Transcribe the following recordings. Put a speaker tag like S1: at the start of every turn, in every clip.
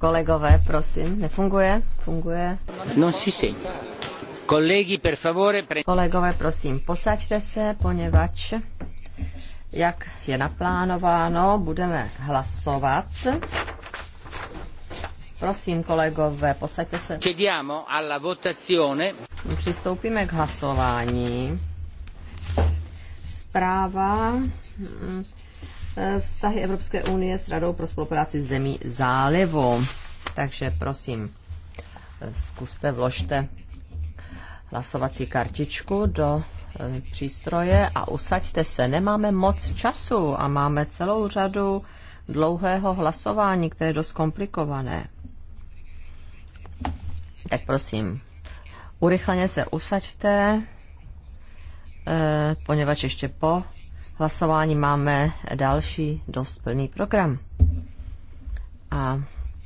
S1: Kolegové, prosím, nefunguje? Funguje?
S2: Non si sente. per favore,
S1: pre... Kolegové, prosím, posaďte se, poněvadž, jak je naplánováno, budeme hlasovat. Prosím, kolegové, posaďte se.
S2: Cediamo alla votazione.
S1: Přistoupíme k hlasování. Zpráva mm, Eh, vztahy Evropské unie s Radou pro spolupráci zemí zálivu. Takže prosím, eh, zkuste, vložte hlasovací kartičku do eh, přístroje a usaďte se. Nemáme moc času a máme celou řadu dlouhého hlasování, které je dost komplikované. Tak prosím, urychleně se usaďte, poněvadž ještě po hlasování máme další dost plný program. A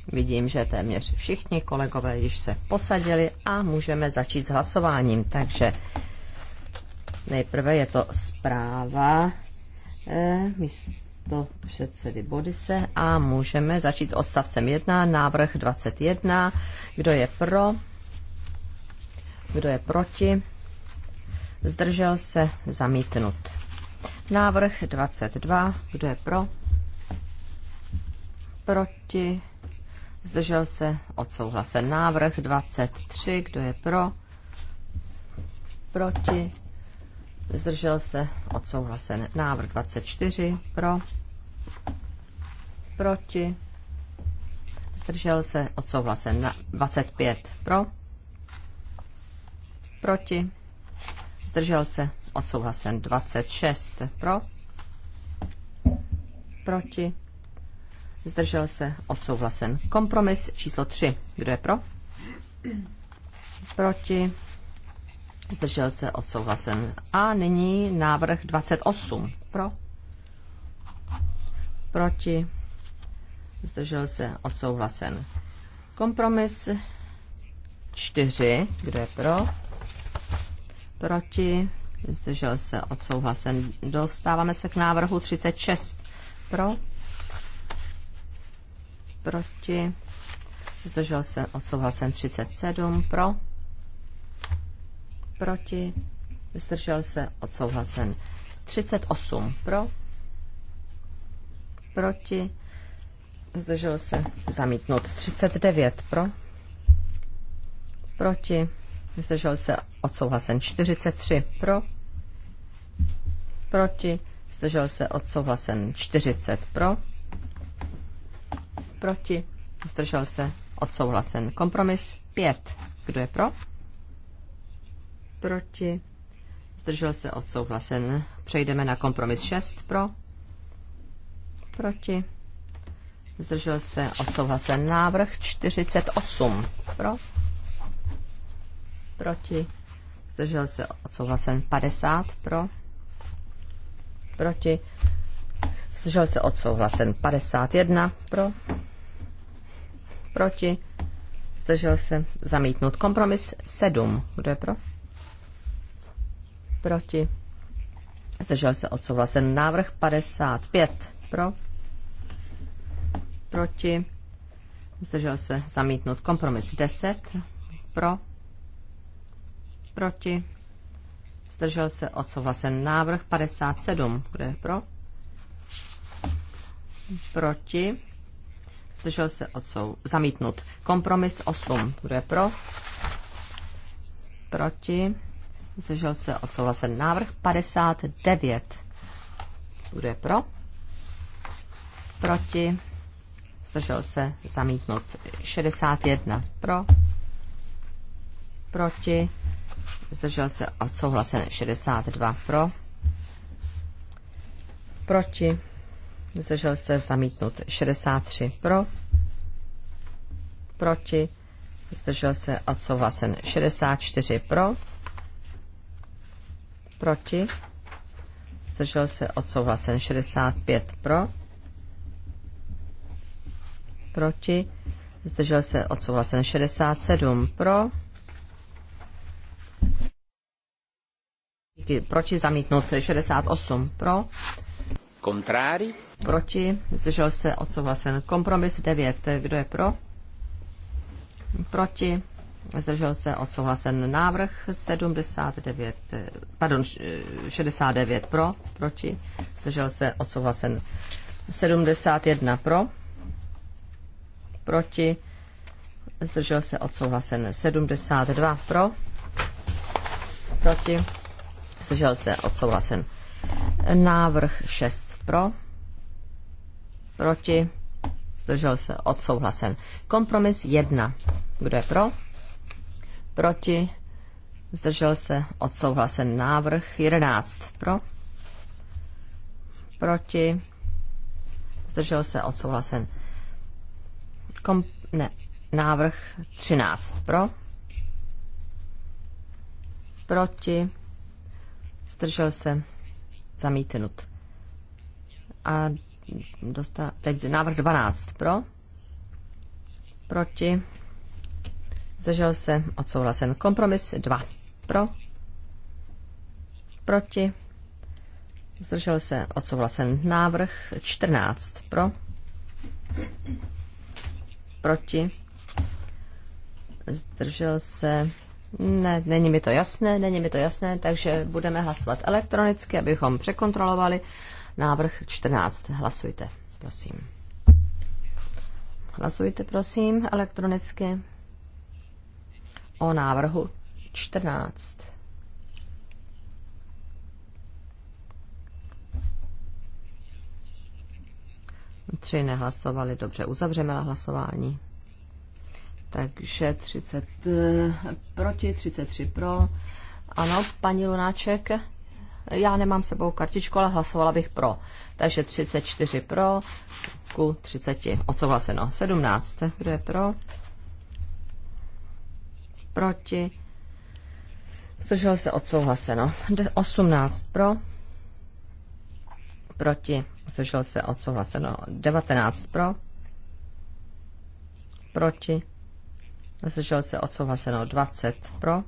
S1: vidím, že téměř všichni kolegové již se posadili a můžeme začít s hlasováním. Takže nejprve je to zpráva eh, místo předsedy Bodise a můžeme začít odstavcem 1, návrh 21. Kdo je pro? Kdo je proti? Zdržel se zamítnut. Návrh 22. Kdo je pro? Proti? Zdržel se? Odsouhlasen. Návrh 23. Kdo je pro? Proti? Zdržel se? Odsouhlasen. Návrh 24. Pro? Proti? Zdržel se? Odsouhlasen. Na 25. Pro? Proti? Zdržel se? odsouhlasen 26 pro, proti, zdržel se, odsouhlasen. Kompromis číslo 3, kdo je pro? Proti, zdržel se, odsouhlasen. A nyní návrh 28 pro, proti, zdržel se, odsouhlasen. Kompromis 4, kdo je pro? Proti, zdržel se odsouhlasen. Dostáváme se k návrhu 36 pro, proti, zdržel se odsouhlasen 37 pro, proti, zdržel se odsouhlasen 38 pro, proti, zdržel se zamítnut 39 pro, proti, zdržel se odsouhlasen 43 pro, proti, zdržel se odsouhlasen 40 pro, proti, zdržel se odsouhlasen kompromis 5. Kdo je pro? Proti, zdržel se odsouhlasen. Přejdeme na kompromis 6 pro, proti, zdržel se odsouhlasen návrh 48 pro proti, zdržel se odsouhlasen 50 pro, proti, zdržel se odsouhlasen 51 pro, proti, zdržel se zamítnut kompromis 7, kdo je pro, proti, zdržel se odsouhlasen návrh 55 pro, proti, zdržel se zamítnut kompromis 10 pro, Proti? Zdržel se odsouhlasen návrh 57. Kdo je pro? Proti? Zdržel se odsou... Zamítnut. Kompromis 8. Kdo je pro? Proti? Zdržel se odsouhlasen návrh 59. Kdo je pro? Proti? Zdržel se zamítnut 61. Pro? Proti? zdržel se odsouhlasen 62 pro, proti, zdržel se zamítnut 63 pro, proti, zdržel se odsouhlasen 64 pro, proti, zdržel se odsouhlasen 65 pro, proti, zdržel se odsouhlasen 67 pro, Proti zamítnut 68 pro.
S2: Kontrári.
S1: Proti. Zdržel se odsouhlasen. Kompromis 9. Kdo je pro? Proti. Zdržel se odsouhlasen návrh 79, pardon, 69 pro, proti. Zdržel se odsouhlasen 71 pro, proti. Zdržel se odsouhlasen 72 pro, proti zdržel se, odsouhlasen. Návrh 6 pro, proti, zdržel se, odsouhlasen. Kompromis 1, kdo je pro, proti, zdržel se, odsouhlasen. Návrh 11 pro, proti, zdržel se, odsouhlasen. Kom, ne, návrh 13 pro, proti, zdržel se, zamítnut. A dostá, teď návrh 12 pro, proti, zdržel se, odsouhlasen. Kompromis 2 pro, proti, zdržel se, odsouhlasen. Návrh 14 pro, proti, zdržel se, ne, není mi to jasné, není mi to jasné, takže budeme hlasovat elektronicky, abychom překontrolovali. Návrh 14. Hlasujte, prosím. Hlasujte, prosím, elektronicky o návrhu 14. Tři nehlasovali, dobře, uzavřeme hlasování. Takže 30 eh, proti, 33 pro. Ano, paní Lunáček, já nemám sebou kartičku, ale hlasovala bych pro. Takže 34 pro ku 30. Odsouhlaseno. 17. Kdo je pro? Proti. Zdrželo se odsouhlaseno. 18 pro. Proti. Zdrželo se odsouhlaseno. 19 pro. Proti zdržel se odsouhlaseno 20 pro,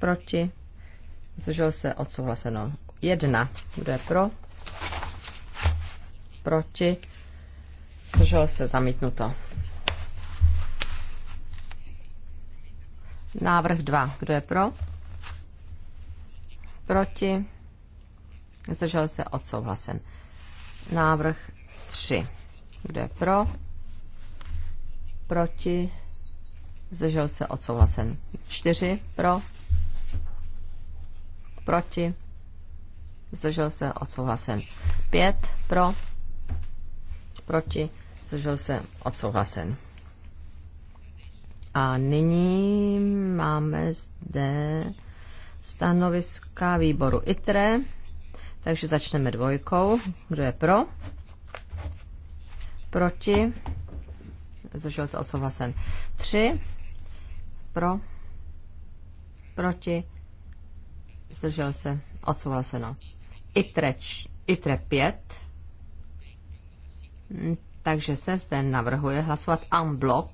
S1: proti, zdržel se odsouhlaseno 1, kdo je pro, proti, zdržel se zamítnuto. Návrh 2, kdo je pro, proti, zdržel se odsouhlasen. Návrh 3, kdo je pro, proti, zdržel se odsouhlasen. 4 pro, proti, zdržel se odsouhlasen. 5 pro, proti, zdržel se odsouhlasen. A nyní máme zde stanoviska výboru ITRE, takže začneme dvojkou. Kdo je pro? Proti? zdržel se odsouhlasen. 3 pro, proti, zdržel se odsouhlaseno. ITRE, ITRE 5, takže se zde navrhuje hlasovat en bloc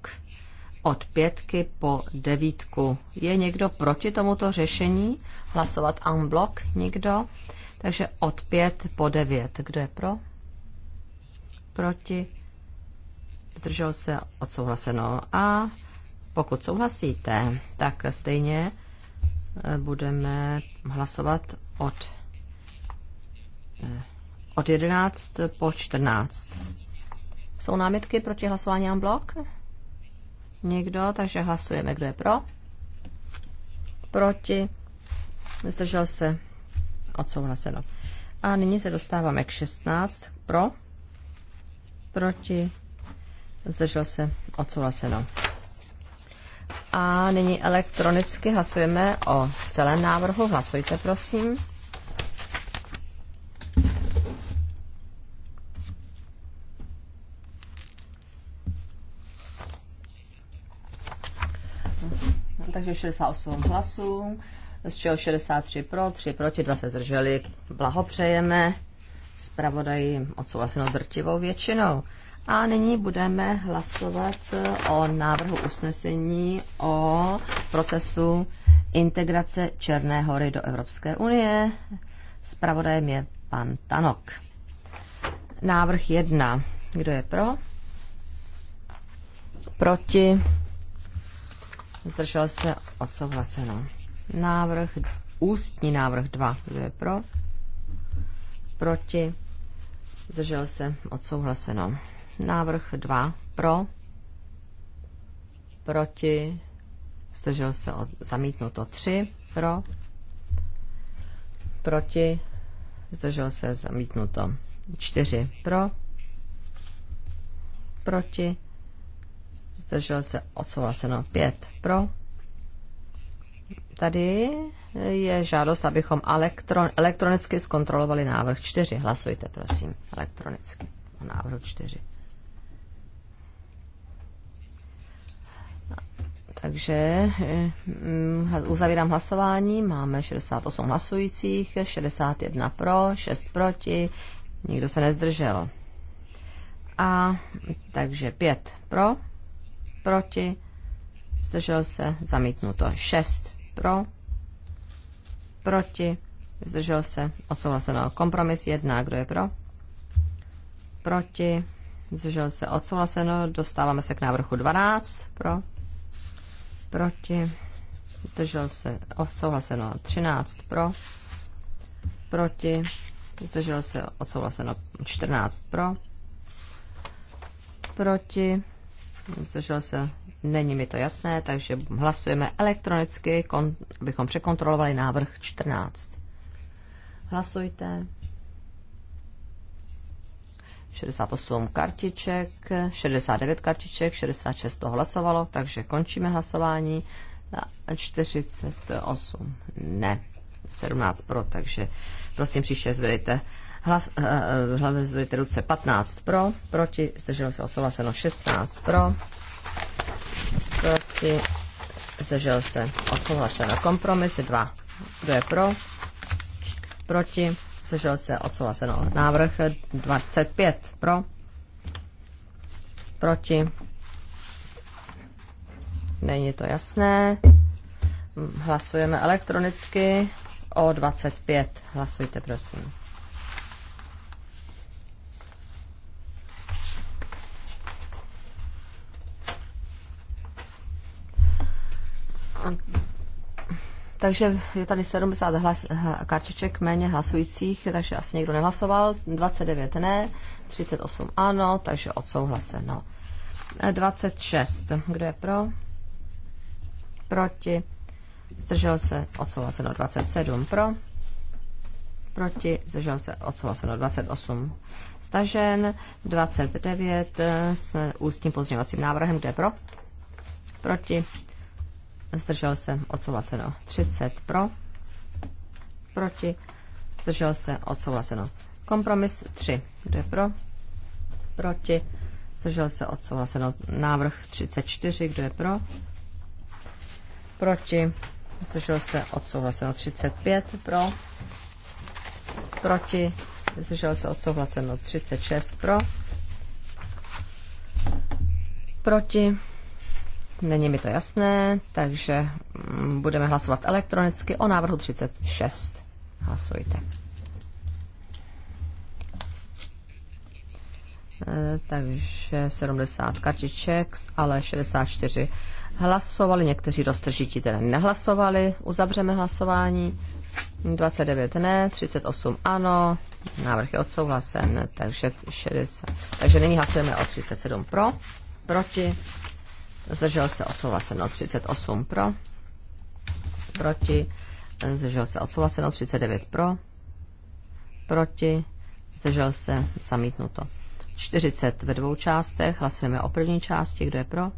S1: od pětky po devítku. Je někdo proti tomuto řešení? Hlasovat en bloc? Nikdo? Takže od pět po devět. Kdo je pro? Proti? zdržel se, odsouhlaseno. A pokud souhlasíte, tak stejně e, budeme hlasovat od, e, od 11 po 14. Jsou námitky proti hlasování en blok? Někdo, takže hlasujeme, kdo je pro. Proti. Zdržel se. Odsouhlaseno. A nyní se dostáváme k 16. Pro. Proti zdržel se odsouhlaseno. A nyní elektronicky hlasujeme o celém návrhu. Hlasujte, prosím. Takže 68 hlasů, z čeho 63 pro, 3 proti, 2 se zdrželi. Blahopřejeme zpravodaji odsouhlasenou drtivou většinou. A nyní budeme hlasovat o návrhu usnesení o procesu integrace Černé hory do Evropské unie. Spravodajem je pan Tanok. Návrh 1. Kdo je pro? Proti? Zdržel se odsouhlaseno. Návrh, ústní návrh 2. Kdo je pro? Proti? Zdržel se odsouhlaseno. Návrh 2 pro, proti, zdržel se od, zamítnuto 3 pro, proti, zdržel se zamítnuto 4 pro, proti, zdržel se odsouhlaseno 5 pro. Tady je žádost, abychom elektron, elektronicky zkontrolovali návrh 4. Hlasujte, prosím, elektronicky o návrhu 4. Takže eh, hm, uzavírám hlasování. Máme 68 hlasujících, 61 pro, 6 proti, nikdo se nezdržel. A takže 5 pro, proti, zdržel se, zamítnuto 6 pro, proti, zdržel se, odsouhlaseno kompromis 1, kdo je pro, proti, zdržel se, odsouhlaseno, dostáváme se k návrhu 12 pro, proti, zdržel se, odsouhlaseno 13 pro, proti, zdržel se, odsouhlaseno 14 pro, proti, zdržel se, není mi to jasné, takže hlasujeme elektronicky, kon, abychom překontrolovali návrh 14. Hlasujte. 68 kartiček, 69 kartiček, 66 to hlasovalo, takže končíme hlasování. 48 ne, 17 pro, takže prosím příště zvedejte hlas, eh, eh, hlavně zvedejte ruce 15 pro, proti, zdrželo se odsouhlaseno 16 pro, proti, zdrželo se odsouhlaseno kompromis 2. Kdo je pro? Proti? zdržel se, odsouhlaseno. Návrh 25 pro, proti, není to jasné. Hlasujeme elektronicky o 25. Hlasujte, prosím. Takže je tady 70 hlas, eh, kartiček méně hlasujících, takže asi někdo nehlasoval. 29 ne, 38 ano, takže odsouhlaseno. 26. Eh, kdo je pro? Proti. Zdržel se, odsouhlaseno 27 pro. Proti, zdržel se, odsouhlaseno 28 stažen, 29 eh, s ústním pozměňovacím návrhem, kde pro? Proti, zdržel se, odsouhlaseno 30 pro, proti, zdržel se, odsouhlaseno. Kompromis 3, kdo je pro, proti, zdržel se, odsouhlaseno. Návrh 34, kdo je pro, proti, zdržel se, odsouhlaseno. 35 pro, proti, zdržel se, odsouhlaseno. 36 pro, proti, Není mi to jasné, takže mm, budeme hlasovat elektronicky o návrhu 36. Hlasujte. E, takže 70 kartiček, ale 64 hlasovali, někteří roztržití tedy nehlasovali, uzavřeme hlasování, 29 ne, 38 ano, návrh je odsouhlasen, takže, 60, takže nyní hlasujeme o 37 pro, proti, zdržel se odsouhlaseno 38 pro, proti, zdržel se odsouhlaseno 39 pro, proti, zdržel se zamítnuto. 40 ve dvou částech, hlasujeme o první části, kdo je pro,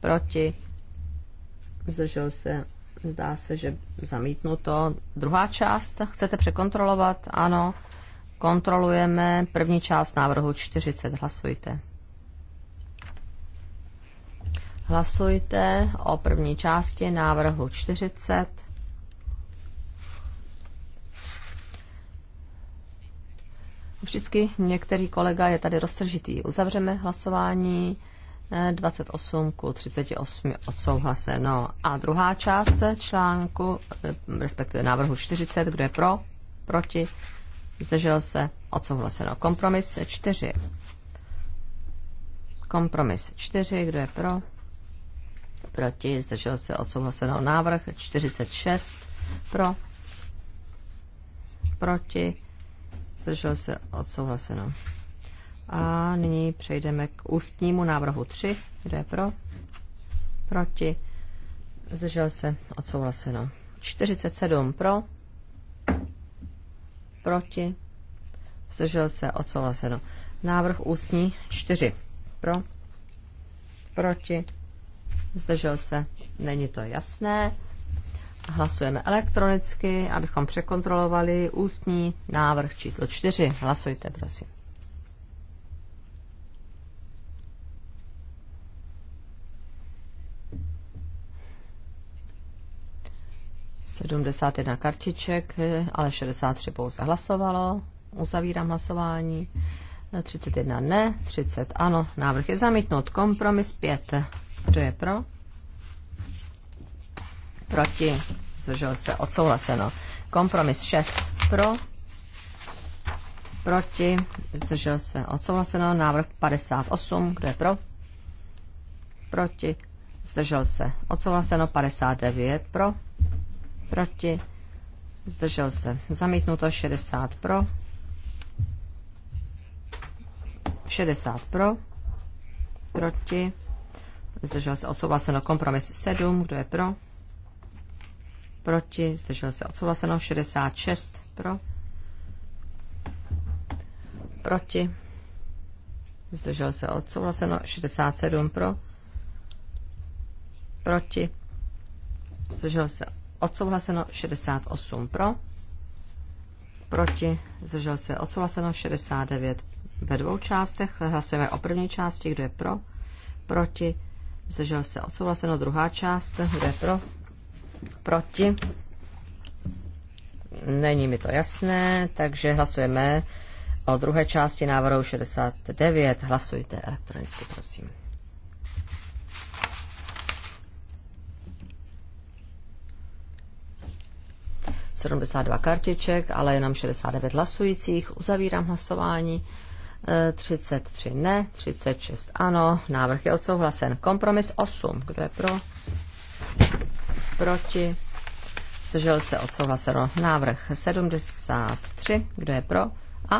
S1: proti, zdržel se, zdá se, že zamítnuto. Druhá část, chcete překontrolovat? Ano, kontrolujeme první část návrhu 40, hlasujte. Hlasujte o první části návrhu 40. Vždycky některý kolega je tady roztržitý. Uzavřeme hlasování 28 eh, ku 38 odsouhlaseno. A druhá část článku, eh, respektive návrhu 40, kdo je pro, proti, zdržel se, odsouhlaseno. Kompromis 4. Kompromis 4, kdo je pro, proti, zdržel se odsouhlaseno návrh 46 pro, proti, zdržel se odsouhlaseno. A nyní přejdeme k ústnímu návrhu 3, kde je pro, proti, zdržel se odsouhlaseno. 47 pro, proti, zdržel se odsouhlaseno. Návrh ústní 4 pro, proti, zdržel se, není to jasné. Hlasujeme elektronicky, abychom překontrolovali ústní návrh číslo 4. Hlasujte, prosím. Sedmdesát jedna kartiček, ale 63 pouze hlasovalo. Uzavírám hlasování. 31 ne, 30 ano. Návrh je zamítnut. Kompromis 5. Kdo je pro? Proti? Zdržel se? Odsouhlaseno. Kompromis 6 pro. Proti? Zdržel se? Odsouhlaseno. Návrh 58. Kdo je pro? Proti? Zdržel se? Odsouhlaseno. 59 pro. Proti? Zdržel se. Zamítnuto 60 pro. 60 pro. Proti? zdržel se odsouhlaseno kompromis 7, kdo je pro, proti, zdržel se odsouhlaseno 66 pro, proti, zdržel se odsouhlaseno 67 pro, proti, zdržel se odsouhlaseno 68 pro, proti, zdržel se odsouhlaseno 69 ve dvou částech. Hlasujeme o první části, kdo je pro, proti, zdržel se odsouhlaseno, druhá část, kdo je pro, proti, není mi to jasné, takže hlasujeme o druhé části návrhu 69, hlasujte elektronicky, prosím. dva kartiček, ale jenom 69 hlasujících. Uzavírám hlasování. 33 ne, 36 ano, návrh je odsouhlasen. Kompromis 8, kdo je pro? Proti? Zdržel se odsouhlaseno. Návrh 73, kdo je pro? A?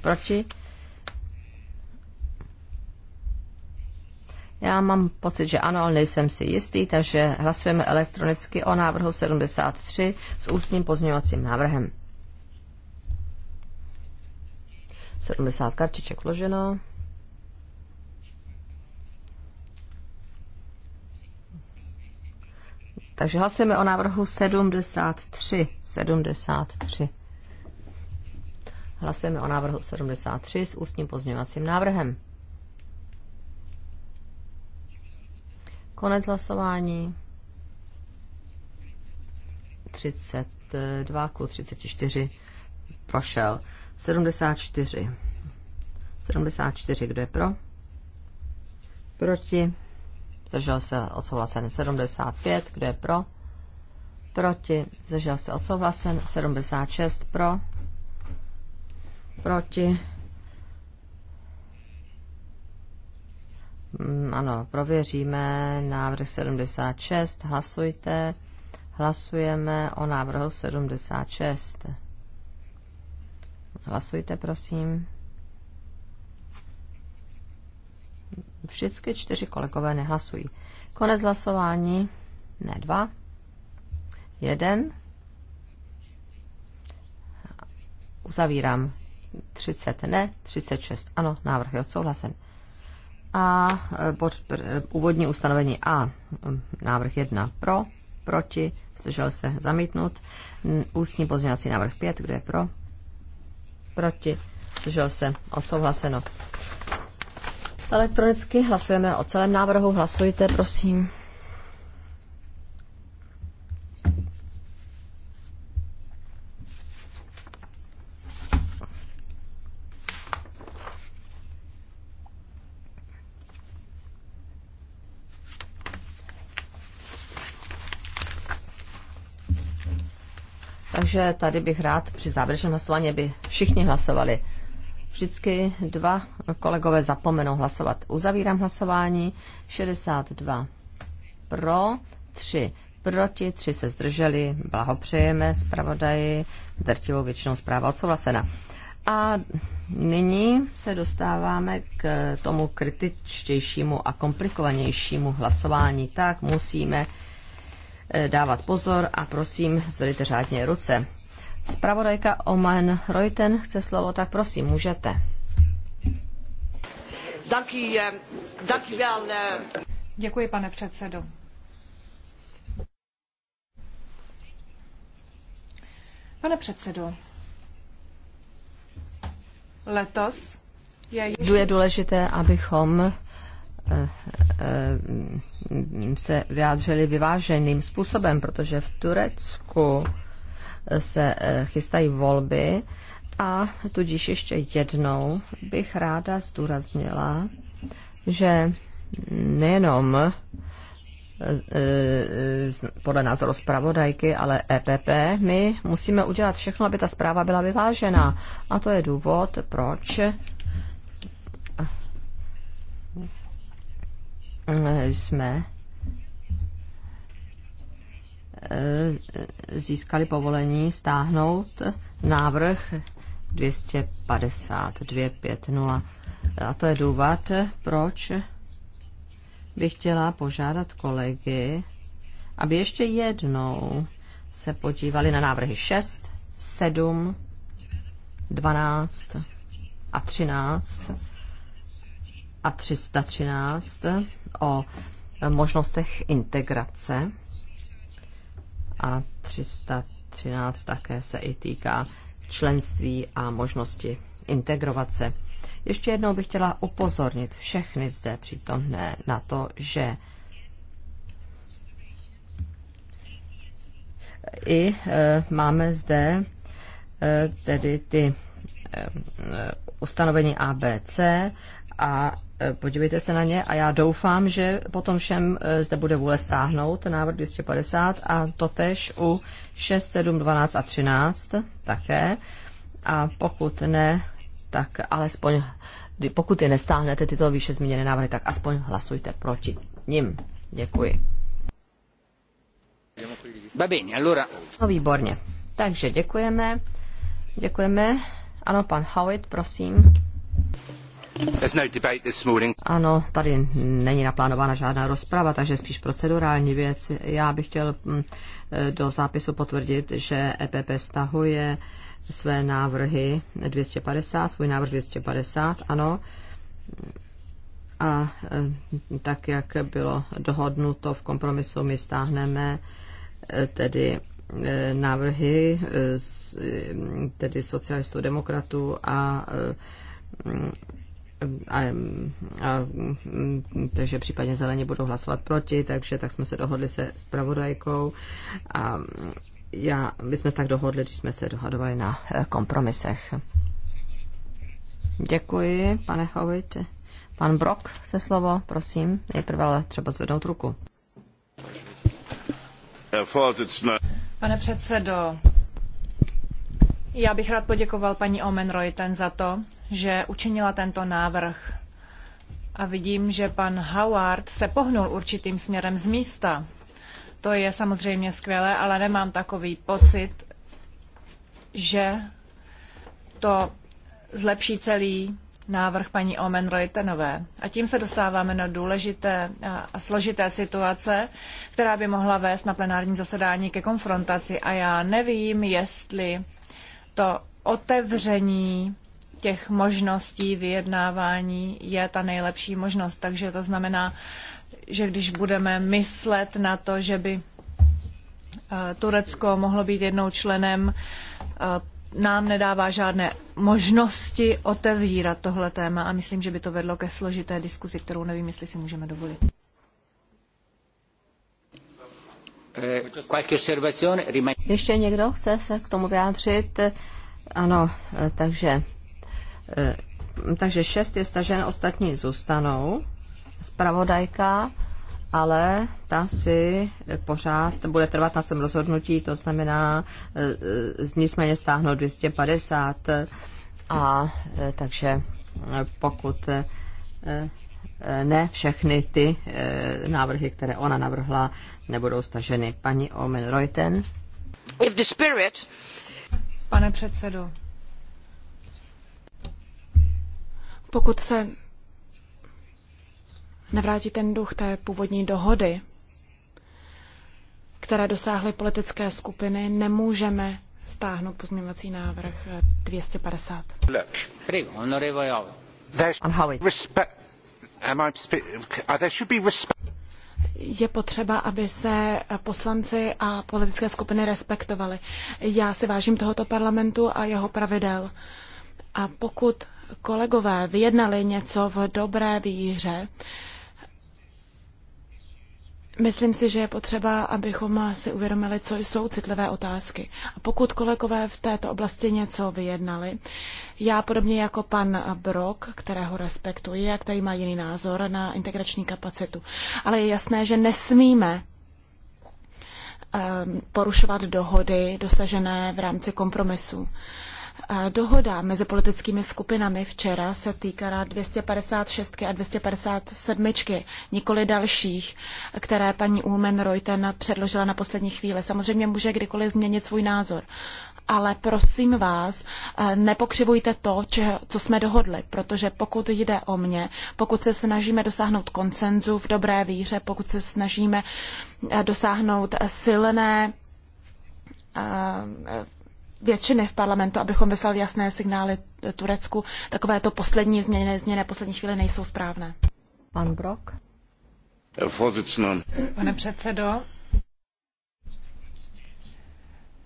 S1: Proti? Já mám pocit, že ano, ale nejsem si jistý, takže hlasujeme elektronicky o návrhu 73 s ústním pozměňovacím návrhem. 70 kartiček vloženo. Takže hlasujeme o návrhu 73. 73. Hlasujeme o návrhu 73 s ústním pozměvacím návrhem. Konec hlasování. 32 ku 34 prošel. 74. 74, kdo je pro? Proti. Zdržel se odsouhlasen 75, kdo je pro? Proti. Zdržel se odsouhlasen 76, pro? Proti. Mm, ano, prověříme návrh 76, hlasujte. Hlasujeme o návrhu 76. Hlasujte, prosím. Všichni čtyři kolegové nehlasují. Konec hlasování. Ne dva. Jeden. Uzavírám. 30 ne, 36 ano, návrh je odsouhlasen. A e, bod, e, úvodní ustanovení A, návrh 1 pro, proti, zdržel se zamítnout. Ústní pozměňovací návrh 5, kdo je pro, proti, zdržel se, odsouhlaseno. Elektronicky hlasujeme o celém návrhu, hlasujte, prosím. Takže tady bych rád při závěrečném hlasování, by všichni hlasovali. Vždycky dva kolegové zapomenou hlasovat. Uzavírám hlasování. 62 pro, 3 proti, 3 se zdrželi. Blahopřejeme zpravodaji, drtivou většinou zpráva odsouhlasena. A nyní se dostáváme k tomu kritičtějšímu a komplikovanějšímu hlasování. Tak musíme Eh, dávat pozor a prosím, zvedete řádně ruce. Spravodajka Oman Reuten chce slovo, tak prosím, můžete. Eh, eh.
S3: Děkuji, pane předsedo. Pane předsedo, letos je... Je důležité,
S1: abychom Eh, se vyjádřili vyváženým způsobem, protože v Turecku se eh, chystají volby a tudíž ještě jednou bych ráda zdůraznila, že nejenom eh, podle názoru zpravodajky, ale EPP, my musíme udělat všechno, aby ta zpráva byla vyvážená. A to je důvod, proč jsme eh, získali povolení stáhnout návrh 252.5.0. A to je důvod, proč bych chtěla požádat kolegy, aby ještě jednou se podívali na návrhy 6, 7, 12 a 13 a 313 o možnostech integrace a 313 také se i týká členství a možnosti integrovat se. Ještě jednou bych chtěla upozornit všechny zde přítomné na to, že i e, máme zde e, tedy ty e, e ustanovení ABC a Eh, podívejte se na ně a já doufám, že potom všem eh, zde bude vůle stáhnout návrh 250 a totež u 6, 7, 12 a 13 také. A pokud ne, tak alespoň, pokud je nestáhnete tyto výše zmíněné návrhy, tak aspoň hlasujte proti nim. Děkuji. No výborně. Takže děkujeme. Děkujeme. Ano, pan Howitt, prosím. No ano, tady není naplánována žádná rozprava, takže spíš procedurální věc. Já bych chtěl mm, eh, do zápisu potvrdit, že EPP stahuje své návrhy 250, svůj návrh 250, ano. A eh, tak, jak bylo dohodnuto v kompromisu, my stáhneme eh, tedy návrhy tedy socialistů, demokratů a a, a, takže případně zeleně budou hlasovat proti, takže tak jsme se dohodli se pravodajkou a já, my jsme se tak dohodli, když jsme se dohadovali na eh, kompromisech. Děkuji, pane Hovit. Pan Brok se slovo, prosím. Nejprve ale třeba zvednout ruku.
S3: Pane předsedo, já bych rád poděkoval paní Omen Reuten za to, že učinila tento návrh. A vidím, že pan Howard se pohnul určitým směrem z místa. To je samozřejmě skvělé, ale nemám takový pocit, že to zlepší celý návrh paní Omen Reutenové. A tím se dostáváme na důležité a složité situace, která by mohla vést na plenárním zasedání ke konfrontaci. A já nevím, jestli to otevření těch možností vyjednávání je ta nejlepší možnost. Takže to znamená, že když budeme myslet na to, že by eh, Turecko mohlo být jednou členem, eh, nám nedává žádné možnosti otevírat tohle téma a myslím, že by to vedlo ke složité diskuzi, kterou nevím, jestli si můžeme dovolit.
S2: Eh,
S1: Ještě někdo chce se k tomu vyjádřit? Ano, eh, takže, eh, takže šest je stažen, ostatní zůstanou. Spravodajka, ale ta si pořád bude trvat na svém rozhodnutí, to znamená z nicméně stáhnout 250 a takže pokud ne všechny ty eh, návrhy, které ona navrhla, nebudou staženy. Paní Omen Reuten.
S4: If the
S3: spirit... Pane předsedo,
S4: pokud se nevrátí ten duch té původní dohody, které dosáhly politické skupiny, nemůžeme stáhnout pozměňovací návrh eh, 250.
S2: Look,
S4: je potřeba, aby se poslanci a politické skupiny respektovali. Já si vážím tohoto parlamentu a jeho pravidel. A pokud kolegové vyjednali něco v dobré víře, uh, Myslím si, že je potřeba, abychom si uvědomili, co jsou citlivé otázky. A pokud kolegové v této oblasti něco vyjednali, já podobně jako pan Brok, kterého respektuji a který má jiný názor na integrační kapacitu, ale je jasné, že nesmíme ehm, porušovat dohody dosažené v rámci kompromisu. Dohoda mezi politickými skupinami včera se týkala 256 a 257, nikoli dalších, které paní Ulmen Reuten předložila na poslední chvíli. Samozřejmě může kdykoliv změnit svůj názor. Ale prosím vás, eh, nepokřivujte to, če, co jsme dohodli, protože pokud jde o mě, pokud se snažíme dosáhnout koncenzu v dobré víře, pokud se snažíme eh, dosáhnout silné eh, většiny v parlamentu, abychom vyslali jasné signály Turecku. Takovéto poslední změny, změny poslední chvíli nejsou správné. Pan Brok.
S2: Pane
S3: předsedo,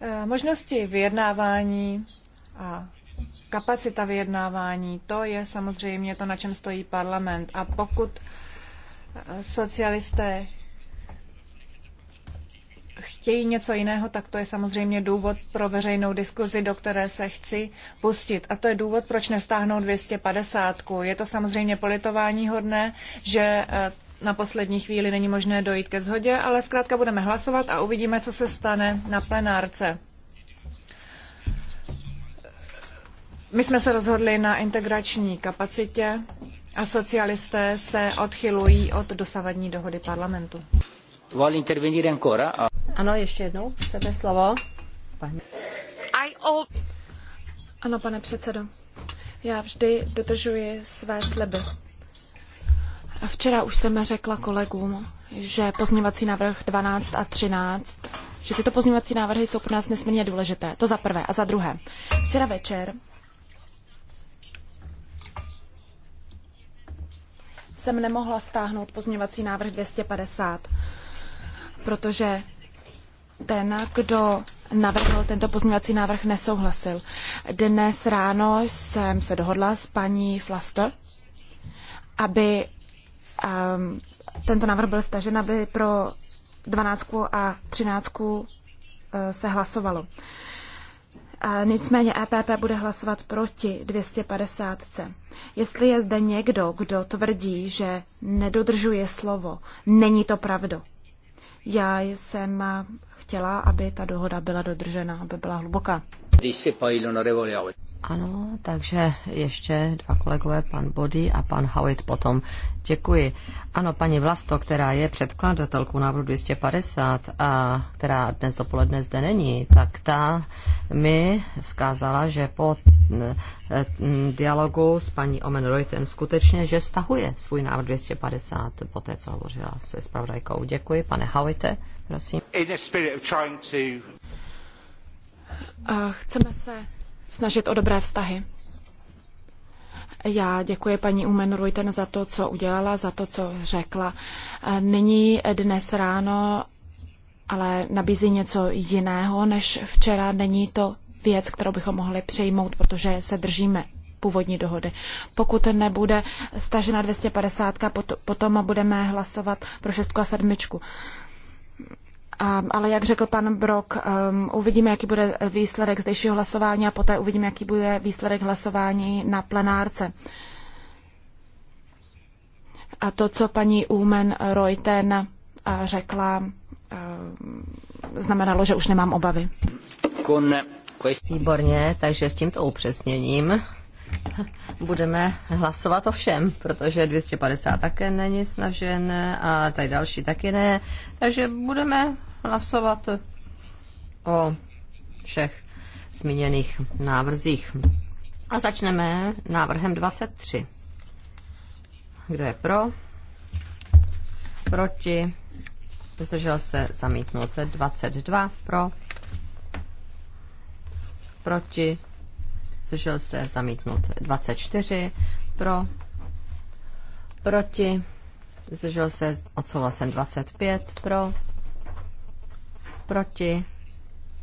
S3: eh, možnosti vyjednávání a kapacita vyjednávání, to je samozřejmě to, na čem stojí parlament. A pokud eh, socialisté chtějí něco jiného, tak to je samozřejmě důvod pro veřejnou diskuzi, do které se chci pustit. A to je důvod, proč nestáhnout 250. Je to samozřejmě politování hodné, že eh, na poslední chvíli není možné dojít ke shodě, ale zkrátka budeme hlasovat a uvidíme, co se stane na plenárce. My jsme se rozhodli na integrační kapacitě a socialisté se odchylují od dosavadní dohody parlamentu.
S2: Vuole intervenire ancora?
S4: Ano, ještě jednou, chcete slovo? Pani. Ano, pane předsedo. Já vždy dodržuji své sliby. Včera už jsem řekla kolegům, že pozměňovací návrh 12 a 13, že tyto pozměňovací návrhy jsou pro nás nesmírně důležité. To za prvé. A za druhé. Včera večer jsem nemohla stáhnout pozměňovací návrh 250, protože ten, kdo navrhl tento pozměňovací návrh, nesouhlasil. Dnes ráno jsem se dohodla s paní Flaster, aby um, tento návrh byl stažen, aby pro 12 a 13 uh, eh, se hlasovalo. A nicméně EPP bude hlasovat proti 250. Jestli je zde někdo, kdo tvrdí, že nedodržuje slovo, není to pravda. Já jsem chtěla, aby ta dohoda byla dodržena, aby
S1: byla hluboká. Ano, takže ještě dva kolegové, pan Body a pan Howitt potom. Děkuji. Ano, paní Vlasto, která je předkladatelkou návrhu 250 a která dnes dopoledne zde není, tak ta mi vzkázala, že po dialogu s paní Omen Reuten skutečně, že stahuje svůj návrh 250 po té, co hovořila se spravodajkou. Děkuji, pane Howitte, prosím. Chceme se snažit o dobré vztahy.
S4: Já děkuji paní Umen Rujten za to, co udělala, za to, co řekla. Není dnes ráno ale nabízí něco jiného než včera. Není to věc, kterou bychom mohli přejmout, protože se držíme původní dohody. Pokud nebude stažena 250, potom budeme hlasovat pro šestku a sedmičku. Um, ale jak řekl pan Brok, um, uvidíme, jaký bude výsledek zdejšího hlasování a poté uvidíme, jaký bude výsledek hlasování na plenárce. A to, co paní umen Reuten
S1: uh, řekla, um, znamenalo, že už nemám obavy. Výborně, takže s tímto upřesněním budeme hlasovat o všem, protože 250 také není snažené a tady další taky ne. Takže budeme hlasovat o všech zmíněných návrzích. A začneme návrhem 23. Kdo je pro? Proti? Zdržel se zamítnout 22 pro. Proti? Zdržel se zamítnout 24 pro. Proti? Zdržel se odsouhlasen 25 pro proti,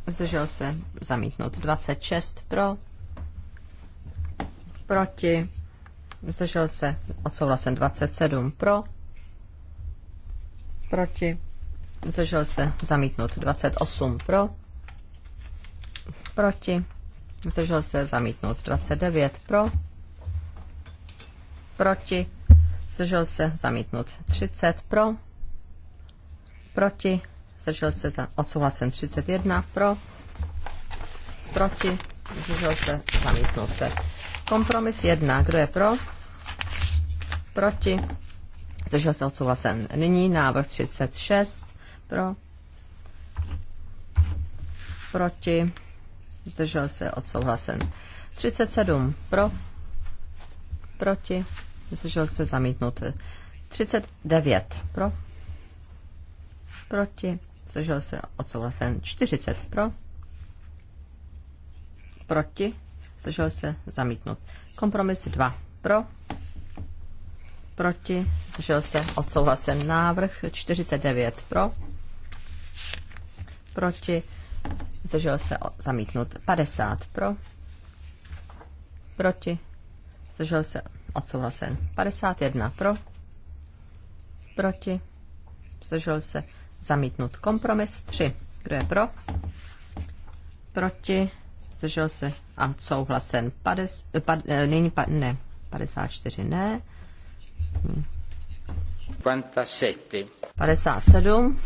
S1: zdržel se zamítnout 26 pro, proti, zdržel se odsouhlasen 27 pro, proti, zdržel se zamítnout 28 pro, proti, zdržel se zamítnout 29 pro, proti, zdržel se zamítnout 30 pro, proti, zdržel se za odsouhlasen 31 pro, proti, zdržel se zamítnout. Kompromis 1, kdo je pro, proti, zdržel se odsouhlasen. Nyní návrh 36 pro, proti, zdržel se odsouhlasen. 37 pro, proti, zdržel se zamítnout 39 pro, proti, zdržel se odsouhlasen 40 pro, proti, zdržel se zamítnut. Kompromis 2 pro, proti, zdržel se odsouhlasen návrh 49 pro, proti, zdržel se zamítnut 50 pro, proti, zdržel se odsouhlasen 51 pro, proti, zdržel se Zamítnut. Kompromis 3. Kdo je pro? Proti? Zdržel se a souhlasen. Pades, eh, pad, eh, nyní pa, ne. 54 ne. Hm.
S2: 57.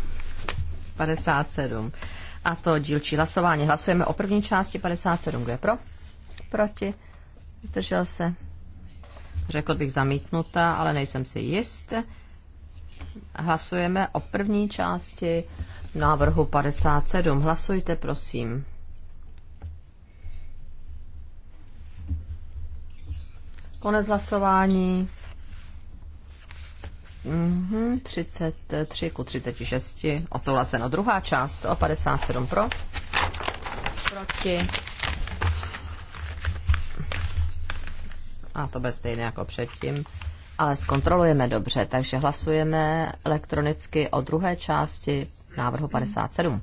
S1: 57. A to dílčí hlasování. Hlasujeme o první části 57. Kdo je pro? Proti? Zdržel se? Řekl bych zamítnuta, ale nejsem si jist. Hlasujeme o první části návrhu 57. Hlasujte, prosím. Konec hlasování. Mm-hmm, 33 ku 36. Odsouhlaseno. Druhá část o 57 pro. Proti. A to bez stejné jako předtím ale zkontrolujeme dobře, takže hlasujeme elektronicky o druhé části návrhu 57.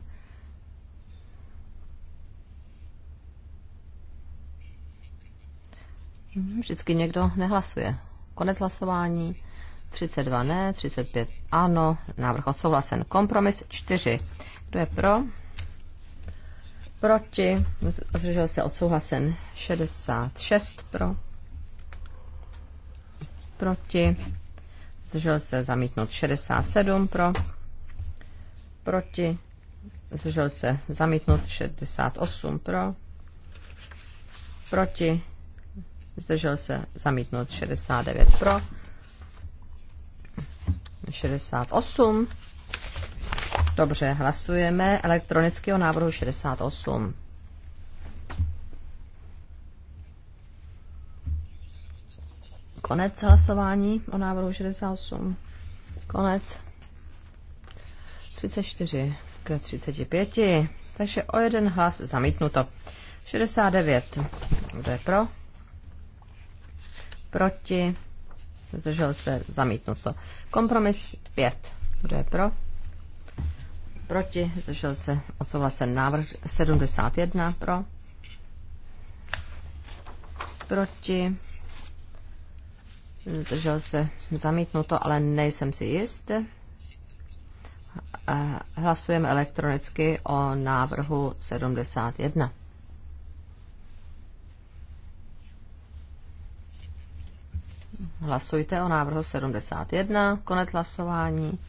S1: Hm, vždycky někdo nehlasuje. Konec hlasování. 32 ne, 35 ano, návrh odsouhlasen. Kompromis 4. Kdo je pro? Proti, zdržel se odsouhlasen 66 pro proti, zdržel se zamítnut 67 pro, proti, zdržel se zamítnut 68 pro, proti, zdržel se zamítnut 69 pro, 68. Dobře, hlasujeme elektronického návrhu 68. Konec hlasování o návrhu 68. Konec. 34 k 35. Takže o jeden hlas zamítnuto. 69. Kdo je pro? Proti? Zdržel se zamítnuto. Kompromis 5. Kdo je pro? Proti? Zdržel se odsouhlasen návrh 71. Pro? Proti? zdržel se zamítnuto, ale nejsem si jist. Eh, hlasujeme elektronicky o návrhu 71. Hlasujte o návrhu 71, konec hlasování.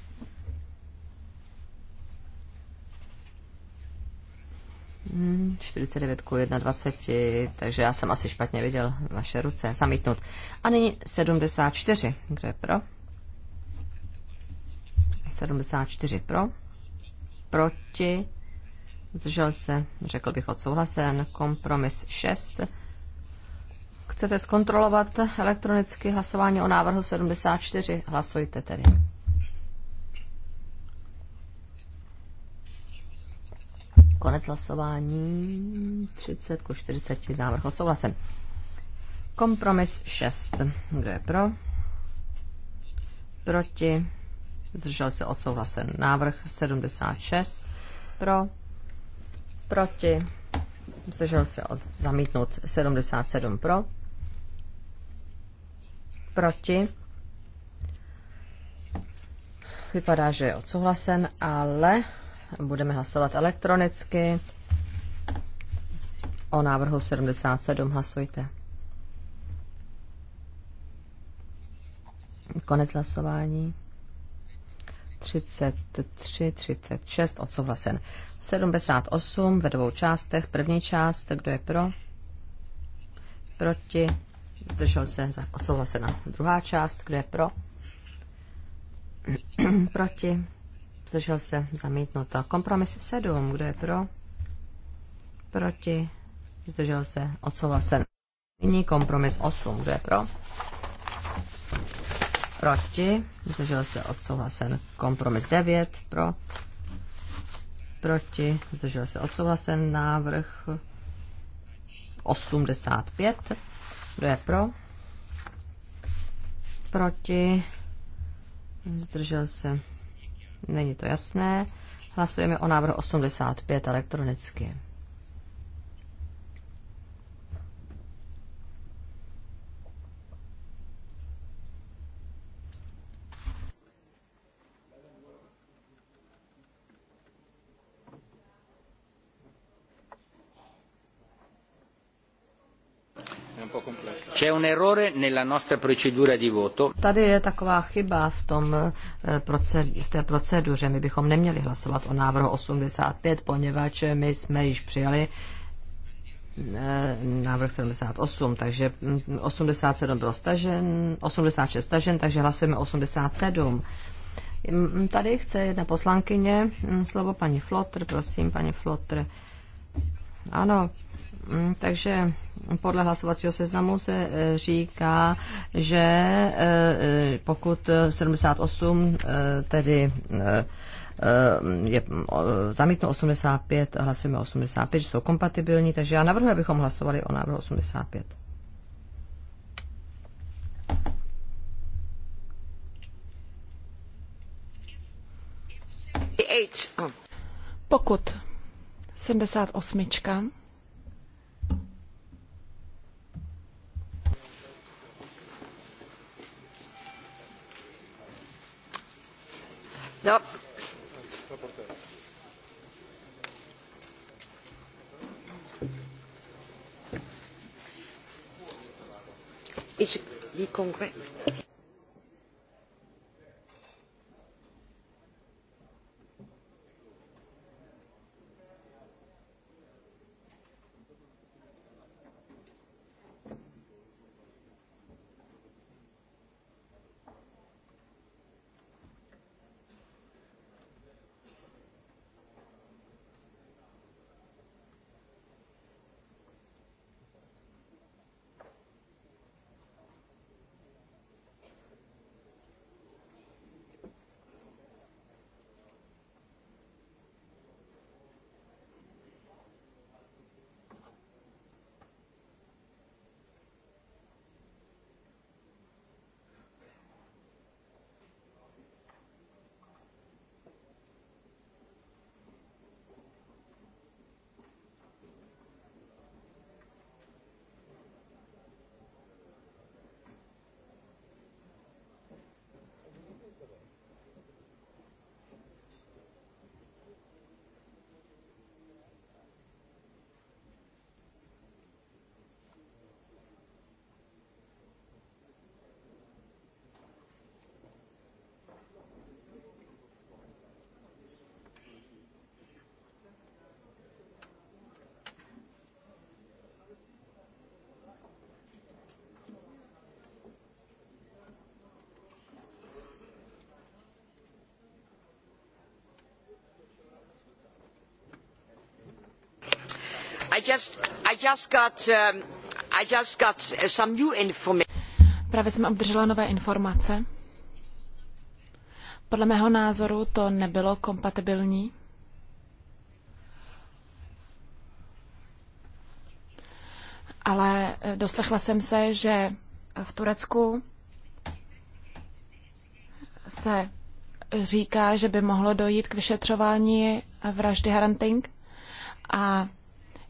S1: 49 k 21, takže já jsem asi špatně viděl vaše ruce. Zamítnut. A nyní 74. Kdo je pro? 74 pro. Proti. Zdržel se, řekl bych, odsouhlasen. Kompromis 6. Chcete zkontrolovat elektronicky hlasování o návrhu 74? Hlasujte tedy. Konec hlasování. 30 ku 40. Návrh odsouhlasen. Kompromis 6. Kdo je pro? Proti? Zdržel se odsouhlasen. Návrh 76. Pro? Proti? Zdržel se od, zamítnout 77 pro. Proti? Vypadá, že je odsouhlasen, ale budeme hlasovat elektronicky. O návrhu 77 hlasujte. Konec hlasování. 33, 36, odsouhlasen. 78 ve dvou částech. První část, kdo je pro? Proti? Zdržel se, odsouhlasena. Druhá část, kdo je pro? Proti? Zdržel se zamítnuto. Kompromis 7. Kdo je pro? Proti? Zdržel se se. Nyní kompromis 8. Kdo je pro? Proti? Zdržel se odsouhlasen. Kompromis 9. Pro? Proti? Zdržel se odsouhlasen. Návrh 85. Kdo je pro? Proti? Zdržel se Není to jasné. Hlasujeme o návrhu 85 elektronicky. Tady je taková chyba v, tom, eh, v té proceduře. My bychom neměli hlasovat o návrhu 85, poněvadž my jsme již přijali eh, návrh 78, takže 87 hm, byl stažen, 86 stažen, takže hlasujeme 87. Hm, tady chce jedna poslankyně hm, slovo paní Flotr, prosím, paní Flotr. Ano, Mm, takže podle hlasovacího seznamu se e, říká, že e, e, pokud 78 tedy je zamítnu 85, hlasujeme 85, že jsou kompatibilní, takže já navrhuji, abychom hlasovali o návrhu 85.
S4: Pokud 78
S1: No.
S2: It's the Congress.
S4: Právě jsem obdržela nové informace. Podle mého názoru to nebylo kompatibilní. Ale eh, doslechla jsem se, že v Turecku se říká, že by mohlo dojít k vyšetřování vraždy Haranting a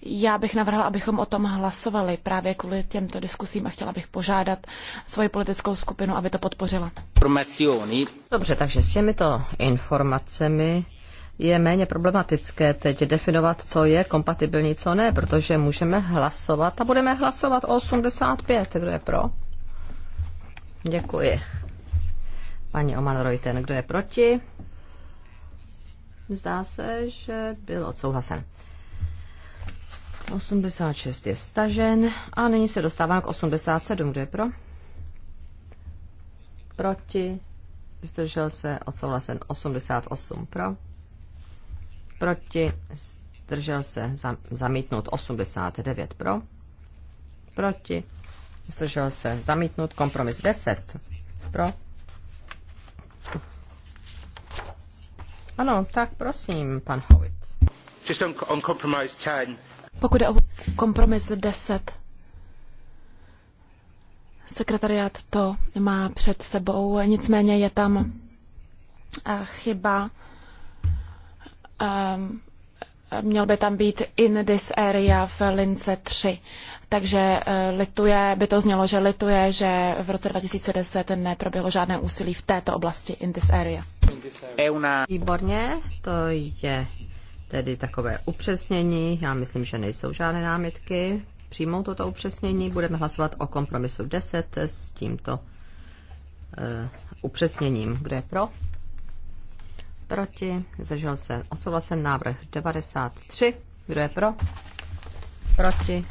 S4: já bych navrhla, abychom o tom hlasovali právě kvůli těmto diskusím a chtěla bych požádat svoji politickou
S1: skupinu, aby to podpořila. Dobře, takže s těmito informacemi je méně problematické teď definovat, co je kompatibilní, co ne, protože můžeme hlasovat a budeme hlasovat o 85. Kdo je pro? Děkuji. Paní Oman Reuten, kdo je proti? Zdá se, že byl odsouhlasen. 86 je stažen a nyní se dostávám k 87. Kdo je pro? Proti. Zdržel se odsouhlasen 88 pro. Proti. Zdržel se zamítnut 89 pro. Proti. Zdržel se zamítnut kompromis 10 pro. Ano, tak prosím, pan Howitt.
S2: Just on, on compromise 10.
S1: Pokud je o
S4: kompromis 10, sekretariát to má před sebou, nicméně je tam eh, chyba. Ehm, měl by tam být in this area v lince 3. Takže eh, lituje, by to znělo, že lituje, že v roce
S1: 2010 neproběhlo žádné úsilí v této oblasti in this area. Výborně, to je tedy takové upřesnění. Já myslím, že nejsou žádné námitky. Přijmou toto upřesnění. Budeme hlasovat o kompromisu 10 s tímto uh, upřesněním. Kdo je pro? Proti? Zdržel se. Odsouhlasen návrh 93. Kdo je pro? Proti?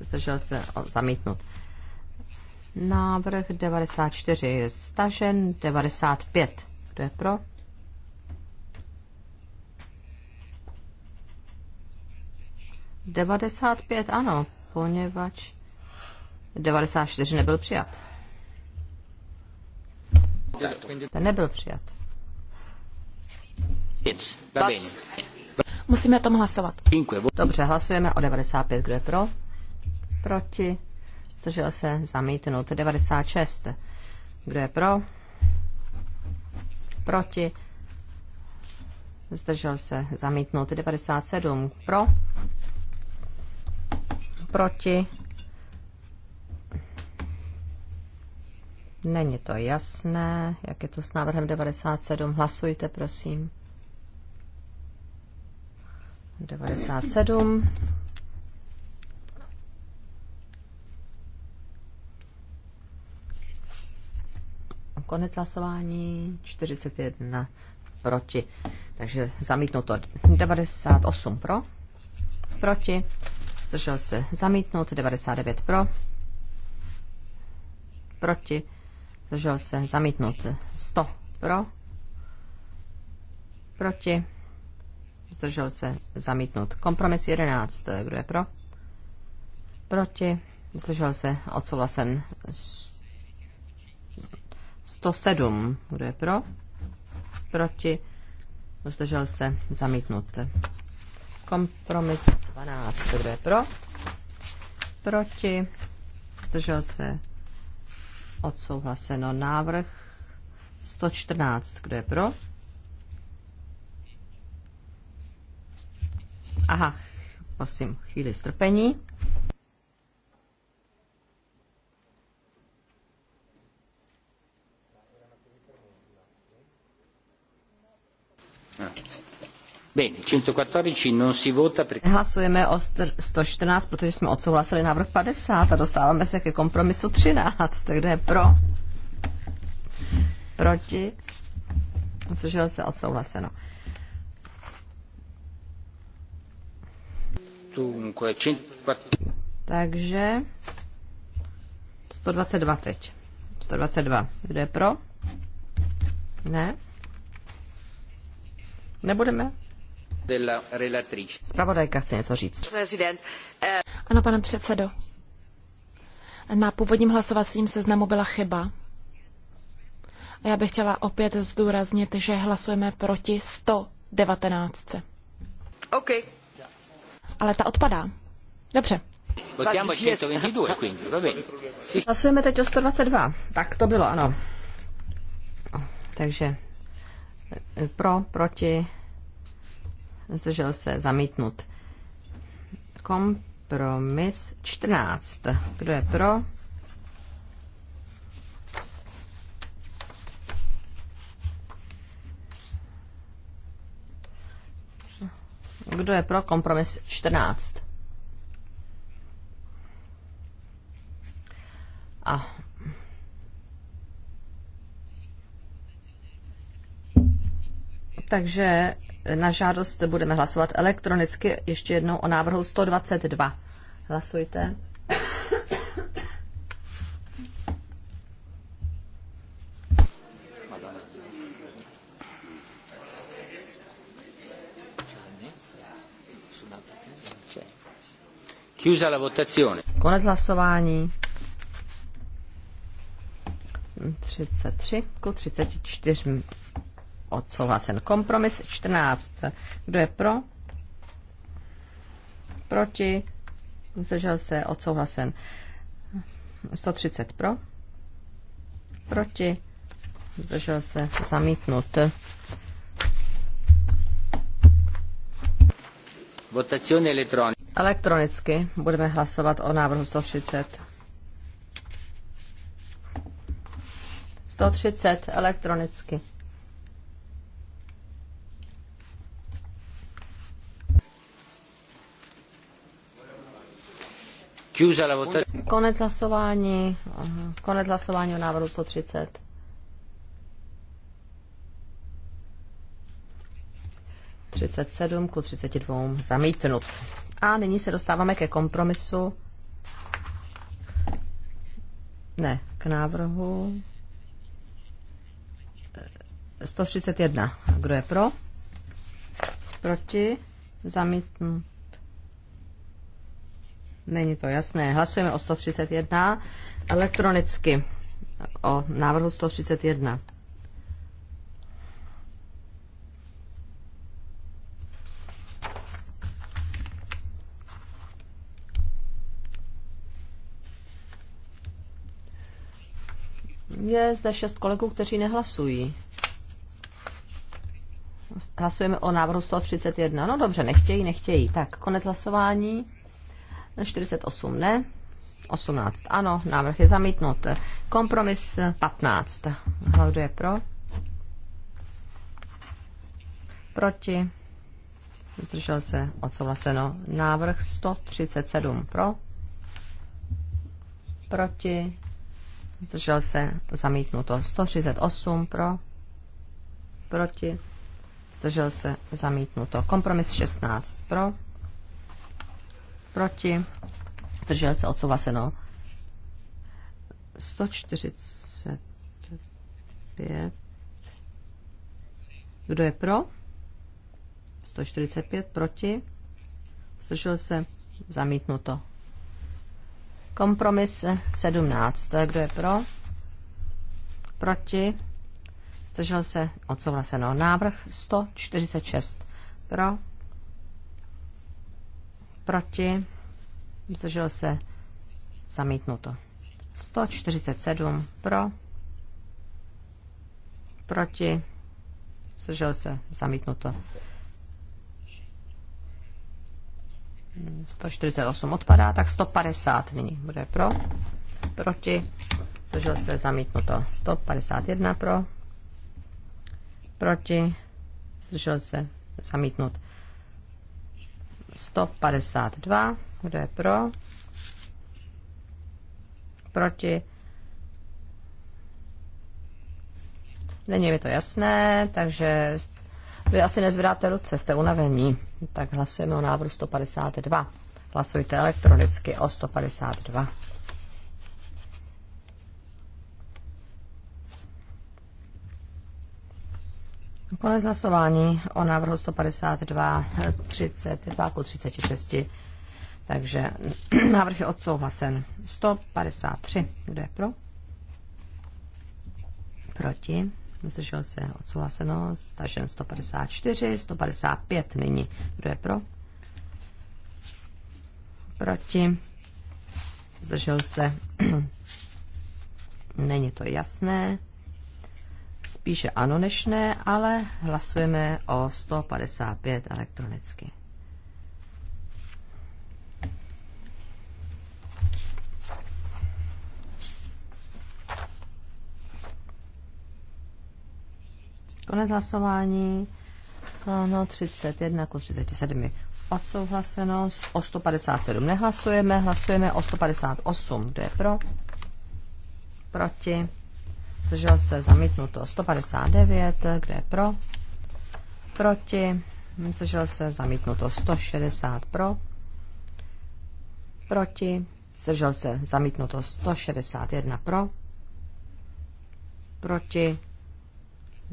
S1: Zdržel se. O, zamítnut. Návrh 94 je stažen. 95. Kdo je pro? 95 ano, poněvadž 94 nebyl přijat. Ten nebyl přijat. Musíme o tom hlasovat. Dobře, hlasujeme o 95. Kdo je pro? Proti? Zdržel se zamítnout. 96. Kdo je pro? Proti? Zdržel se zamítnout. 97. Pro? proti. Není to jasné, jak je to s návrhem 97. Hlasujte, prosím. 97. Konec hlasování 41 proti. Takže zamítnuto 98 pro, proti, zdržel se zamítnut, 99 pro, proti, zdržel se zamítnut, 100 pro, proti, zdržel se zamítnut. Kompromis 11, kdo je pro? Proti, zdržel se odsouhlasen 107, kdo je pro? Proti, zdržel se zamítnut. Kompromis 12. Kdo je pro? Proti? Zdržel se? Odsouhlaseno. Návrh 114. Kdo je pro? Aha, prosím, chvíli strpení. Yeah. Hlasujeme o 114, protože jsme odsouhlasili návrh 50 a dostáváme se ke kompromisu 13. Kdo je pro? Proti? Zdržel se odsouhlaseno. Takže 122 teď. 122. Kdo je pro? Ne? Nebudeme Spravodajka chce něco říct. Eh,
S4: ano, pane předsedo. Na původním hlasovacím seznamu byla chyba. A já bych chtěla opět zdůraznit, že hlasujeme proti 119. OK. Ale ta odpadá. Dobře.
S1: Hlasujeme teď o 122. Tak to bylo, ano. Takže eh, pro, proti, zdržel se, zamítnut. Kompromis 14. Kdo je pro? Kdo je pro kompromis 14? A Takže na žádost budeme hlasovat elektronicky ještě jednou o návrhu 122. Hlasujte.
S2: Chiusa la votazione.
S1: Konec hlasování. 33 ku 34 odsouhlasen. Kompromis 14. Kdo je pro? Proti? Zdržel se? Odsouhlasen. 130 pro? Proti? Zdržel se? Zamítnut.
S2: Votazione elektronicky
S1: Elektronicky budeme hlasovat o návrhu 130. 130 elektronicky. Konec hlasování. Eh, konec hlasování o návrhu 130. Třicet sedm ku třiceti dvou zamítnut. A nyní se dostáváme ke kompromisu. Ne, k návrhu 131. Eh, Kdo je pro? Proti? Zamítnut. Není to jasné. Hlasujeme o 131 elektronicky. O návrhu 131. Je zde šest kolegů, kteří nehlasují. Hlasujeme o návrhu 131. No dobře, nechtějí, nechtějí. Tak, konec hlasování. 48 ne, 18 ano, návrh je zamítnut. Kompromis 15. je pro. Proti. Zdržel se odsouhlaseno. Návrh 137 pro. Proti. Zdržel se zamítnuto. 138 pro. Proti. Zdržel se zamítnuto. Kompromis 16 pro proti, zdržel se odsouhlaseno. 145. Kdo je pro? 145 proti. Zdržel se zamítnuto. Kompromis 17. Kdo je pro? Proti. Zdržel se odsouhlaseno. Návrh 146. Pro proti, zdržel se, zamítnuto. 147 pro, proti, zdržel se, zamítnuto. 148 odpadá, tak 150 nyní bude pro, proti, zdržel se, zamítnuto. 151 pro, proti, zdržel se, zamítnut. 152. Kdo je pro? Proti? Není mi to jasné, takže vy asi nezvedáte ruce, jste unavení. Tak hlasujeme o návrhu 152. Hlasujte elektronicky o 152. Konec hlasování o návrhu 152, 32 ku 36. Takže návrh je odsouhlasen. 153. Kdo je pro? Proti. Zdržel se odsouhlaseno. Stažen 154, 155 nyní. Kdo je pro? Proti. Zdržel se. Není to jasné. Spíše ano než ne, ale hlasujeme o 155 elektronicky. Konec hlasování. Ano, 31 ku 37 odsouhlaseno. O 157 nehlasujeme, hlasujeme o 158. Kdo je pro? Proti? zdržel se zamítnuto 159, kde je pro, proti, zdržel se zamítnuto 160 pro, proti, zdržel se zamítnuto 161 pro, proti,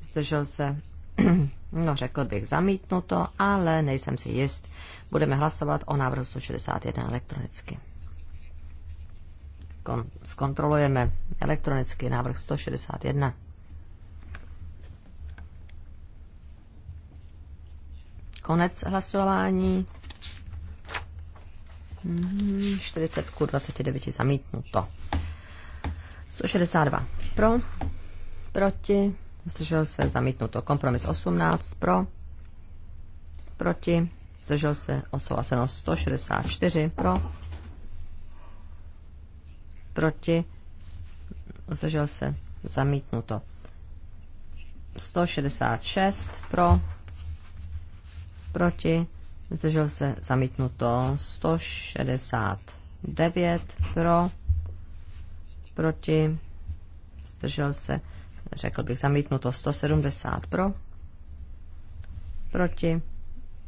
S1: zdržel se, no řekl bych zamítnuto, ale nejsem si jist. Budeme hlasovat o návrhu 161 elektronicky kon- zkontrolujeme elektronicky návrh 161. Konec hlasování. 40 mhm, ku 29 zamítnuto. 162 pro, proti, zdržel se zamítnuto. Kompromis 18 pro, proti, zdržel se odsouhlaseno 164 pro, proti, zdržel se, zamítnuto. 166 pro, proti, zdržel se, zamítnuto. 169 pro, proti, zdržel se, řekl bych zamítnuto. 170 pro, proti,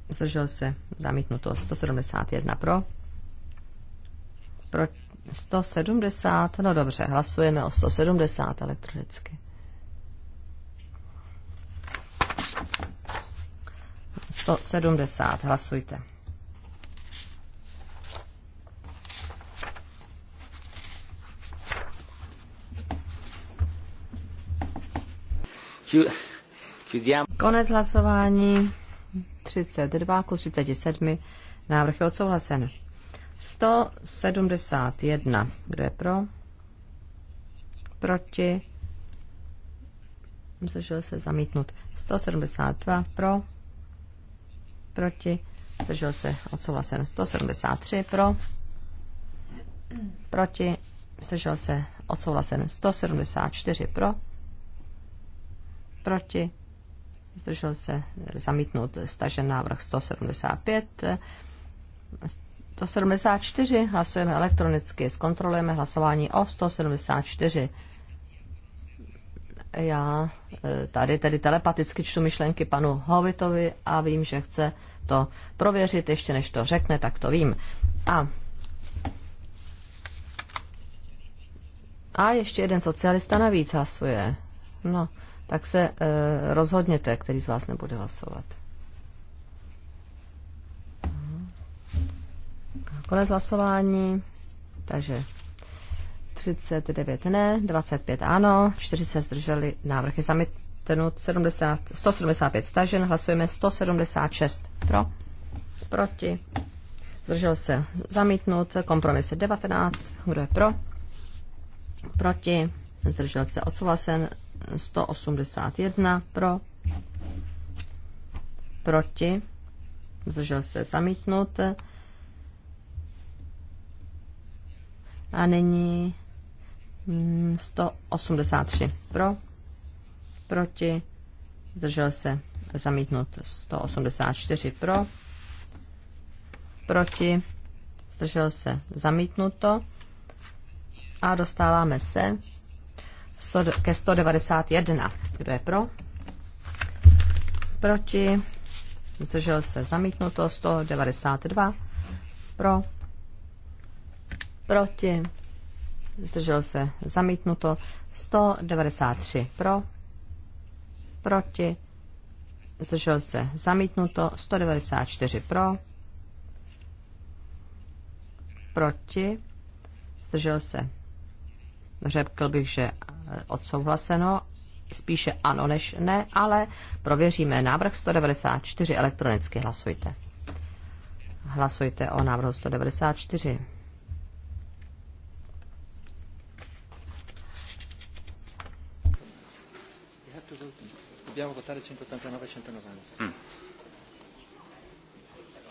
S1: zdržel se, zamítnuto. 171 pro, proti, 170, no dobře, hlasujeme o 170 elektronicky. Sto sedmdesát, hlasujte. Konec hlasování 32 ku 37. Návrh je odsouhlasen. 171. Kdo je pro? Proti? Zdržel se zamítnout. 172 pro? Proti? Zdržel se odsouhlasen. 173 pro? Proti? Zdržel se odsouhlasen. 174 pro? Proti? Zdržel se zamítnout. Stažen návrh 175 174 hlasujeme elektronicky. Zkontrolujeme hlasování o 174. Já e, tady tedy telepaticky čtu myšlenky panu Hovitovi a vím, že chce to prověřit, ještě než to řekne, tak to vím. A A ještě jeden socialista navíc hlasuje. No, tak se e, rozhodněte, který z vás nebude hlasovat. Konec hlasování. Takže 39 ne, 25 ano, 4 se zdrželi, návrh je zamítnut, 70, 175 stažen, hlasujeme 176 pro, proti, zdržel se zamítnut, kompromis je 19, kdo je pro, proti, zdržel se odsouhlasen, 181 pro, proti, zdržel se zamítnut, A není 183 mm, pro, proti, zdržel se zamítnut 184 pro, proti, zdržel se zamítnuto. A dostáváme se ke 191. Kdo je pro? Proti, zdržel se zamítnuto 192 pro, proti, zdržel se zamítnuto, 193 pro, proti, zdržel se zamítnuto, 194 pro, proti, zdržel se. Řekl bych, že odsouhlaseno, spíše ano než ne, ale prověříme návrh 194 elektronicky. Hlasujte. Hlasujte o návrhu 194.
S2: dobbiamo votare 189 190. Hmm.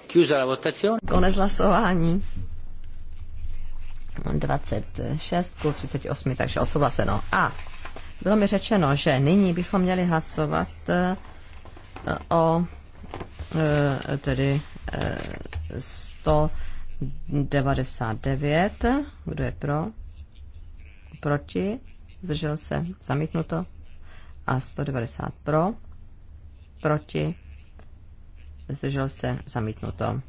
S2: Chiusa la votazione. Konec
S1: hlasování. 26 ku 38, takže odsouhlaseno. A bylo mi řečeno, že nyní bychom měli hlasovat eh, o eh, tedy 199. Eh, Kdo je pro? Proti? Zdržel se? Zamítnuto? a 190 pro, proti, zdržel se, zamítnuto.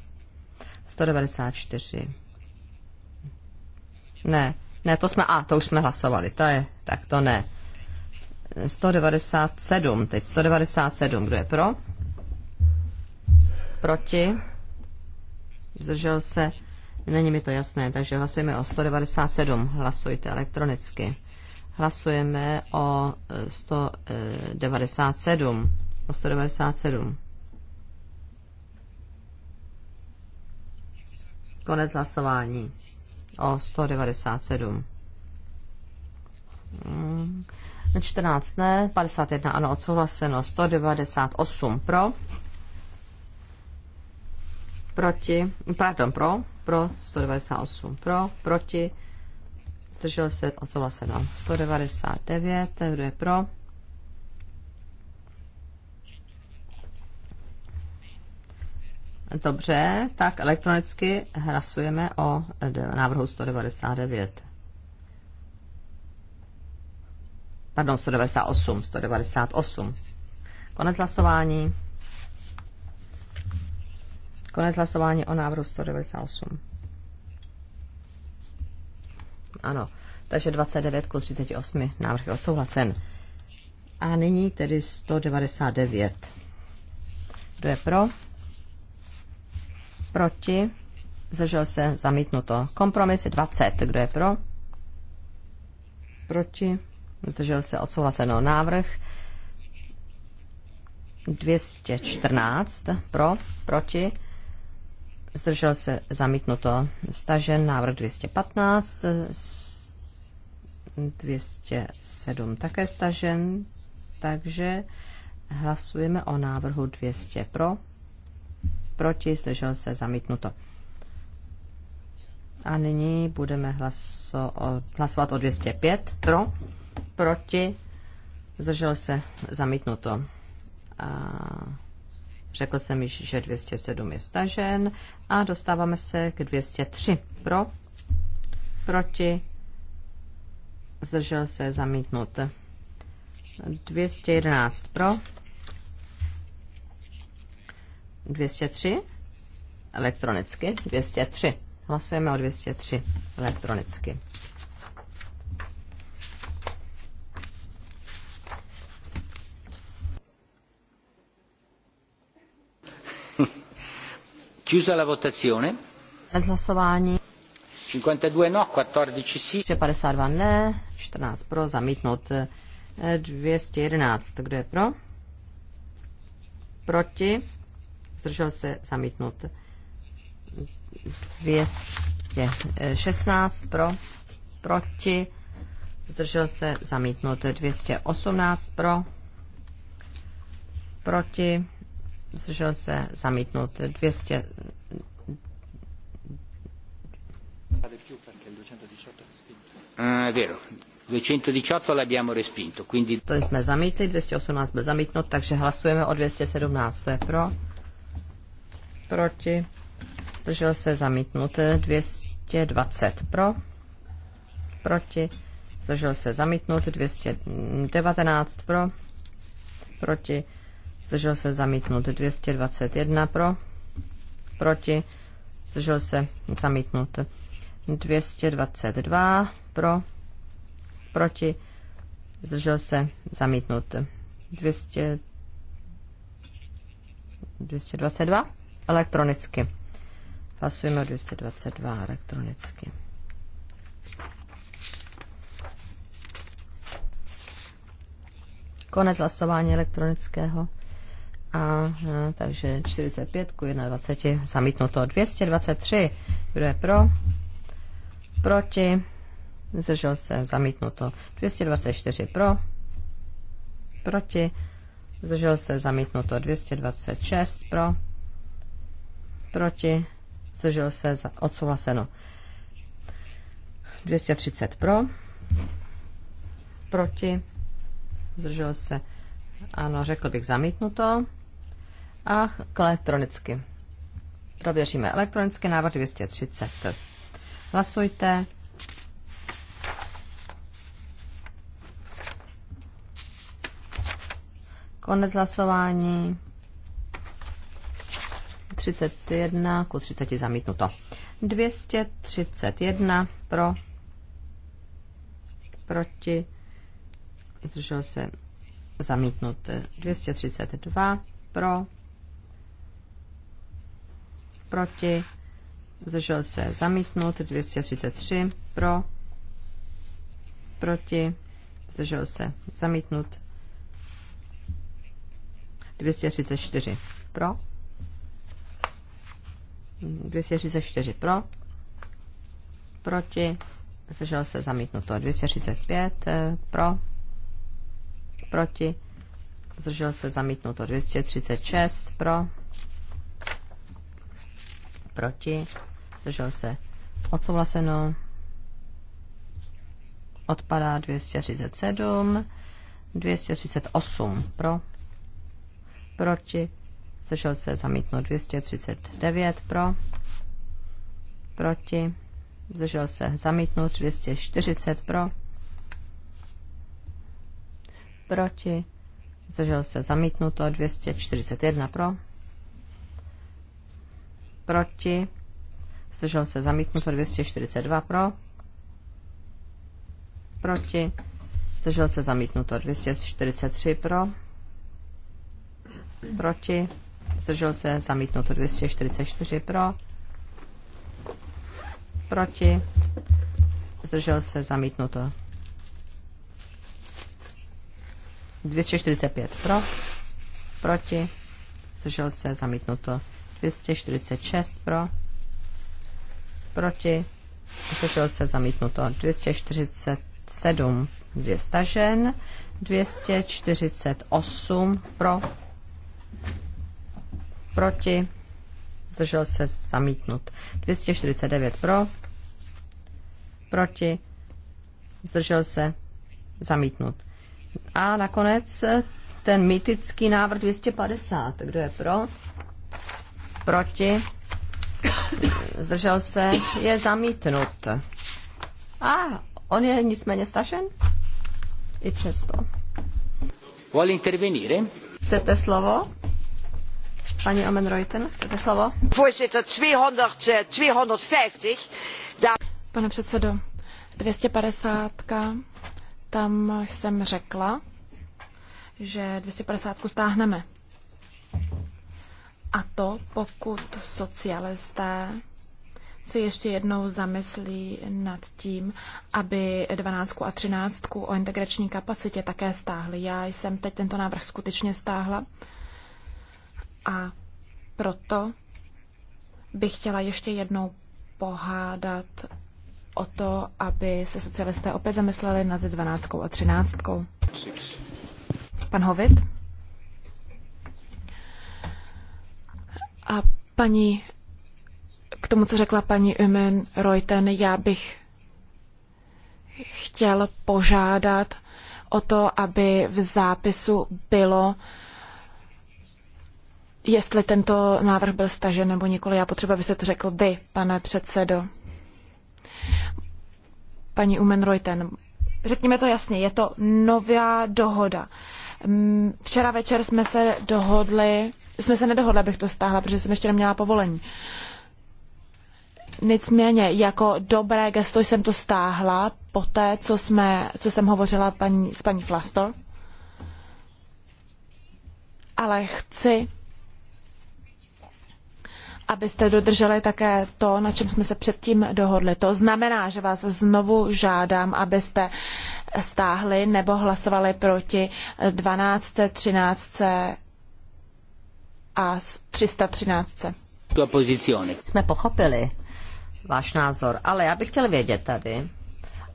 S1: 194. Ne, ne, to jsme, a, to už jsme hlasovali, to je, tak to ne. 197, teď 197, kdo je pro? Proti? Zdržel se? Není mi to jasné, takže hlasujeme o 197, hlasujte elektronicky. Hlasujeme o 197. E, e, o 197. Konec hlasování o 197. 14 mm. ne, 51 ano, odsouhlaseno, 198 pro, proti, pardon, pro, pro, 198 pro, proti, zdržel se, odsouhlaseno. 199, kdo je pro? Dobře, tak elektronicky hlasujeme o návrhu 199. Pardon, 198, 198. Konec hlasování. Konec hlasování o návrhu 198. Ano, takže 29 k 38 návrh je odsouhlasen. A nyní tedy 199. Kdo je pro? Proti? Zdržel se zamítnuto. Kompromis 20. Kdo je pro? Proti? Zdržel se odsouhlaseno návrh. 214 pro, proti, zdržel se zamítnuto. Stažen návrh 215, 207 také stažen, takže hlasujeme o návrhu 200 pro, proti, zdržel se zamítnuto. A nyní budeme hlasovat o 205 pro, proti, zdržel se zamítnuto. A Řekl jsem již, že 207 je stažen a dostáváme se k 203. Pro, proti, zdržel se zamítnut. 211 pro, 203 elektronicky, 203. Hlasujeme o 203 elektronicky.
S2: Chiusa la votazione.
S1: Bez hlasování. 52 no, 14 sì. 52 ne, 14 pro, zamítnut 211. Eh, Kdo je pro? Proti? Zdržel se zamítnut 216 pro, proti, zdržel se zamítnut 218 pro, proti, zdržel se zamítnout 200
S2: Ah, 218 respinto, quindi...
S1: To jsme zamítli, 218 byl zamítnut, takže hlasujeme o 217. To je pro, proti, zdržel se zamítnut, 220 pro, proti, zdržel se zamítnut, 219 pro, proti, zdržel se zamítnut 221 pro, proti, zdržel se zamítnut 222 pro, proti, zdržel se zamítnut 200, 222 elektronicky. Hlasujeme 222 elektronicky. Konec hlasování elektronického. A, no, takže 45 ku 21 zamítnuto. 223. Kdo je pro? Proti? Zdržel se zamítnuto. 224 pro? Proti? Zdržel se zamítnuto. 226 pro? Proti? Zdržel se odsouhlaseno. 230 pro? Proti? Zdržel se ano, řekl bych zamítnuto a elektronicky. Prověříme elektronicky návrh 230. Hlasujte. Konec hlasování. 31 ku 30 zamítnuto. 231 pro, proti, zdržel se zamítnut. 232 pro, proti, zdržel se zamítnut, 233 pro, proti, zdržel se zamítnut, 234 pro, 234 pro, proti, zdržel se zamítnut, 235 pro, proti, zdržel se zamítnut, 236 pro, proti, zdržel se odsouhlaseno, odpadá 237, 238 pro, proti, zdržel se zamítnout 239 pro, proti, zdržel se zamítnout 240 pro, proti, zdržel se zamítnuto 241 pro, proti, zdržel se zamítnuto 242 pro, proti, zdržel se zamítnuto 243 pro, proti, zdržel se zamítnuto 244 pro, proti, zdržel se zamítnuto 245 pro, proti, zdržel se zamítnuto 246 pro, proti, zdržel se zamítnuto 247 je stažen, 248 pro, proti, zdržel se zamítnut 249 pro, proti, zdržel se zamítnut. A nakonec ten mýtický návrh 250. Kdo je pro? proti, zdržel se, je zamítnut. A on je nicméně stažen? I přesto.
S2: Vuole intervenire?
S1: Chcete slovo? Paní Omen Reuten, chcete slovo? Voorzitter, 250. Eh, Pane
S4: předsedo, 250. Tam jsem řekla, že 250 stáhneme. A to, pokud socialisté se ještě jednou zamyslí nad tím, aby 12 a 13 o integrační kapacitě také stáhli. Já jsem teď tento návrh skutečně stáhla a proto bych chtěla ještě jednou pohádat o to, aby se socialisté opět zamysleli nad 12 a 13. Pan Hovit? A paní, k tomu, co řekla paní Umen Reuten, já bych chtěl požádat o to, aby v zápisu bylo, jestli tento návrh byl stažen nebo nikoli. Já potřeba, abyste to řekl vy, pane předsedo. Paní Umen Reuten, řekněme to jasně, je to nová dohoda. Včera večer jsme se dohodli jsme se nedohodli, abych to stáhla, protože jsem ještě neměla povolení. Nicméně, jako dobré gesto jsem to stáhla po té, co, jsme, co jsem hovořila paní, s paní Flastor. Ale chci, abyste dodrželi také to, na čem jsme se předtím dohodli. To znamená, že vás znovu žádám, abyste stáhli nebo hlasovali proti 12, 13, a 313.
S1: Jsme pochopili váš názor, ale já bych chtěl vědět tady,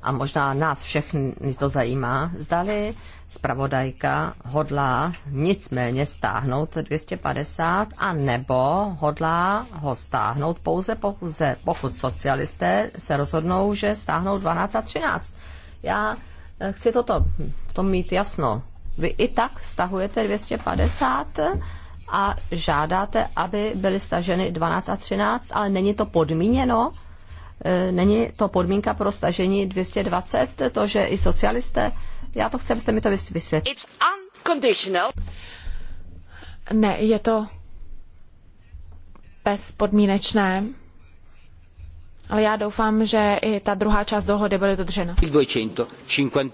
S1: a možná nás všechny to zajímá, zdali zpravodajka hodlá nicméně stáhnout 250 a nebo hodlá ho stáhnout pouze pokud, pokud socialisté se rozhodnou, že stáhnou 12 a 13. Já eh, chci toto v tom mít jasno. Vy i tak stahujete 250 a žádáte, aby byly staženy 12 a 13, ale není to podmíněno? E, není to podmínka pro stažení 220, to, že i socialisté? Já to chci, abyste mi to vysvětlili. It's
S4: unconditional.
S1: Ne, je to
S4: bezpodmínečné. Ale já doufám, že i ta
S1: druhá část dohody bude dodržena.
S2: 251.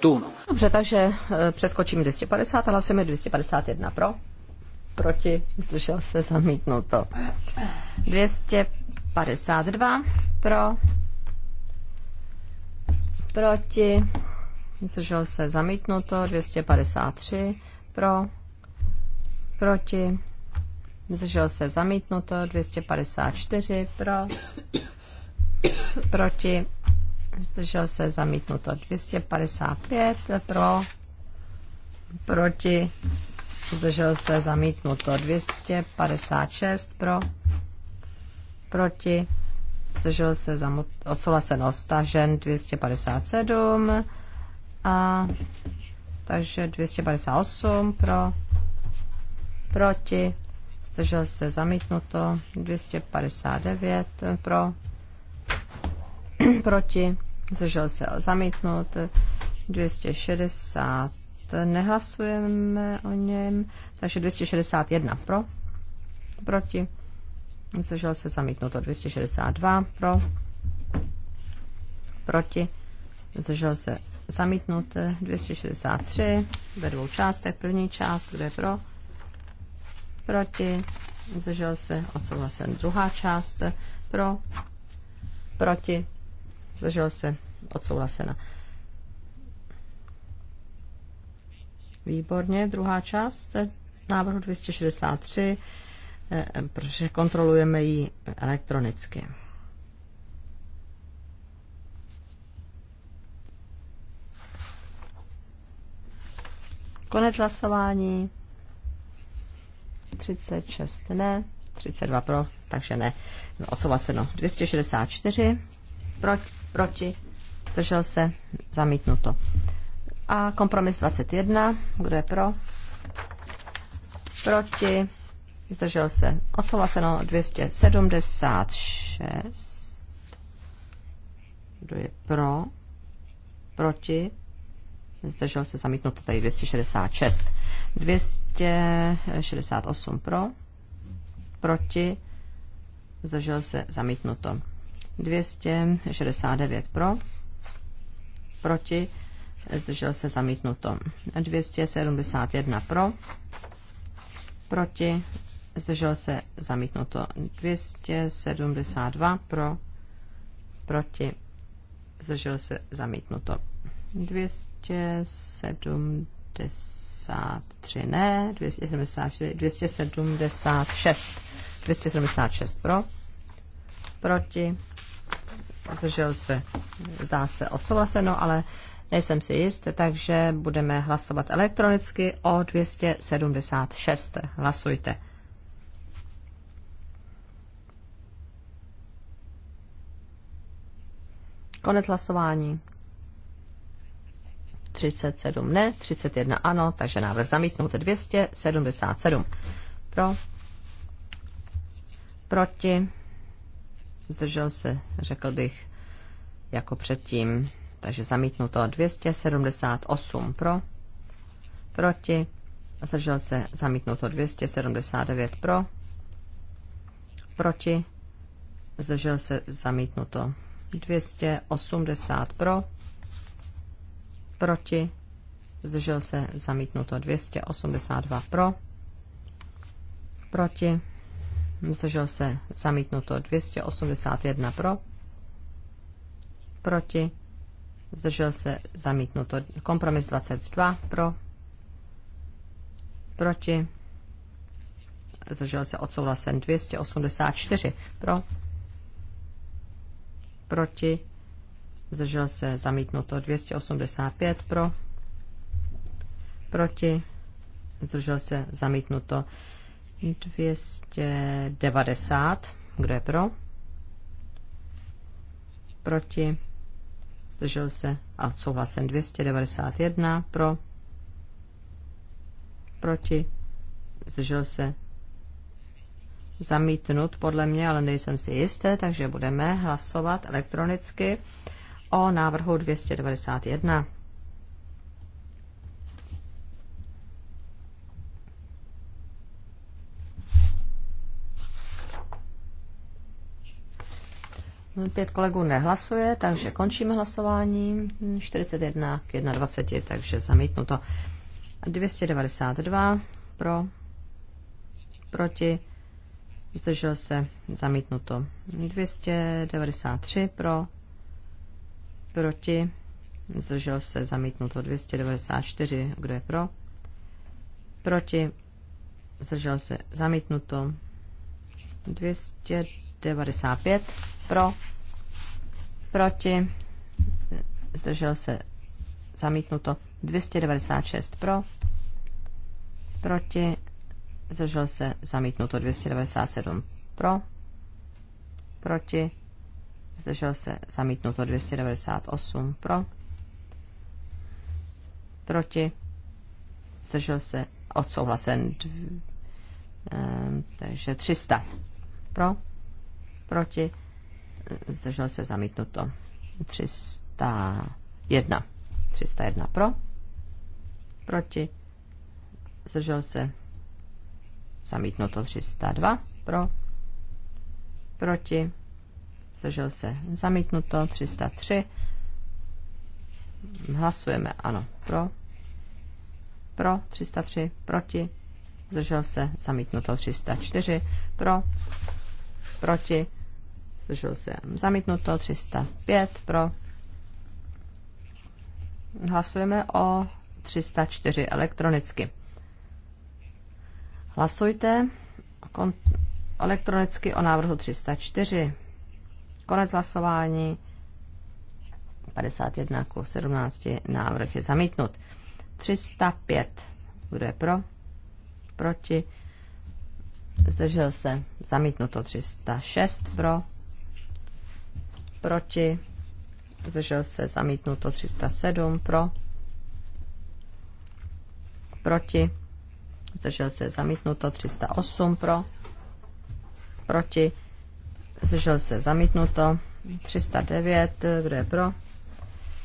S1: Dobře, takže e, přeskočím 250 a hlasujeme 251 pro proti, zdržel se zamítnuto. 252 pro, proti, zdržel se zamítnuto, 253 pro, proti, zdržel se zamítnuto, 254 pro, proti, zdržel se zamítnuto, 255 pro, proti, zdržel se zamítnuto 256 pro, proti, zdržel se odsouhlaseno stažen 257 a takže 258 pro, proti, zdržel se zamítnuto 259 pro, proti, zdržel se zamítnut 260 nehlasujeme o něm, takže 261 pro, proti, zdržel se zamítnuto 262 pro, proti, zdržel se zamítnut 263 ve dvou částech, první část, kde je pro, proti, zdržel se odsouhlasen druhá část, pro, proti, zdržel se odsouhlasena Výborně. Druhá část návrhu 263, eh, protože kontrolujeme ji elektronicky. Konec hlasování. 36 ne, 32 pro, takže ne. No, odsouhlaseno. 264 proti, proti, zdržel se, zamítnuto. A kompromis 21. Kdo je pro? Proti? Zdržel se. Odsouhlaseno 276. Kdo je pro? Proti? Zdržel se zamítnuto tady 266. 268 pro. Proti? Zdržel se zamítnuto. 269 pro. Proti? zdržel se zamítnuto. 271 pro, proti, zdržel se zamítnuto. 272 pro, proti, zdržel se zamítnuto. 273 ne, 274, 276, 276 pro, proti, zdržel se, zdá se odsouhlaseno, ale Nejsem si jist, takže budeme hlasovat elektronicky o 276. Hlasujte. Konec hlasování. 37 ne, 31 ano, takže návrh zamítnout 277. Pro. Proti. Zdržel se, řekl bych, jako předtím takže zamítnuto 278 pro, proti, zdržel se zamítnuto 279 pro, proti, zdržel se zamítnuto 280 pro, proti, zdržel se zamítnuto 282 pro, proti, zdržel se zamítnuto 281 pro, proti, zdržel se zamítnuto. Kompromis 22 pro, proti, zdržel se odsouhlasen 284 pro, proti, zdržel se zamítnuto 285 pro, proti, zdržel se zamítnuto 290, kdo je pro, proti, zdržel se a souhlasen 291 pro, proti, zdržel se zamítnut podle mě, ale nejsem si jisté, takže budeme hlasovat elektronicky o návrhu 291. Pět kolegů nehlasuje, takže končíme hlasování. 41 k 21, takže zamítnuto. 292 pro, proti, zdržel se, zamítnuto. 293 pro, proti, zdržel se, zamítnuto. 294, kdo je pro, proti, zdržel se, zamítnuto. 295 pro, proti, zdržel se zamítnuto 296 pro, proti, zdržel se zamítnuto 297 pro, proti, zdržel se zamítnuto 298 pro, proti, zdržel se odsouhlasen, eh, takže 300 pro, proti, zdržel se zamítnuto. 301. 301 pro, proti, zdržel se zamítnuto. 302 pro, proti, zdržel se zamítnuto. 303 hlasujeme, ano, pro, pro 303, proti, zdržel se zamítnuto. 304 pro, proti, zdržel se zamítnuto, 305 pro. Hlasujeme o 304 elektronicky. Hlasujte elektronicky o návrhu 304. Konec hlasování 51 k 17 návrh je zamítnut. 305. Kdo je pro? Proti? Zdržel se. Zamítnuto 306 pro proti, zdržel se zamítnuto 307 pro, proti, zdržel se zamítnuto 308 pro, proti, zdržel se zamítnuto 309, kdo je pro,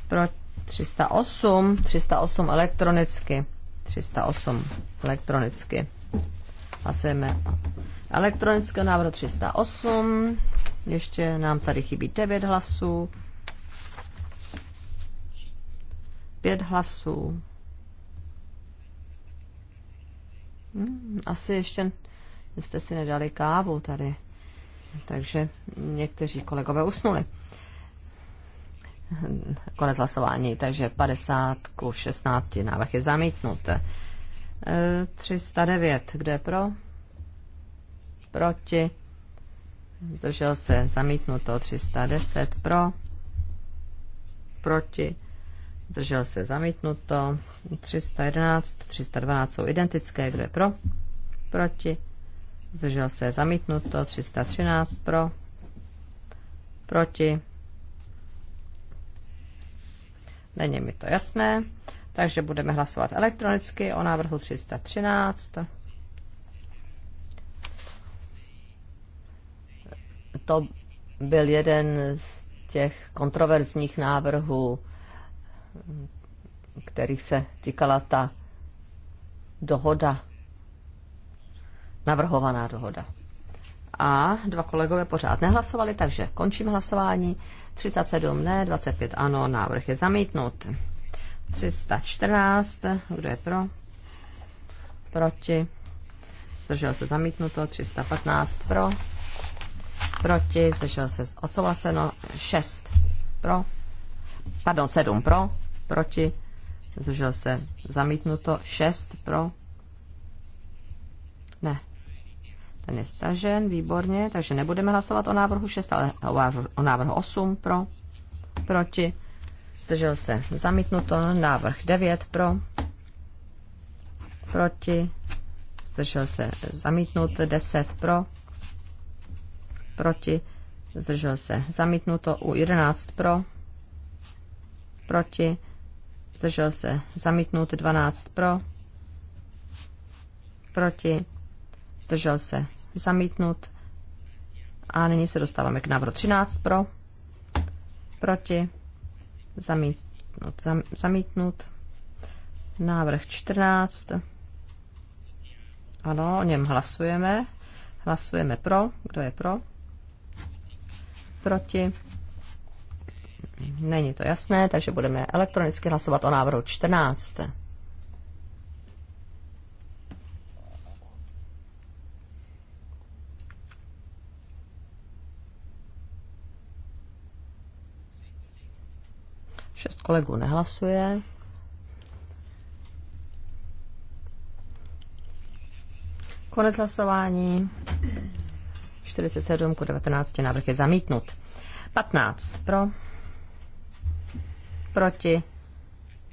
S1: pro 308, 308 elektronicky, 308 elektronicky. Hlasujeme elektronického návrhu 308. Ještě nám tady chybí 9 hlasů. 5 hlasů. Hmm, asi ještě jste si nedali kávu tady. Takže někteří kolegové usnuli. Konec hlasování, takže 50 k 16 návrh je zamítnut. 309, e, kdo je pro? Proti? zdržel se, zamítnuto 310 pro, proti, zdržel se, zamítnuto 311, 312 jsou identické, kdo je pro, proti, zdržel se, zamítnuto 313 pro, proti, není mi to jasné, takže budeme hlasovat elektronicky o návrhu 313. to byl jeden z těch kontroverzních návrhů, kterých se týkala ta dohoda, navrhovaná dohoda. A dva kolegové pořád nehlasovali, takže končím hlasování. 37 ne, 25 ano, návrh je zamítnut. 314, kdo je pro? Proti. Zdržel se zamítnuto, 315 pro proti, zdržel se odsouhlaseno, 6 pro, pardon, 7 pro, proti, zdržel se zamítnuto, 6 pro, ne, ten je stažen, výborně, takže nebudeme hlasovat o návrhu 6, ale o návrhu 8 pro, proti, zdržel se zamítnuto, návrh 9 pro, proti, zdržel se zamítnut, 10 pro, proti, zdržel se zamítnuto u 11 pro, proti, zdržel se zamítnut 12 pro, proti, zdržel se zamítnut a nyní se dostáváme k návrhu 13 pro, proti, zamítnut, zam, zamítnut, návrh 14, ano, o něm hlasujeme, hlasujeme pro, kdo je pro, proti. Není to jasné, takže budeme elektronicky hlasovat o návrhu 14. Šest kolegů nehlasuje. Konec hlasování. 47 ku 19 návrh je zamítnut. 15 pro, proti,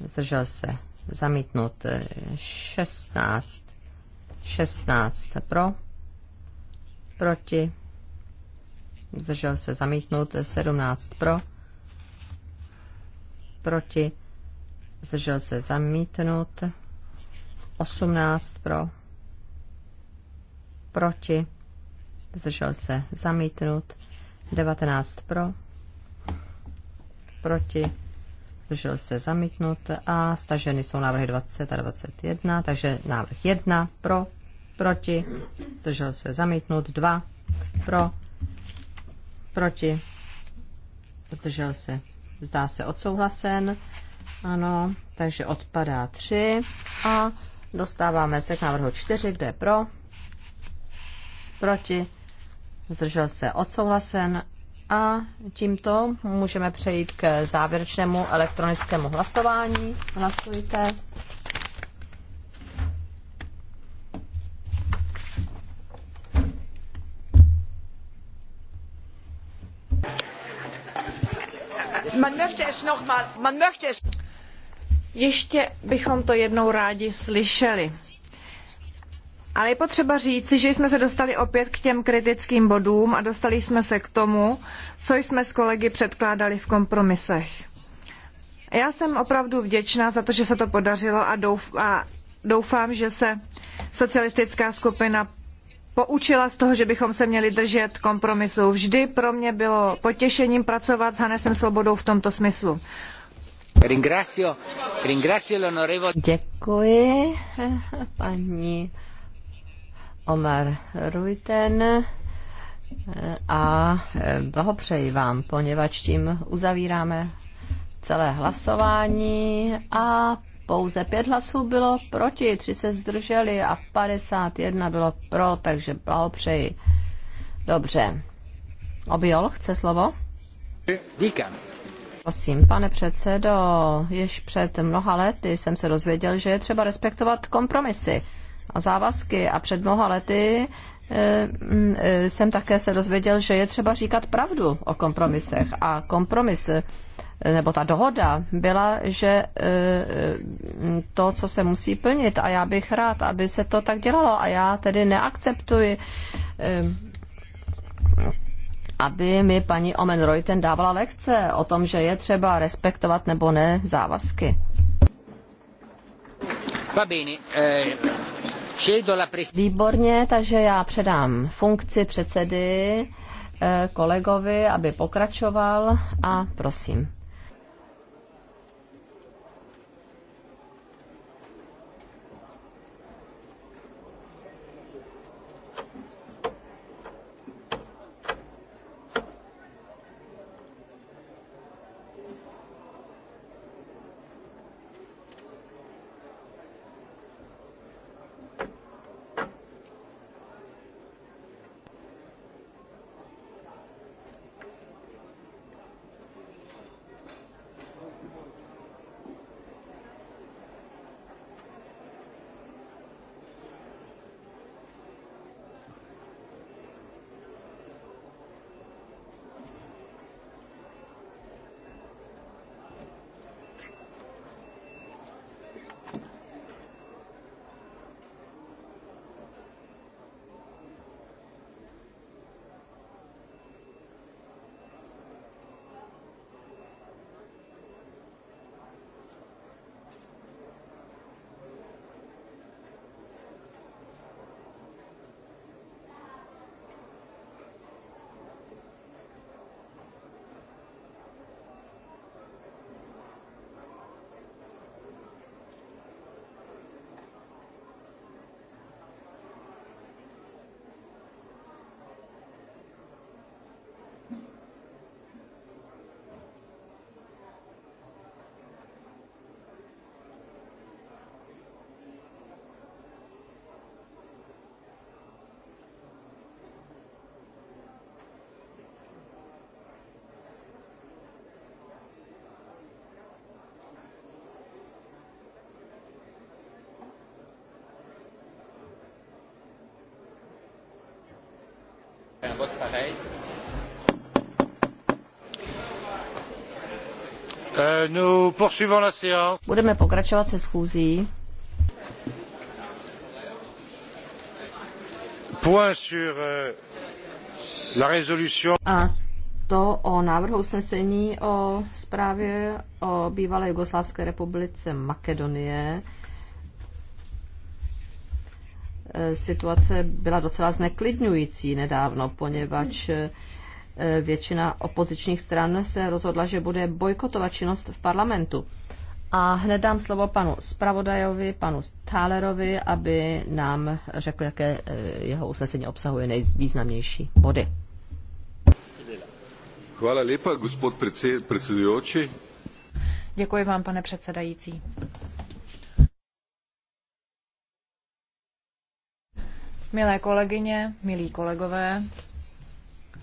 S1: zdržel se, zamítnut. 16, 16 pro, proti, zdržel se, zamítnut. 17 pro, proti, zdržel se, zamítnut. 18 pro, proti, zdržel se zamítnut, 19 pro, proti, zdržel se zamítnut a staženy jsou návrhy 20 a 21, takže návrh 1 pro, proti, zdržel se zamítnut, 2 pro, proti, zdržel se, zdá se odsouhlasen, ano, takže odpadá 3 a dostáváme se k návrhu 4, kde je pro, proti, zdržel se odsouhlasen a tímto můžeme přejít k závěrečnému elektronickému hlasování. Hlasujte.
S2: Man möchte es noch
S3: mal, man möchte es. Ještě bychom to jednou rádi slyšeli. Ale je potřeba říci, že jsme se dostali opět k těm kritickým bodům a dostali jsme se k tomu, co jsme s kolegy předkládali v kompromisech. Já jsem opravdu vděčná za to, že se to podařilo a, douf- a doufám, že se socialistická skupina poučila z toho, že bychom se měli držet kompromisu. Vždy pro mě bylo potěšením pracovat s Hanesem Svobodou v tomto smyslu.
S1: Děkuji, paní Omar Ruiten a e, blahopřeji vám, poněvadž tím uzavíráme celé hlasování a pouze pět hlasů bylo proti, tři se zdrželi a 51 bylo pro, takže blahopřeji. Dobře. Obiol chce slovo? Díkám. Prosím, pane předsedo, již před mnoha lety jsem se dozvěděl, že je třeba respektovat kompromisy a závazky. A před mnoha lety eh, mm, eh, jsem také se dozvěděl, že je třeba říkat pravdu o kompromisech. A kompromis eh, nebo ta dohoda byla, že mm, to, co se musí plnit, a já bych rád, aby se to tak dělalo, a já tedy neakceptuji, aby mi paní Omen Reuten dávala lekce o tom, že je třeba respektovat nebo ne závazky. Eh, Výborně, takže já předám funkci předsedy eh, kolegovi, aby pokračoval a prosím.
S2: vote pareil. Euh,
S1: Budeme pokračovat se schůzí.
S2: Point sur euh, la résolution.
S1: A to o návrhu usnesení o zprávě o bývalé Jugoslávské republice Makedonie situace byla docela zneklidňující nedávno, poněvadž eh, většina opozičních stran se rozhodla, že bude bojkotovat činnost v parlamentu. A hned dám slovo panu Spravodajovi, panu Stálerovi, aby nám řekl, jaké eh, jeho usnesení obsahuje nejvýznamnější body.
S2: Hvala lepa, gospod predsedujoči.
S3: Děkuji vám, pane předsedající. Milé kolegyně, milí kolegové,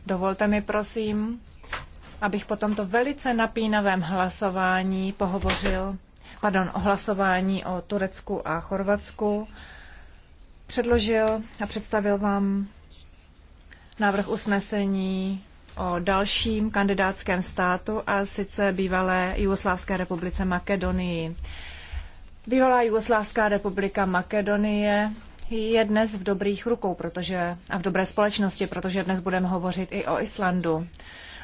S3: dovolte mi prosím, abych po tomto velice napínavém hlasování pohovořil, pardon, o hlasování o Turecku a Chorvatsku, předložil a představil vám návrh usnesení o dalším kandidátském státu a sice bývalé Jugoslávské republice Makedonii. Bývalá Jugoslávská republika Makedonie je dnes v dobrých rukou protože, a v dobré společnosti, protože dnes budeme hovořit i o Islandu.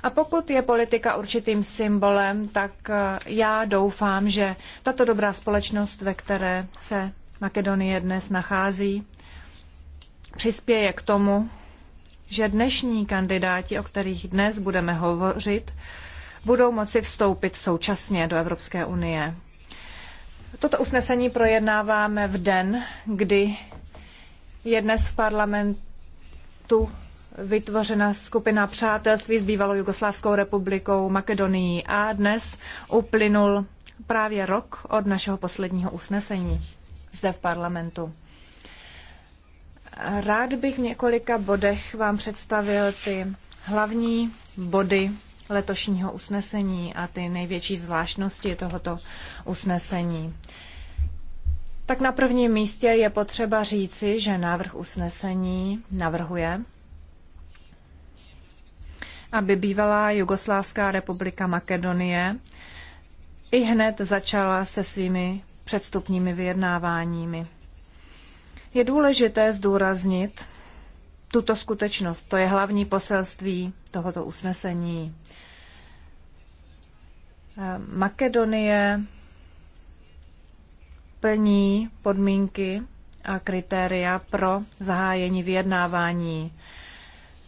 S3: A pokud je politika určitým symbolem, tak eh, já doufám, že tato dobrá společnost, ve které se Makedonie dnes nachází, přispěje k tomu, že dnešní kandidáti, o kterých dnes budeme hovořit, budou moci vstoupit současně do Evropské unie. Toto usnesení projednáváme v den, kdy je dnes v parlamentu vytvořena skupina přátelství s bývalou Jugoslávskou republikou Makedonií a dnes uplynul právě rok od našeho posledního usnesení zde v parlamentu. Rád bych v několika bodech vám představil ty hlavní body letošního usnesení a ty největší zvláštnosti tohoto usnesení tak na prvním místě je potřeba říci, že návrh usnesení navrhuje, aby bývalá Jugoslávská republika Makedonie i hned začala se svými předstupními vyjednáváními. Je důležité zdůraznit tuto skutečnost. To je hlavní poselství tohoto usnesení. Makedonie splní podmínky a kritéria pro zahájení vyjednávání.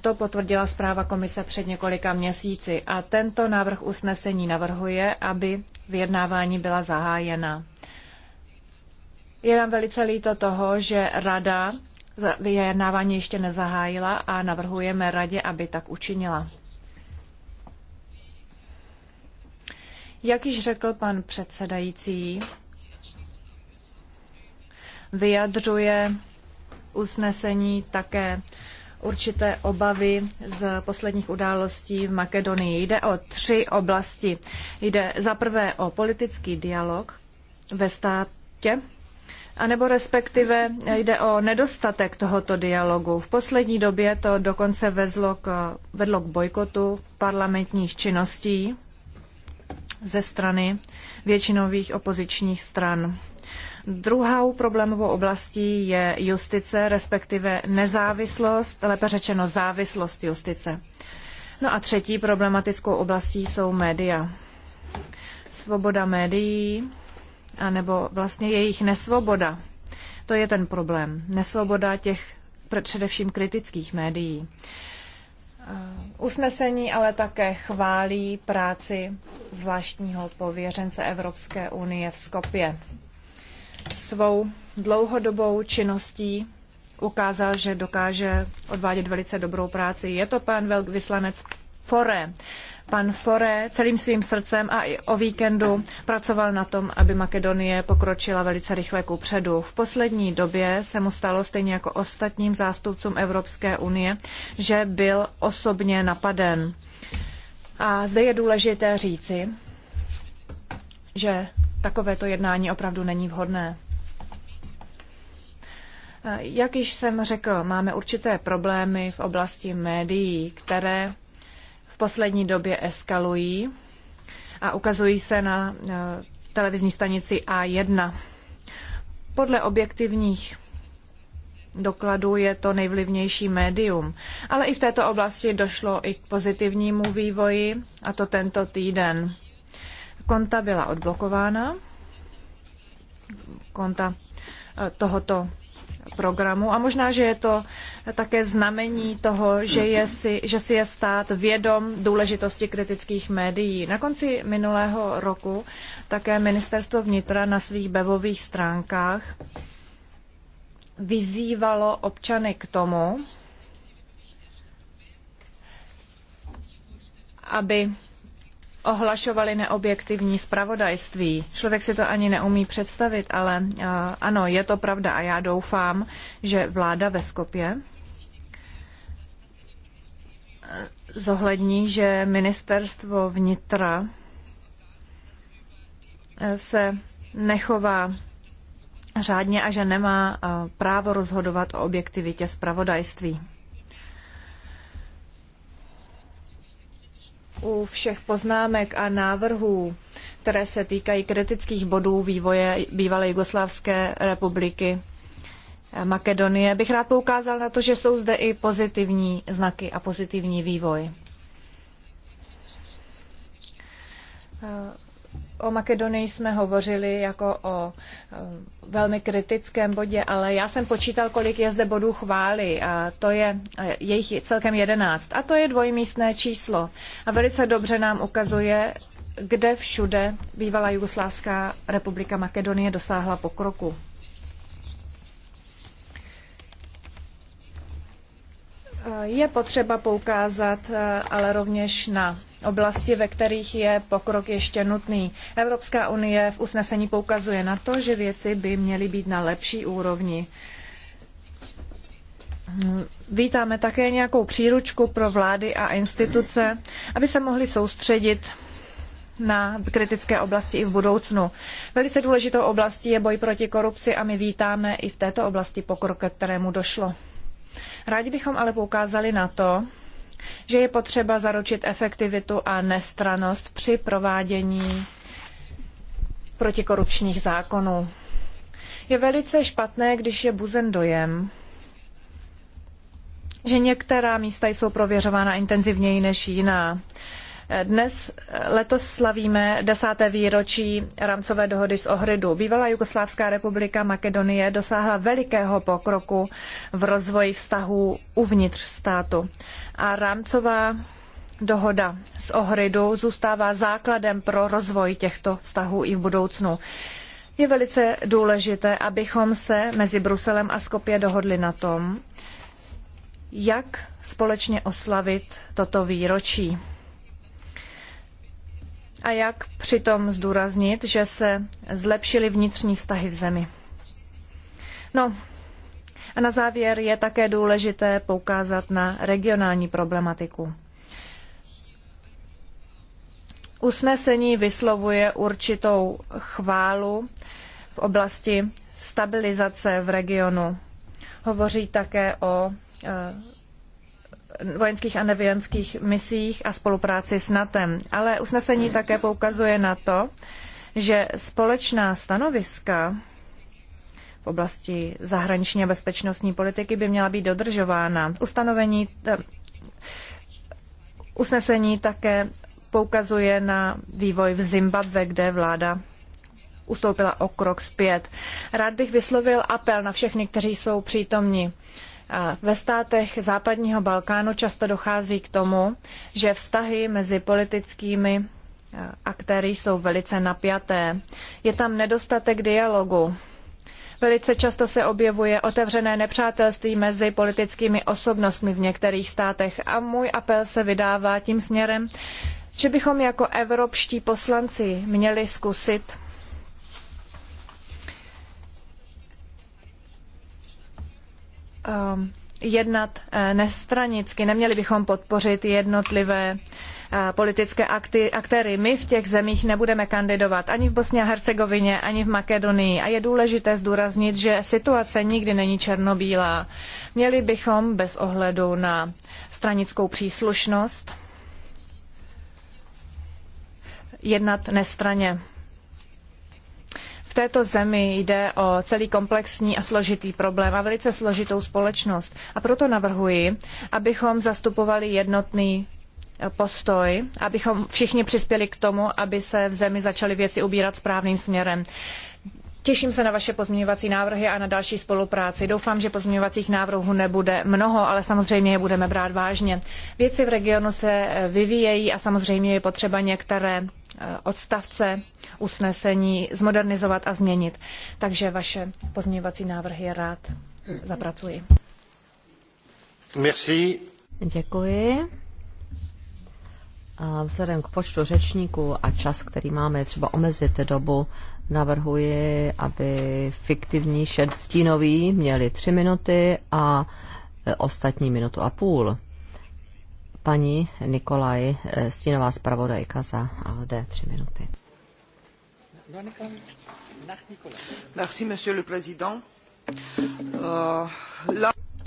S3: To potvrdila zpráva komise před několika měsíci a tento návrh usnesení navrhuje, aby vyjednávání byla zahájena. Je nám velice líto toho, že rada vyjednávání ještě nezahájila a navrhujeme radě, aby tak učinila. Jak již řekl pan předsedající, vyjadřuje usnesení také určité obavy z posledních událostí v Makedonii. Jde o tři oblasti. Jde za prvé o politický dialog ve státě, anebo respektive jde o nedostatek tohoto dialogu. V poslední době to dokonce vezlo k, vedlo k bojkotu parlamentních činností ze strany většinových opozičních stran. Druhou problémovou oblastí je justice, respektive nezávislost, lépe řečeno závislost justice. No a třetí problematickou oblastí jsou média. Svoboda médií, anebo vlastně jejich nesvoboda. To je ten problém. Nesvoboda těch především kritických médií. Eh, usnesení ale také chválí práci zvláštního pověřence Evropské unie v Skopje svou dlouhodobou činností ukázal, že dokáže odvádět velice dobrou práci. Je to pan vyslanec Fore. Pan Fore celým svým srdcem a i o víkendu pracoval na tom, aby Makedonie pokročila velice rychle ku předu. V poslední době se mu stalo stejně jako ostatním zástupcům Evropské unie, že byl osobně napaden. A zde je důležité říci, že Takovéto jednání opravdu není vhodné. Jak již jsem řekl, máme určité problémy v oblasti médií, které v poslední době eskalují a ukazují se na eh, televizní stanici A1. Podle objektivních dokladů je to nejvlivnější médium. Ale i v této oblasti došlo i k pozitivnímu vývoji, a to tento týden konta byla odblokována, konta eh, tohoto programu a možná, že je to také znamení toho, že, je si, že si je stát vědom důležitosti kritických médií. Na konci minulého roku také ministerstvo vnitra na svých webových stránkách vyzývalo občany k tomu, aby ohlašovali neobjektivní zpravodajství. Člověk si to ani neumí představit, ale ano, je to pravda a já doufám, že vláda ve Skopě e, zohlední, že ministerstvo vnitra e, se nechová řádně a že nemá e, právo rozhodovat o objektivitě zpravodajství. u všech poznámek a návrhů, které se týkají kritických bodů vývoje bývalé Jugoslávské republiky eh, Makedonie, bych rád poukázal na to, že jsou zde i pozitivní znaky a pozitivní vývoj. Eh, O Makedonii jsme hovořili jako o eh, velmi kritickém bodě, ale já jsem počítal, kolik je zde bodů chvály a to je, eh, jejich celkem jedenáct a to je dvojmístné číslo a velice dobře nám ukazuje, kde všude bývalá Jugoslávská republika Makedonie dosáhla pokroku. Eh, je potřeba poukázat ale rovněž na oblasti, ve kterých je pokrok ještě nutný. Evropská unie v usnesení poukazuje na to, že věci by měly být na lepší úrovni. Vítáme také nějakou příručku pro vlády a instituce, aby se mohly soustředit na kritické oblasti i v budoucnu. Velice důležitou oblastí je boj proti korupci a my vítáme i v této oblasti pokrok, ke kterému došlo. Rádi bychom ale poukázali na to, že je potřeba zaručit efektivitu a nestranost při provádění protikorupčních zákonů. Je velice špatné, když je buzen dojem, že některá místa jsou prověřována intenzivněji než jiná. Dnes letos slavíme desáté výročí rámcové dohody z Ohridu. Bývalá Jugoslávská republika Makedonie dosáhla velikého pokroku v rozvoji vztahů uvnitř státu. A rámcová dohoda z Ohridu zůstává základem pro rozvoj těchto vztahů i v budoucnu. Je velice důležité, abychom se mezi Bruselem a Skopje dohodli na tom, jak společně oslavit toto výročí a jak přitom zdůraznit, že se zlepšily vnitřní vztahy v zemi. No, a na závěr je také důležité poukázat na regionální problematiku. Usnesení vyslovuje určitou chválu v oblasti stabilizace v regionu. Hovoří také o eh, vojenských a nevojenských misích a spolupráci s NATEM. Ale usnesení také poukazuje na to, že společná stanoviska v oblasti zahraniční a bezpečnostní politiky by měla být dodržována. Ustanovení usnesení také poukazuje na vývoj v Zimbabwe, kde vláda ustoupila o krok zpět. Rád bych vyslovil apel na všechny, kteří jsou přítomni. Ve státech západního Balkánu často dochází k tomu, že vztahy mezi politickými eh, aktéry jsou velice napjaté. Je tam nedostatek dialogu. Velice často se objevuje otevřené nepřátelství mezi politickými osobnostmi v některých státech a můj apel se vydává tím směrem, že bychom jako evropští poslanci měli zkusit Um, jednat eh, nestranicky, neměli bychom podpořit jednotlivé eh, politické akty, aktéry. My v těch zemích nebudeme kandidovat ani v Bosně a Hercegovině, ani v Makedonii. A je důležité zdůraznit, že situace nikdy není černobílá. Měli bychom bez ohledu na stranickou příslušnost jednat nestraně této zemi jde o celý komplexní a složitý problém a velice složitou společnost. A proto navrhuji, abychom zastupovali jednotný eh, postoj, abychom všichni přispěli k tomu, aby se v zemi začaly věci ubírat správným směrem. Těším se na vaše pozměňovací návrhy a na další spolupráci. Doufám, že pozměňovacích návrhů nebude mnoho, ale samozřejmě je budeme brát vážně. Věci v regionu se eh, vyvíjejí a samozřejmě je potřeba některé eh, odstavce usnesení zmodernizovat a změnit. Takže vaše pozměňovací návrhy rád
S1: zapracuji.
S2: Merci.
S1: Děkuji. A vzhledem k počtu řečníků a čas, který máme, třeba omezit dobu, navrhuji, aby fiktivní stínoví měli tři minuty a e, ostatní minutu a půl. Paní Nikolaj, e, stínová zpravodajka za ALD, tři minuty. Euh,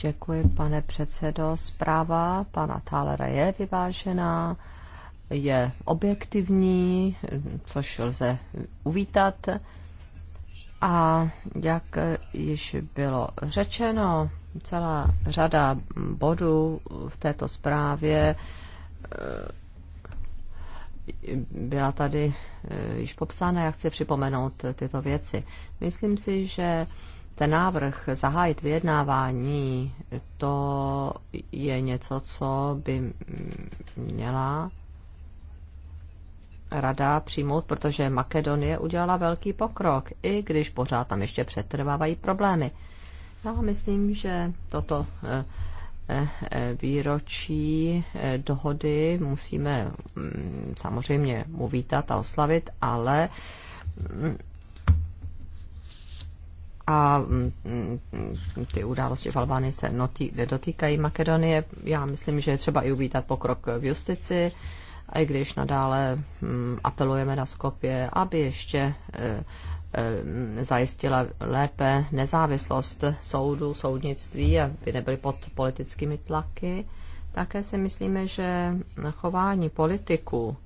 S1: Děkuji, pane předsedo. Zpráva pana Thalera je vyvážená, je objektivní, což lze uvítat. A jak již bylo řečeno, celá řada bodů v této zprávě byla tady eh, již popsána, já chci připomenout tyto věci. Myslím si, že ten návrh zahájit vyjednávání, to je něco, co by měla rada přijmout, protože Makedonie udělala velký pokrok, i když pořád tam ještě přetrvávají problémy. Já myslím, že toto eh, Eh, eh, výročí eh, dohody musíme mm, samozřejmě uvítat a oslavit, ale mm, a mm, ty události v Albánii se notí, nedotýkají Makedonie. Já myslím, že je třeba i uvítat pokrok v justici, i když nadále apelujeme na Skopě, aby ještě Eh, zajistila lépe nezávislost soudu, soudnictví, aby nebyly pod politickými tlaky. Také si myslíme, že chování politiků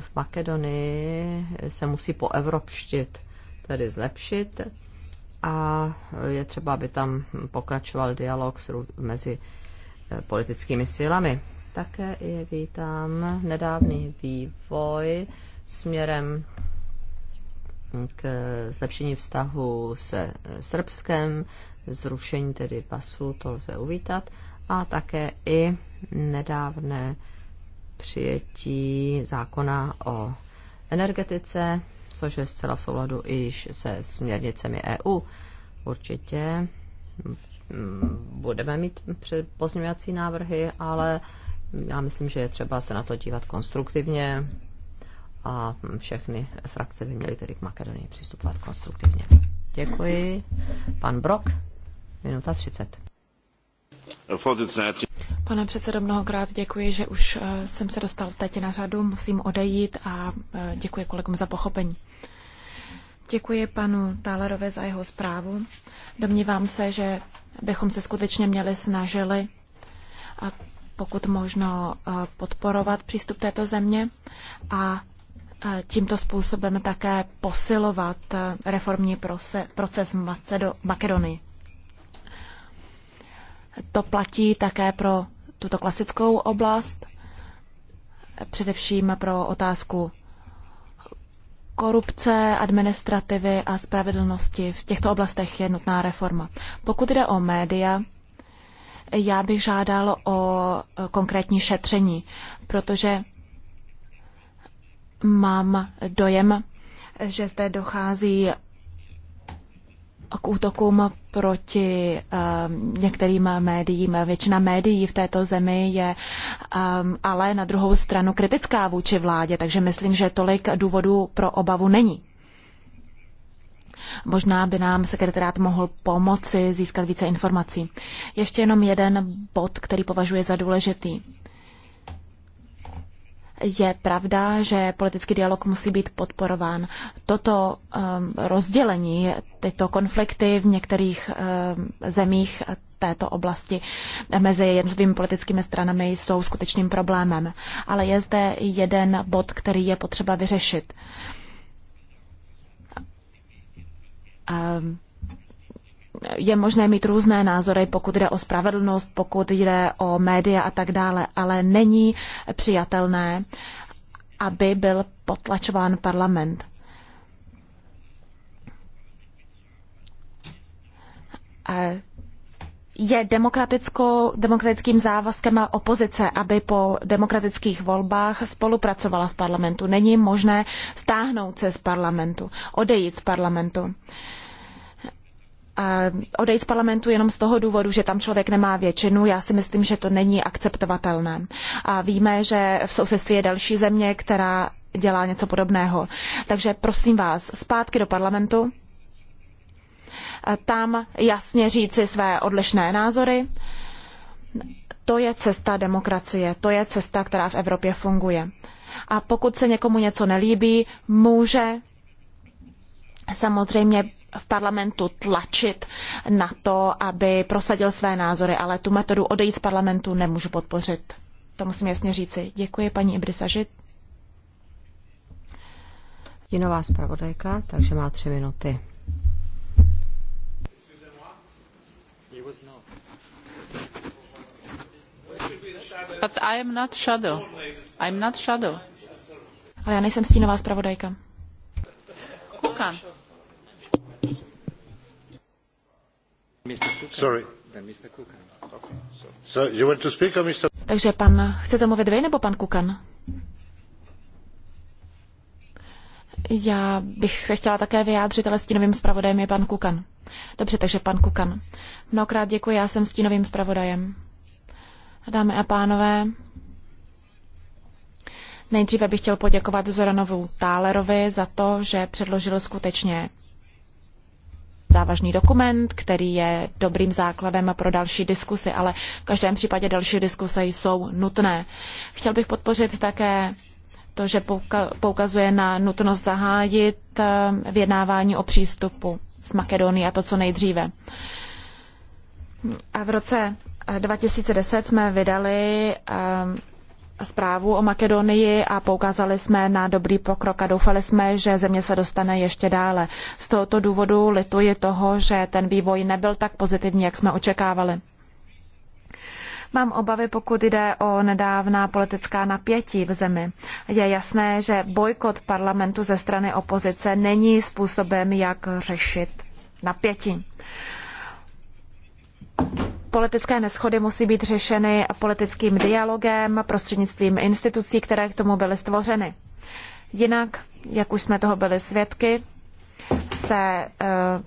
S1: v Makedonii se musí poevropštit, tedy zlepšit a je třeba, aby tam pokračoval dialog mezi eh, politickými silami. Také je vítám nedávný vývoj směrem k zlepšení vztahu se Srbskem, zrušení tedy pasu, to lze uvítat, a také i nedávné přijetí zákona o energetice, což je zcela v souladu i se směrnicemi EU. Určitě budeme mít pozměňovací návrhy, ale já myslím, že je třeba se na to dívat konstruktivně, a všechny frakce by měly tedy k Makedonii přistupovat konstruktivně. Děkuji. Pan Brok, minuta 30.
S4: Pane předsedo, mnohokrát děkuji, že už eh, jsem se dostal teď na řadu, musím odejít a eh, děkuji kolegům za pochopení. Děkuji panu Tálerovi za jeho zprávu. Domnívám se, že bychom se skutečně měli snažili a pokud možno eh, podporovat přístup této země a tímto způsobem také posilovat eh, reformní proces v Makedonii. To platí také pro tuto klasickou oblast, především pro otázku korupce, administrativy a spravedlnosti. V těchto oblastech je nutná reforma. Pokud jde o média, já bych žádal o eh, konkrétní šetření, protože mám dojem, že zde dochází k útokům proti um, některým médiím. Většina médií v této zemi je um, ale na druhou stranu kritická vůči vládě, takže myslím, že tolik důvodů pro obavu není. Možná by nám sekretariat mohl pomoci získat více informací. Ještě jenom jeden bod, který považuji za důležitý. Je pravda, že politický dialog musí být podporován. Toto um, rozdělení, tyto konflikty v některých um, zemích této oblasti mezi jednotlivými politickými stranami jsou skutečným problémem. Ale je zde jeden bod, který je potřeba vyřešit. Um, je možné mít různé názory, pokud jde o spravedlnost, pokud jde o média a tak dále, ale není přijatelné, aby byl potlačován parlament. Je demokratickým závazkem opozice, aby po demokratických volbách spolupracovala v parlamentu. Není možné stáhnout se z parlamentu, odejít z parlamentu. Uh, odejít z parlamentu jenom z toho důvodu, že tam člověk nemá většinu, já si myslím, že to není akceptovatelné. A víme, že v sousedství je další země, která dělá něco podobného. Takže prosím vás, zpátky do parlamentu, tam jasně říci své odlišné názory. To je cesta demokracie, to je cesta, která v Evropě funguje. A pokud se někomu něco nelíbí, může samozřejmě v parlamentu tlačit na to, aby prosadil své názory, ale tu metodu odejít z parlamentu nemůžu podpořit. To musím jasně říci.
S1: Děkuji paní Ibrisažit. Jinová zpravodajka, takže má tři minuty. But I am not shadow.
S3: I
S4: am not shadow. Ale já nejsem stínová zpravodajka. Kukan. Takže pan, chcete mluvit vy nebo pan Kukan? Já bych se chtěla také vyjádřit, ale stínovým zpravodajem je pan Kukan. Dobře, takže pan Kukan. Mnohokrát děkuji, já jsem stínovým zpravodajem. Dámy a pánové, nejdříve bych chtěl poděkovat Zoranovu Tálerovi za to, že předložil skutečně závažný dokument, který je dobrým základem pro další diskusy, ale v každém případě další diskuse jsou nutné. Chtěl bych podpořit také to, že poukazuje na nutnost zahájit eh, vyjednávání o přístupu s Makedonií a to, co nejdříve. A v roce 2010 eh, jsme vydali eh, zprávu o Makedonii a poukázali jsme na dobrý pokrok a doufali jsme, že země se dostane ještě dále. Z tohoto důvodu lituji toho, že ten vývoj nebyl tak pozitivní, jak jsme očekávali. Mám obavy, pokud jde o nedávná politická napětí v zemi. Je jasné, že bojkot parlamentu ze strany opozice není způsobem, jak řešit napětí politické neschody musí být řešeny politickým dialogem prostřednictvím institucí, které k tomu byly stvořeny. Jinak, jak už jsme toho byli svědky, se e,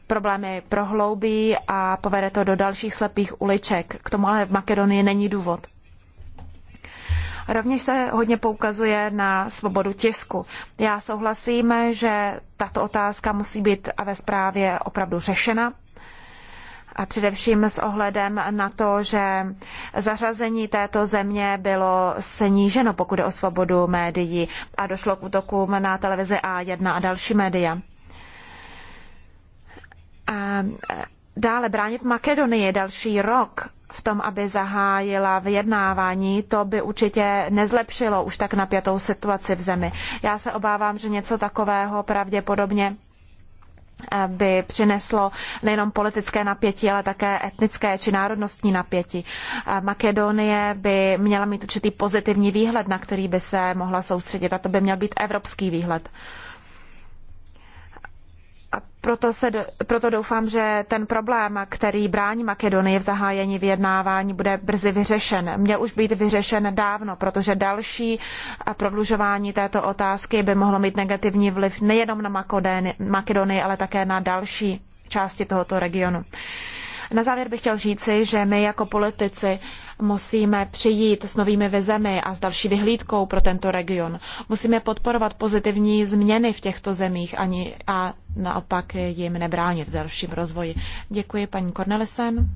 S4: problémy prohloubí a povede to do dalších slepých uliček. K tomu ale v Makedonii není důvod. Rovněž se hodně poukazuje na svobodu tisku. Já souhlasím, že tato otázka musí být ve zprávě opravdu řešena a především s ohledem na to, že zařazení této země bylo sníženo, pokud je o svobodu médií a došlo k útokům na televizi A1 a další média. A dále bránit Makedonii další rok v tom, aby zahájila vyjednávání, to by určitě nezlepšilo už tak napjatou situaci v zemi. Já se obávám, že něco takového pravděpodobně by přineslo nejenom politické napětí, ale také etnické či národnostní napětí. Makedonie by měla mít určitý pozitivní výhled, na který by se mohla soustředit a to by měl být evropský výhled. Proto, se, proto doufám, že ten problém, který brání Makedonii v zahájení vyjednávání, bude brzy vyřešen. Měl už být vyřešen dávno, protože další eh, prodlužování této otázky by mohlo mít negativní vliv nejenom na Makedonii, ale také na další části tohoto regionu. Na závěr bych chtěl říci, že my jako politici Musíme přijít s novými vizemi a s další vyhlídkou pro tento region. Musíme podporovat pozitivní změny v těchto zemích ani a naopak jim nebránit v dalším rozvoji. Děkuji paní Cornelisen.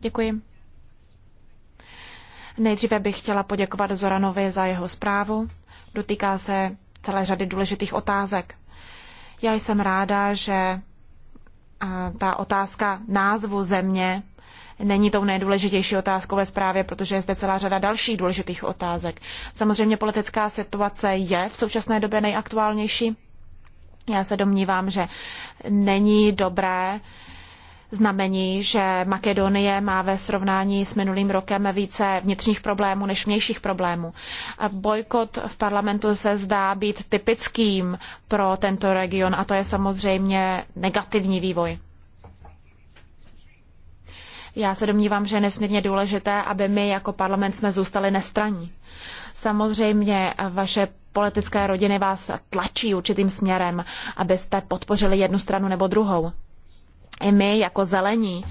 S4: Děkuji. Nejdříve bych chtěla poděkovat Zoranovi za jeho zprávu. Dotýká se celé řady důležitých otázek. Já jsem ráda, že ta otázka názvu země není tou nejdůležitější otázkou ve zprávě, protože je zde celá řada dalších důležitých otázek. Samozřejmě politická situace je v současné době nejaktuálnější. Já se domnívám, že není dobré znamení, že Makedonie má ve srovnání s minulým rokem více vnitřních problémů než vnějších problémů. Bojkot v parlamentu se zdá být typickým pro tento region a to je samozřejmě negativní vývoj. Já se domnívám, že je nesmírně důležité, aby my jako parlament jsme zůstali nestraní. Samozřejmě vaše politické rodiny vás tlačí určitým směrem, abyste podpořili jednu stranu nebo druhou. I my jako zelení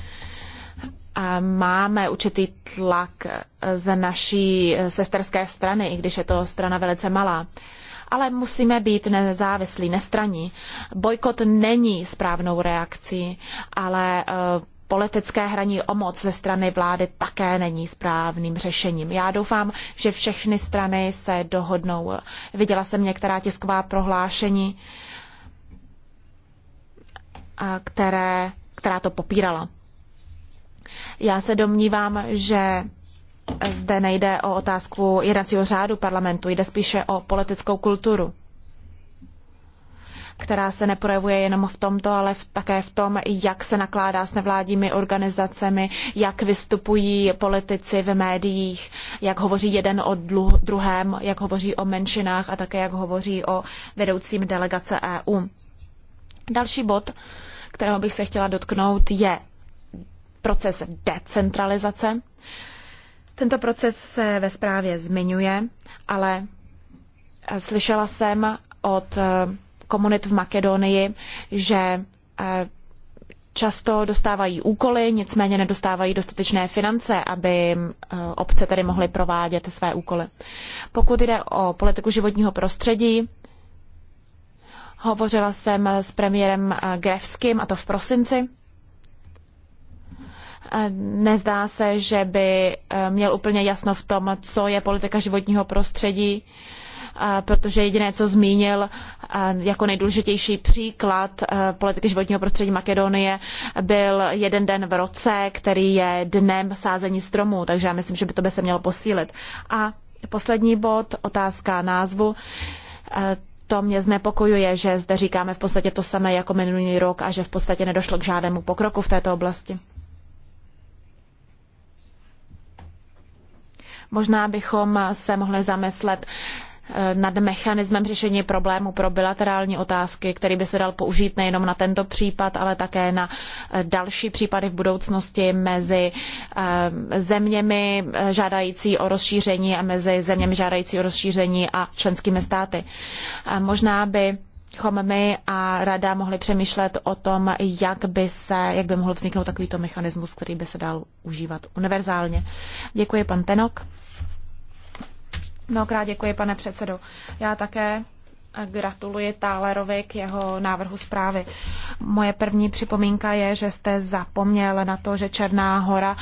S4: máme určitý tlak ze naší sesterské strany, i když je to strana velice malá. Ale musíme být nezávislí, nestraní. Bojkot není správnou reakcí, ale eh, politické hraní o moc ze strany vlády také není správným řešením. Já doufám, že všechny strany se dohodnou. Viděla jsem některá tisková prohlášení, které, která to popírala. Já se domnívám, že zde nejde o otázku jednacího řádu parlamentu, jde spíše o politickou kulturu která se neprojevuje jenom v tomto, ale v, také v tom, jak se nakládá s nevládními organizacemi, jak vystupují politici v médiích, jak hovoří jeden o druhém, jak hovoří o menšinách a také jak hovoří o vedoucím delegace EU. Další bod, kterého bych se chtěla dotknout, je proces decentralizace. Tento proces se ve zprávě zmiňuje, ale slyšela jsem od komunit v Makedonii, že eh, často dostávají úkoly, nicméně nedostávají dostatečné finance, aby eh, obce tedy mohly provádět své úkoly. Pokud jde o politiku životního prostředí, hovořila jsem s premiérem eh, Grevským, a to v prosinci. Nezdá se, že by měl úplně jasno v tom, co je politika životního prostředí protože jediné, co zmínil jako nejdůležitější příklad politiky životního prostředí Makedonie, byl jeden den v roce, který je dnem sázení stromů, takže já myslím, že by to by se mělo posílit. A poslední bod, otázka názvu to mě znepokojuje, že zde říkáme v podstatě to samé jako minulý rok a že v podstatě nedošlo k žádnému pokroku v této oblasti. Možná bychom se mohli zamyslet Eh, nad mechanismem řešení problému pro bilaterální otázky, který by se dal použít nejenom na tento případ, ale také na eh, další případy v budoucnosti mezi eh, zeměmi žádající o rozšíření a mezi zeměmi žádající o rozšíření a členskými státy. Možná by my a rada mohli přemýšlet o tom, jak by, se, jak by mohl vzniknout takovýto mechanismus, který by se dal užívat univerzálně. Děkuji, pan Tenok. Mnohokrát děkuji, pane předsedo. Já také eh, gratuluji Tálerovi k jeho návrhu zprávy. Moje první připomínka je, že jste zapomněl na to, že Černá hora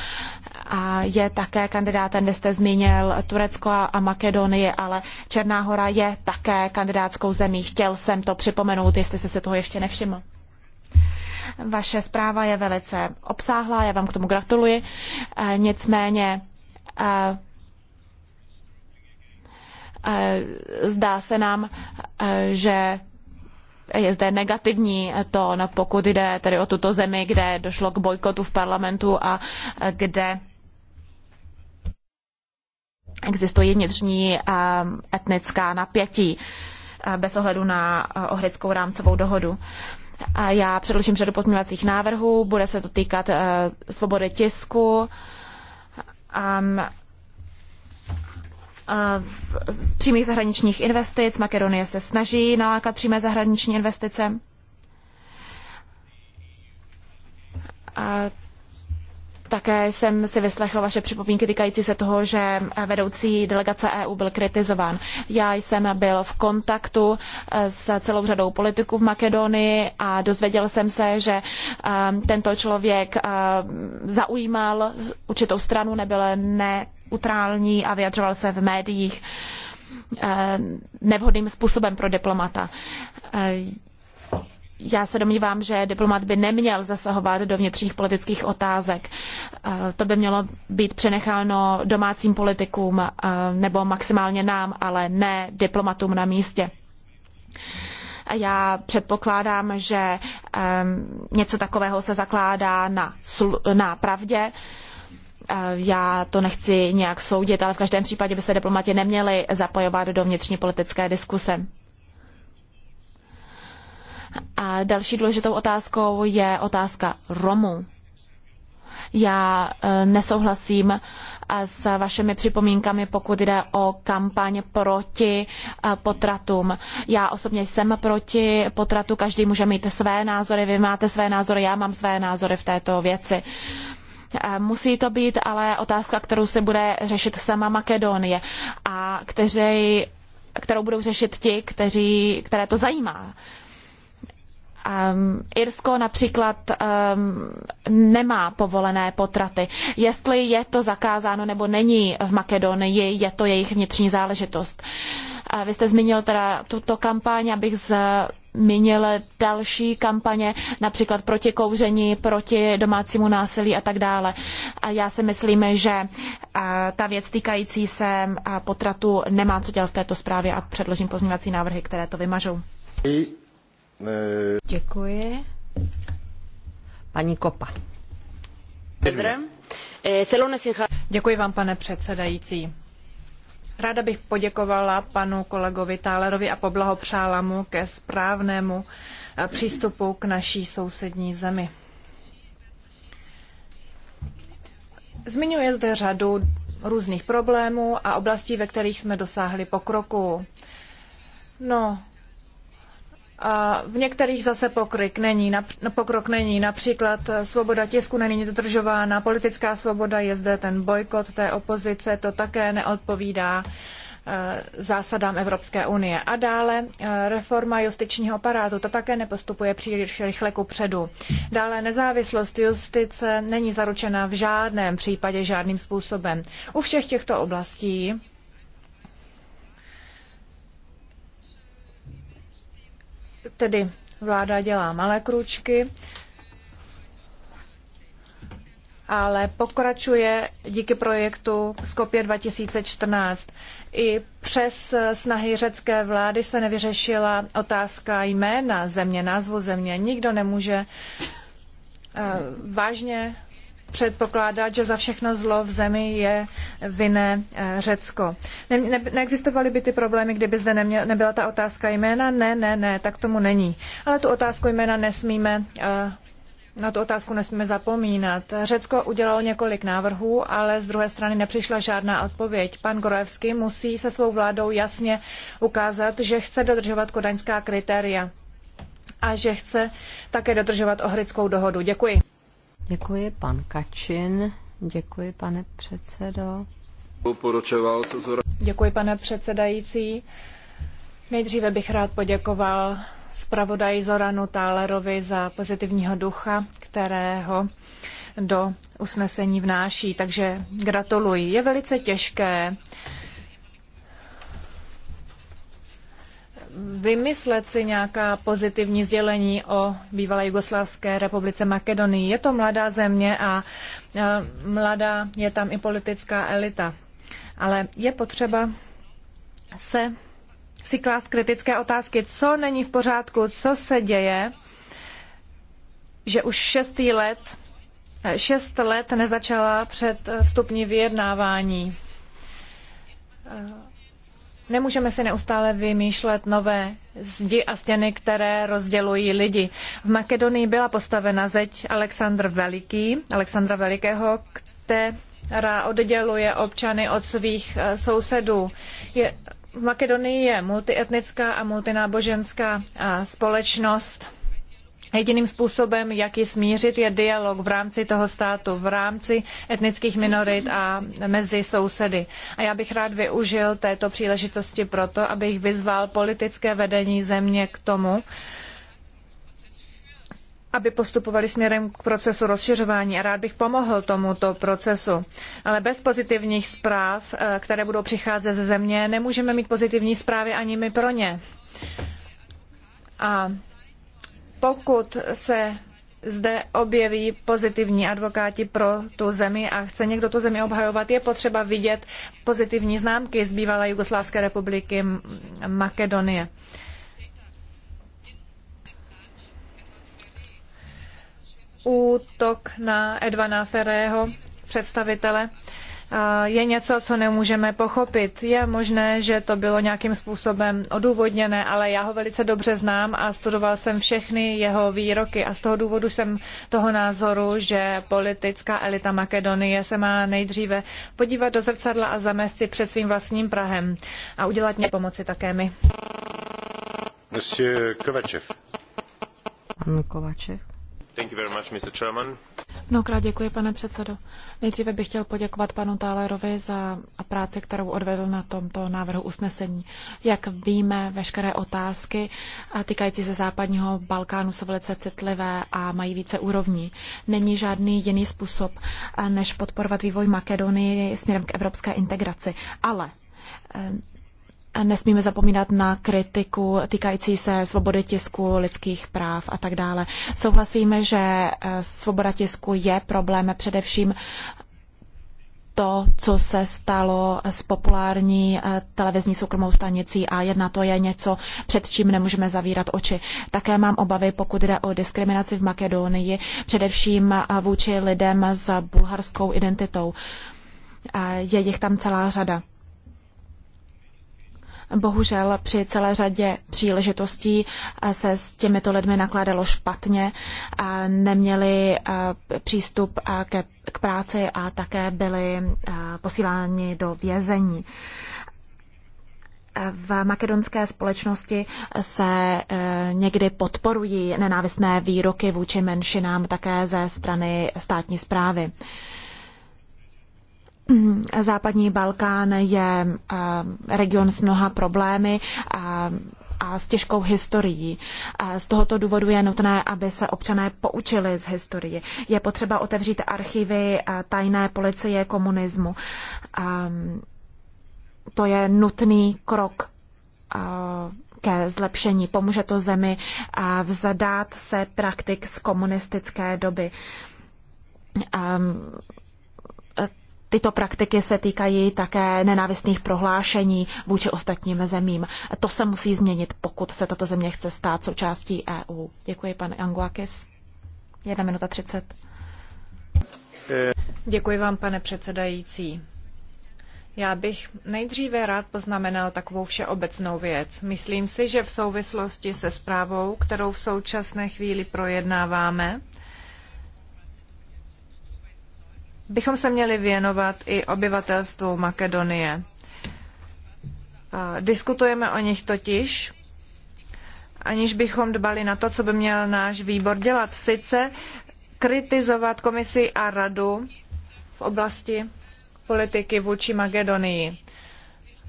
S4: eh, je také kandidátem. kde jste zmínil Turecko a Makedonii, ale Černá hora je také kandidátskou zemí. Chtěl jsem to připomenout, jestli jste se toho ještě nevšiml. Vaše zpráva je velice obsáhlá, já vám k tomu gratuluji. Eh, nicméně Eh, zdá se nám, eh, že je zde negativní tón, pokud jde tedy o tuto zemi, kde došlo k bojkotu v parlamentu a eh, kde existují vnitřní etnická napětí bez ohledu na ohridskou rámcovou dohodu. A já předložím řadu pozměňovacích návrhů, bude se to týkat svobody tisku, z přímých zahraničních investic. Makedonie se snaží nalákat přímé zahraniční investice. A také jsem si vyslechl vaše připomínky týkající se toho, že vedoucí delegace EU byl kritizován. Já jsem byl v kontaktu eh, s celou řadou politiků v Makedonii a dozvěděl jsem se, že eh, tento člověk eh, zaujímal určitou stranu, nebyl ne neutrální a vyjadřoval se v médiích eh, nevhodným způsobem pro diplomata. Eh, já se domnívám, že diplomat by neměl zasahovat do vnitřních politických otázek. Eh, to by mělo být přenecháno domácím politikům nebo maximálně nám, ale ne diplomatům na místě. Já předpokládám, že něco takového se zakládá na, na pravdě já to nechci nějak soudit, ale v každém případě by se diplomati neměli zapojovat do vnitřní politické diskuse. A další důležitou otázkou je otázka Romů. Já e, nesouhlasím e, s vašimi připomínkami, pokud jde o kampaň proti e, potratům. Já osobně jsem proti potratu, každý může mít své názory, vy máte své názory, já mám své názory v této věci. Eh, musí to být ale otázka, kterou se bude řešit sama Makedonie a kteří, kterou budou řešit ti, kteří, které to zajímá. Um, Irsko například um, nemá povolené potraty. Jestli je to zakázáno nebo není v Makedonii, je to jejich vnitřní záležitost. A vy jste zmínil teda tuto kampaň, abych zmínil další kampaně, například proti kouření, proti domácímu násilí a tak dále. A já si myslím, že ta věc týkající se potratu nemá co dělat v této zprávě a předložím pozměňovací návrhy, které to vymažou.
S1: Děkuji. Paní Kopa.
S3: Děkuji vám, pane předsedající. Ráda bych poděkovala panu kolegovi Tálerovi a poblahopřála mu ke správnému eh, přístupu k naší sousední zemi. Zmiňuje zde řadu různých problémů a oblastí, ve kterých jsme dosáhli pokroku. No, a v některých zase pokrok není, pokrok není. Například eh, svoboda tisku není dodržována, politická svoboda je zde ten bojkot té opozice, to také neodpovídá eh, zásadám Evropské unie. A dále eh, reforma justičního aparátu, to také nepostupuje příliš rychle ku předu. Dále nezávislost justice není zaručena v žádném případě žádným způsobem. U všech těchto oblastí Tedy vláda dělá malé krůčky, ale pokračuje díky projektu Skopje 2014. I přes snahy řecké vlády se nevyřešila otázka jména země, názvu země. Nikdo nemůže eh, vážně předpokládat, že za všechno zlo v zemi je vinné eh, Řecko. Ne, ne, neexistovaly by ty problémy, kdyby zde nebyla ta otázka jména? Ne, ne, ne, tak tomu není. Ale tu otázku jména nesmíme eh, na tu otázku nesmíme zapomínat. Řecko udělalo několik návrhů, ale z druhé strany nepřišla žádná odpověď. Pan Gorevský musí se svou vládou jasně ukázat, že chce dodržovat kodaňská kritéria a že chce také dodržovat ohridskou dohodu. Děkuji. Děkuji, pan
S1: Kačin. Děkuji, pane předsedo.
S3: Děkuji, pane předsedající. Nejdříve bych rád poděkoval zpravodaji Zoranu Tálerovi za pozitivního ducha, kterého do usnesení vnáší, takže gratuluji. Je velice těžké vymyslet si nějaká pozitivní sdělení o bývalé Jugoslávské republice Makedonii. Je to mladá země a mladá je tam i politická elita. Ale je potřeba se si klást kritické otázky, co není v pořádku, co se děje, že už šestý let, šest let nezačala před vstupní vyjednávání. Nemůžeme si neustále vymýšlet nové zdi a stěny, které rozdělují lidi. V Makedonii byla postavena zeď Alexandr Veliký, Alexandra Velikého, která odděluje občany od svých eh, sousedů. Je, v Makedonii je multietnická a multináboženská eh, společnost Jediným způsobem, jak ji smířit, je dialog v rámci toho státu, v rámci etnických minorit a mezi sousedy. A já bych rád využil této příležitosti proto, abych vyzval politické vedení země k tomu, aby postupovali směrem k procesu rozšiřování a rád bych pomohl tomuto procesu. Ale bez pozitivních zpráv, eh, které budou přicházet ze země, nemůžeme mít pozitivní zprávy ani my pro ně. A pokud se zde objeví pozitivní advokáti pro tu zemi a chce někdo tu zemi obhajovat, je potřeba vidět pozitivní známky z bývalé Jugoslávské republiky Makedonie. Útok na Edvana Ferého, představitele je něco, co nemůžeme pochopit. Je možné, že to bylo nějakým způsobem odůvodněné, ale já ho velice dobře znám a studoval jsem všechny jeho výroky a z toho důvodu jsem toho názoru, že politická elita Makedonie se má nejdříve podívat do zrcadla a zamést si před svým vlastním Prahem a udělat mě pomoci také my.
S2: Monsieur Kovačev.
S1: Pan Kovačev.
S4: Mnohokrát děkuji, pane předsedo. Nejdříve bych chtěl poděkovat panu Tálerovi za práci, kterou odvedl na tomto návrhu usnesení. Jak víme, veškeré otázky týkající se západního Balkánu jsou velice citlivé a mají více úrovní. Není žádný jiný způsob, než podporovat vývoj Makedonie směrem k evropské integraci. Ale eh, Nesmíme zapomínat na kritiku týkající se svobody tisku, lidských práv a tak dále. Souhlasíme, že eh, svoboda tisku je problém především to, co se stalo s populární eh, televizní soukromou stanicí a jedna to je něco, před čím nemůžeme zavírat oči. Také mám obavy, pokud jde o diskriminaci v Makedonii, především eh, vůči lidem s bulharskou identitou. Je jich tam celá řada. Bohužel při celé řadě příležitostí se s těmito lidmi nakládalo špatně, neměli přístup ke, k práci a také byli posíláni do vězení. V makedonské společnosti se e, někdy podporují nenávistné výroky vůči menšinám také ze strany státní zprávy. Mhm. Západní Balkán je eh, region s mnoha problémy eh, a s těžkou historií. Eh, z tohoto důvodu je nutné, aby se občané poučili z historie. Je potřeba otevřít archivy tajné policie komunismu. Ehm, to je nutný krok ke zlepšení. Pomůže to zemi vzadát se praktik z komunistické doby ehm, Tyto praktiky se týkají také nenávistných prohlášení vůči ostatním zemím. To se musí změnit, pokud se tato země chce stát součástí EU. Děkuji, pan Anguakis. Jedna minuta třicet. Děkuji vám, pane předsedající. Já bych nejdříve
S3: rád poznamenal takovou všeobecnou věc. Myslím si, že v souvislosti se zprávou, kterou v současné chvíli projednáváme, bychom se měli věnovat i obyvatelstvu Makedonie. Diskutujeme o nich totiž, aniž bychom dbali na to, co by měl náš výbor dělat. Sice kritizovat komisi a radu v oblasti politiky vůči Makedonii.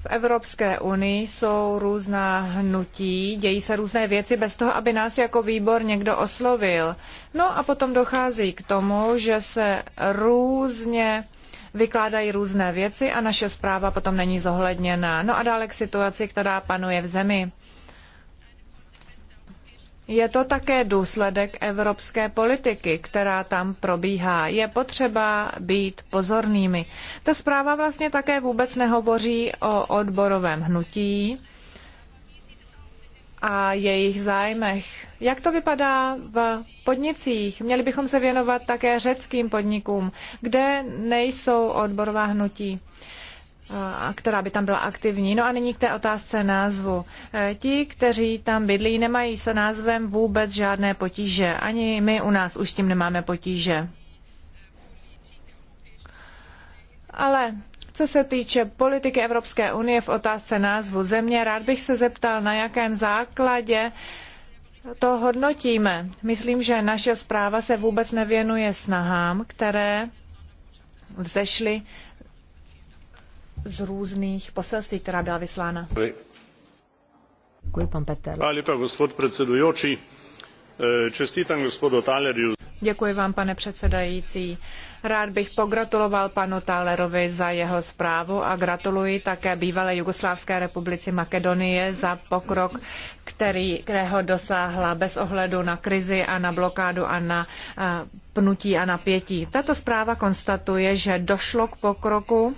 S3: V Evropské unii jsou různá hnutí, dějí se různé věci bez toho, aby nás jako výbor někdo oslovil. No a potom dochází k tomu, že se různě vykládají různé věci a naše zpráva potom není zohledněna. No a dále k situaci, která panuje v zemi. Je to také důsledek evropské politiky, která tam probíhá. Je potřeba být pozornými. Ta zpráva vlastně také vůbec nehovoří o odborovém hnutí a jejich zájmech. Jak to vypadá v podnicích? Měli bychom se věnovat také řeckým podnikům, kde nejsou odborová hnutí která by tam byla aktivní. No a nyní k té otázce názvu. E, ti, kteří tam bydlí, nemají se názvem vůbec žádné potíže. Ani my u nás už tím nemáme potíže. Ale co se týče politiky Evropské unie v otázce názvu země, rád bych se zeptal, na jakém základě to hodnotíme. Myslím, že naše zpráva se vůbec nevěnuje snahám, které vzešly z různých poselství, která byla vyslána. Děkuji, pan Petr. E, Děkuji vám, pane předsedající. Rád bych pogratuloval panu Talerovi za jeho zprávu a gratuluji také bývalé Jugoslávské republice Makedonie za pokrok, který, kterého dosáhla bez ohledu na krizi a na blokádu a na pnutí a napětí. Tato zpráva konstatuje, že došlo k pokroku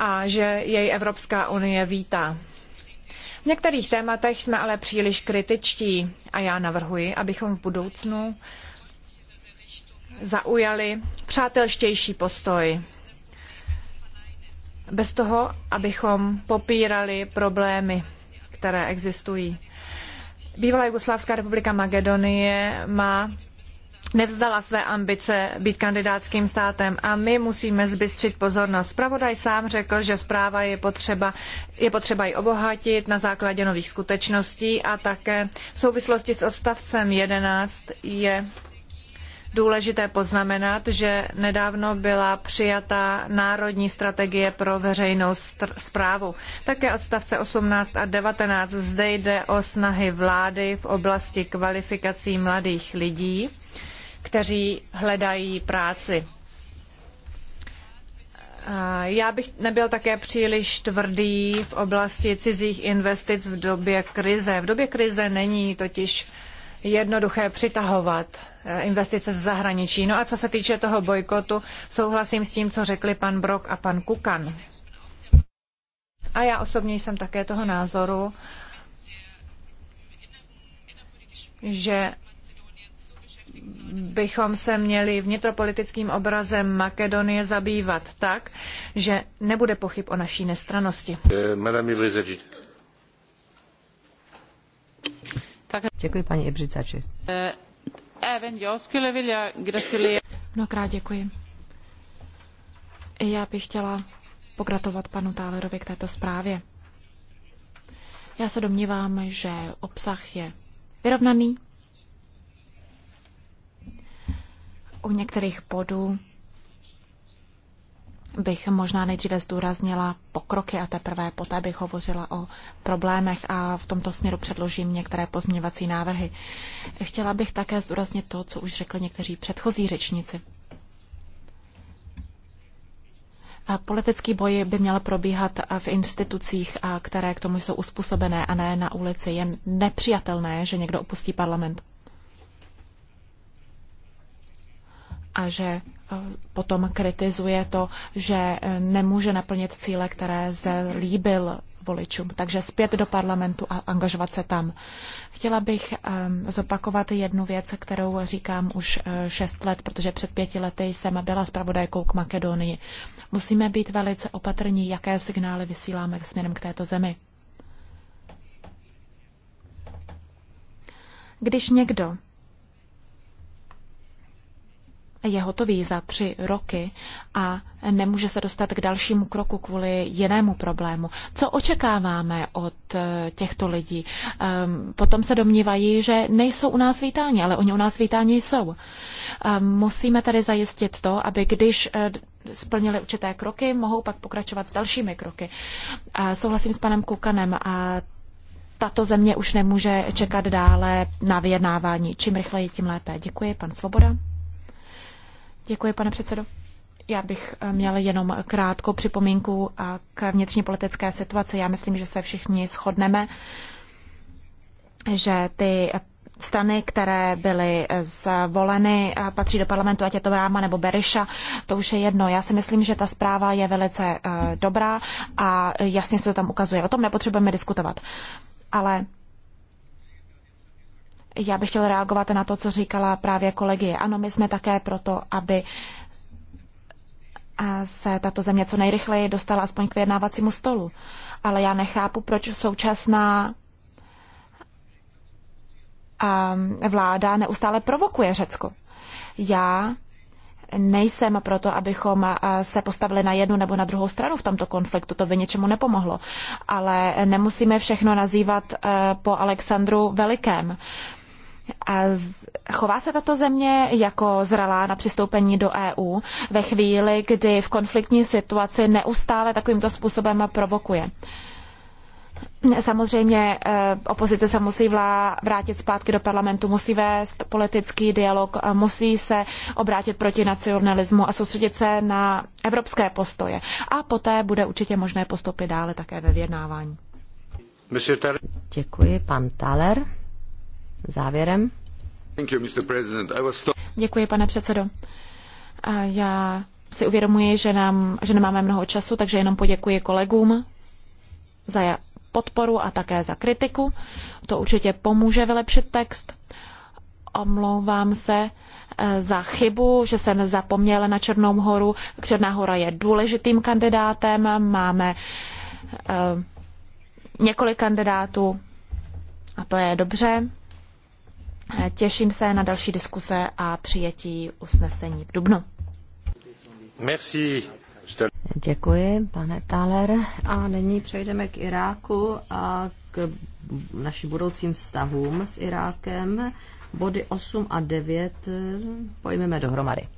S3: a že jej Evropská unie vítá. V některých tématech jsme ale příliš kritičtí a já navrhuji, abychom v budoucnu zaujali přátelštější postoj. Bez toho, abychom popírali problémy, které existují. Bývalá Jugoslávská republika Makedonie má nevzdala své ambice být kandidátským státem a my musíme zbystřit pozornost. Spravodaj sám řekl, že zpráva je potřeba, je potřeba ji obohatit na základě nových skutečností a také v souvislosti s odstavcem 11 je důležité poznamenat, že nedávno byla přijata Národní strategie pro veřejnou správu. Také odstavce 18 a 19 zde jde o snahy vlády v oblasti kvalifikací mladých lidí kteří hledají práci. Já bych nebyl také příliš tvrdý v oblasti cizích investic v době krize. V době krize není totiž jednoduché přitahovat eh, investice z zahraničí. No a co se týče toho bojkotu, souhlasím s tím, co řekli pan Brok a pan Kukan. A já osobně jsem také toho názoru, že bychom se měli vnitropolitickým obrazem Makedonie zabývat tak, že nebude pochyb o naší
S1: nestranosti. Eh, děkuji, paní Ibridzači. Eh,
S4: Mnohokrát děkuji. Já bych chtěla pogratulovat panu Tálerovi k této zprávě. Já se domnívám, že obsah je vyrovnaný, U některých bodů bych možná nejdříve zdůraznila pokroky a teprve poté bych hovořila o problémech a v tomto směru předložím některé pozměňovací návrhy. Chtěla bych také zdůraznit to, co už řekli někteří předchozí řečníci. A politický boj by měl probíhat v institucích, které k tomu jsou uspůsobené a ne na ulici. Je nepřijatelné, že někdo opustí parlament. a že eh, potom kritizuje to, že eh, nemůže naplnit cíle, které zlíbil voličům. Takže zpět do parlamentu a angažovat se tam. Chtěla bych ehm, zopakovat jednu věc, kterou říkám už eh, šest let, protože před pěti lety jsem byla zpravodajkou k Makedonii. Musíme být velice opatrní, jaké signály vysíláme směrem k této zemi. Když někdo je hotový za tři roky a nemůže se dostat k dalšímu kroku kvůli jinému problému. Co očekáváme od eh, těchto lidí? Ehm, potom se domnívají, že nejsou u nás vítáni, ale oni u nás vítáni jsou. Ehm, musíme tady zajistit to, aby když eh, splnili určité kroky, mohou pak pokračovat s dalšími kroky. Souhlasím s panem Kukanem a tato země už nemůže čekat dále na vyjednávání. Čím rychleji, tím lépe. Děkuji, pan Svoboda. Děkuji, pane předsedo. Já bych eh, měla jenom krátkou připomínku eh, k vnitřní politické situaci. Já myslím, že se všichni shodneme, že ty strany, které byly eh, zvoleny, patří do parlamentu, ať je to Ráma nebo Beriša, to už je jedno. Já si myslím, že ta zpráva je velice dobrá a jasně se to tam ukazuje. O tom nepotřebujeme diskutovat. Ale já bych chtěl reagovat na to, co říkala právě kolegie. Ano, my jsme také proto, aby se tato země co nejrychleji dostala aspoň k vyjednávacímu stolu. Ale já nechápu, proč současná um, vláda neustále provokuje Řecko. Já nejsem proto, abychom uh, se postavili na jednu nebo na druhou stranu v tomto konfliktu, to by něčemu nepomohlo. Ale nemusíme všechno nazývat uh, po Alexandru Velikém. Chová se tato země jako zralá na přistoupení do EU ve chvíli, kdy v konfliktní situaci neustále takovýmto způsobem provokuje? Samozřejmě eh, opozice se musí vlá, vrátit zpátky do parlamentu, musí vést politický dialog, eh, musí se obrátit proti nacionalismu a soustředit se na evropské postoje. A poté bude určitě možné postupit dále také ve vyjednávání.
S1: Děkuji, pan Thaler
S4: závěrem. Děkuji, pane předsedo. Já si uvědomuji, že, nám, že nemáme mnoho času, takže jenom poděkuji kolegům za podporu a také za kritiku. To určitě pomůže vylepšit text. Omlouvám se eh, za chybu, že jsem zapomněla na Černou horu. Černá hora je důležitým kandidátem. Máme eh, několik kandidátů a to je dobře. Eh, těším se na další diskuse a přijetí usnesení v Dubnu.
S1: Merci. Děkuji, pane Thaler. A nyní přejdeme k Iráku a k našim budoucím vztahům s Irákem. Body 8 a 9 eh, pojmeme dohromady.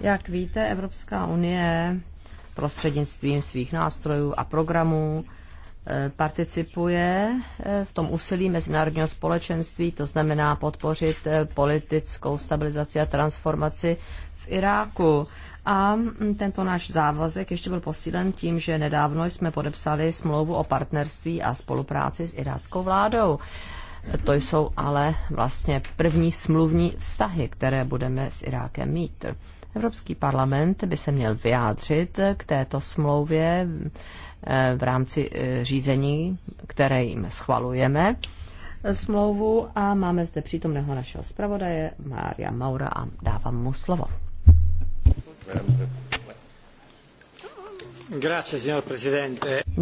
S1: Jak víte, Evropská unie prostřednictvím svých nástrojů a programů Eh, participuje eh, v tom úsilí mezinárodního společenství, to znamená podpořit eh, politickou stabilizaci a transformaci v Iráku. A mm, tento náš závazek ještě byl posílen tím, že nedávno jsme podepsali smlouvu o partnerství a spolupráci s iráckou vládou. To jsou ale vlastně první smluvní vztahy, které budeme s Irákem mít. Evropský parlament by se měl vyjádřit k této smlouvě Eh, v rámci eh, řízení, které jim schvalujeme eh, smlouvu a máme zde přítomného našeho zpravodaje Mária Maura a dávám mu slovo.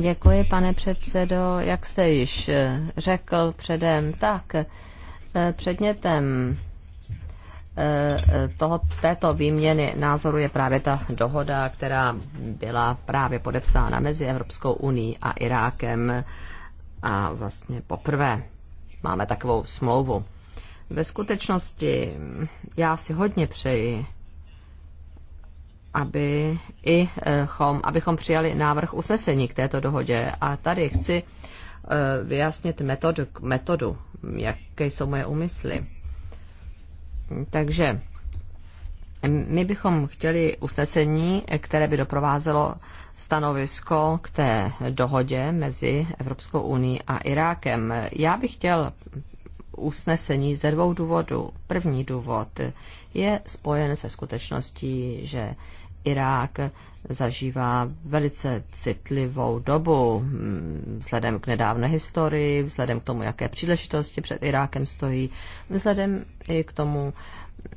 S1: Děkuji, pane předsedo. Jak jste již řekl předem, tak předmětem Eh, toho, této výměny názoru je právě ta dohoda, která byla právě podepsána mezi Evropskou unii a Irákem a vlastně poprvé máme takovou smlouvu. Ve skutečnosti já si hodně přeji, aby i eh, chom, abychom přijali návrh usnesení k této dohodě. A tady chci eh, vyjasnit metodu, metodu jaké jsou moje úmysly takže my bychom chtěli usnesení, které by doprovázelo stanovisko k té dohodě mezi Evropskou unii a Irákem. Já bych chtěl usnesení ze dvou důvodů. První důvod je spojen se skutečností, že Irák zažívá velice citlivou dobu hm, vzhledem k nedávné historii, vzhledem k tomu, jaké příležitosti před Irákem stojí, vzhledem i k tomu hm,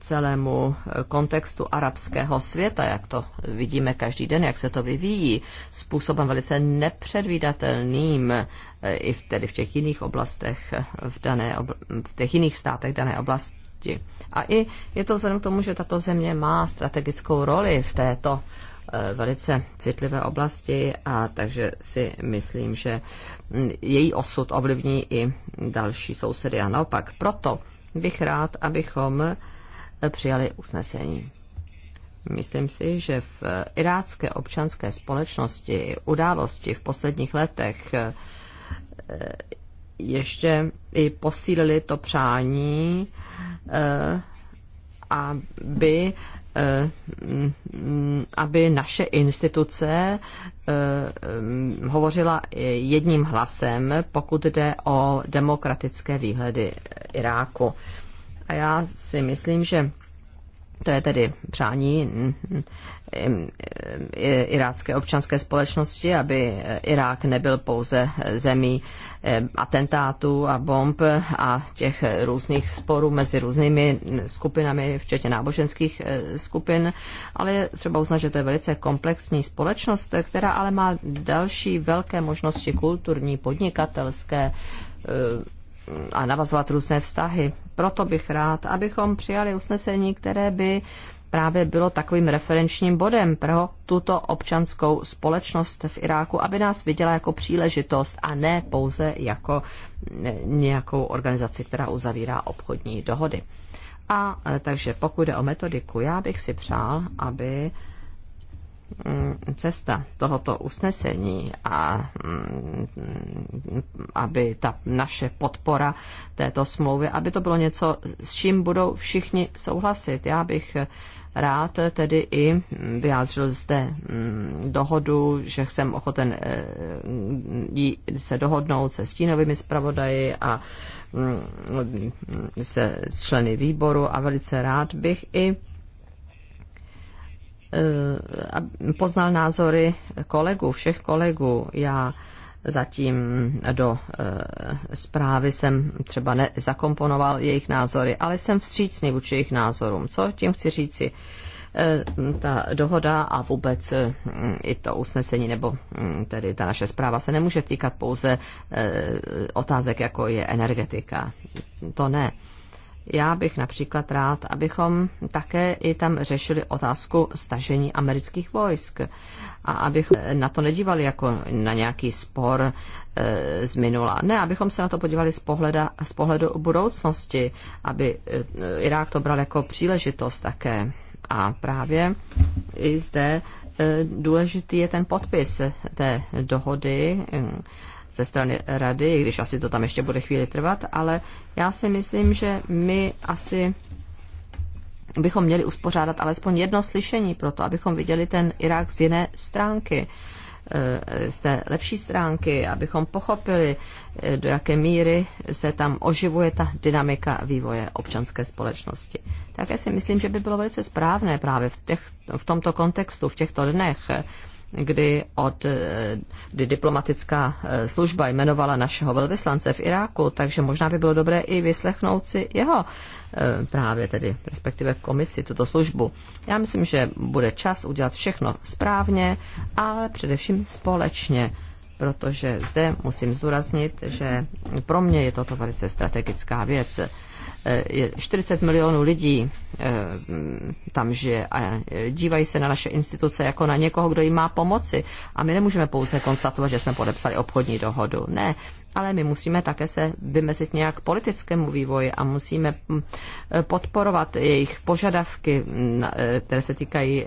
S1: celému kontextu arabského světa, jak to vidíme každý den, jak se to vyvíjí, způsobem velice nepředvídatelným eh, i v, tedy v těch jiných oblastech, v, dané, v těch jiných státech dané oblast, oblasti. A i je to vzhledem k tomu, že tato země má strategickou roli v této eh, velice citlivé oblasti a takže si myslím, že mm, její osud ovlivní i další sousedy a naopak. Proto bych rád, abychom eh, přijali usnesení. Myslím si, že v eh, irácké občanské společnosti události v posledních letech ještě i posílili to přání Eh, aby eh, aby naše instituce eh, hovořila jedním hlasem, pokud jde o demokratické výhledy Iráku. A já si myslím, že to je tedy přání mm, mm, mm, irácké občanské společnosti, aby Irák nebyl pouze zemí eh, atentátů a bomb a těch různých sporů mezi různými skupinami, včetně náboženských eh, skupin, ale je třeba uznat, že to je velice komplexní společnost, která ale má další velké možnosti kulturní, podnikatelské eh, a navazovat různé vztahy proto bych rád, abychom přijali usnesení, které by právě bylo takovým referenčním bodem pro tuto občanskou společnost v Iráku, aby nás viděla jako příležitost a ne pouze jako eh, nějakou organizaci, která uzavírá obchodní dohody. A eh, takže pokud jde o metodiku, já bych si přál, aby Mm, cesta tohoto usnesení a mm, aby ta naše podpora této smlouvy, aby to bylo něco, s čím budou všichni souhlasit. Já bych rád tedy i vyjádřil zde mm, dohodu, že jsem ochoten eh, se dohodnout se stínovými zpravodaji a se členy výboru a velice rád bych i Eh, poznal názory kolegů, všech kolegů. Já zatím do eh, zprávy jsem třeba nezakomponoval jejich názory, ale jsem vstřícný vůči jejich názorům. Co tím chci říci? Eh, ta dohoda a vůbec i to usnesení, nebo hm, tedy ta naše zpráva se nemůže týkat pouze otázek, jako je energetika. To ne. Já bych například rád, abychom také i tam řešili otázku stažení amerických vojsk a abychom na to nedívali jako na nějaký spor e, z minula. Ne, abychom se na to podívali z, pohleda, z pohledu budoucnosti, aby e, Irák to bral jako příležitost také. A právě i zde Eh, důležitý je ten podpis té dohody eh, ze strany rady, i když asi to tam ještě bude chvíli trvat, ale já si myslím, že my asi bychom měli uspořádat alespoň jedno slyšení pro to, abychom viděli ten Irák z jiné stránky Eh, z té lepší stránky, abychom pochopili, eh, do jaké míry se tam oživuje ta dynamika vývoje občanské společnosti. Také si myslím, že by bylo velice správné právě v, těch, v tomto kontextu, v těchto dnech, kdy, od, eh, kdy diplomatická eh, služba jmenovala našeho velvyslance v Iráku, takže možná by bylo dobré i vyslechnout si jeho eh, právě tedy, respektive komisi, tuto službu. Já myslím, že bude čas udělat všechno správně, ale především společně protože zde musím zdůraznit, že pro mě je toto velice strategická věc. 40 e, milionů lidí e, tam žije a dívají se na naše instituce jako na někoho, kdo jim má pomoci. A my nemůžeme pouze konstatovat, že jsme podepsali obchodní dohodu. Ne, ale my musíme také se vymezit nějak politickému vývoji a musíme mm, e, podporovat jejich požadavky, které se týkají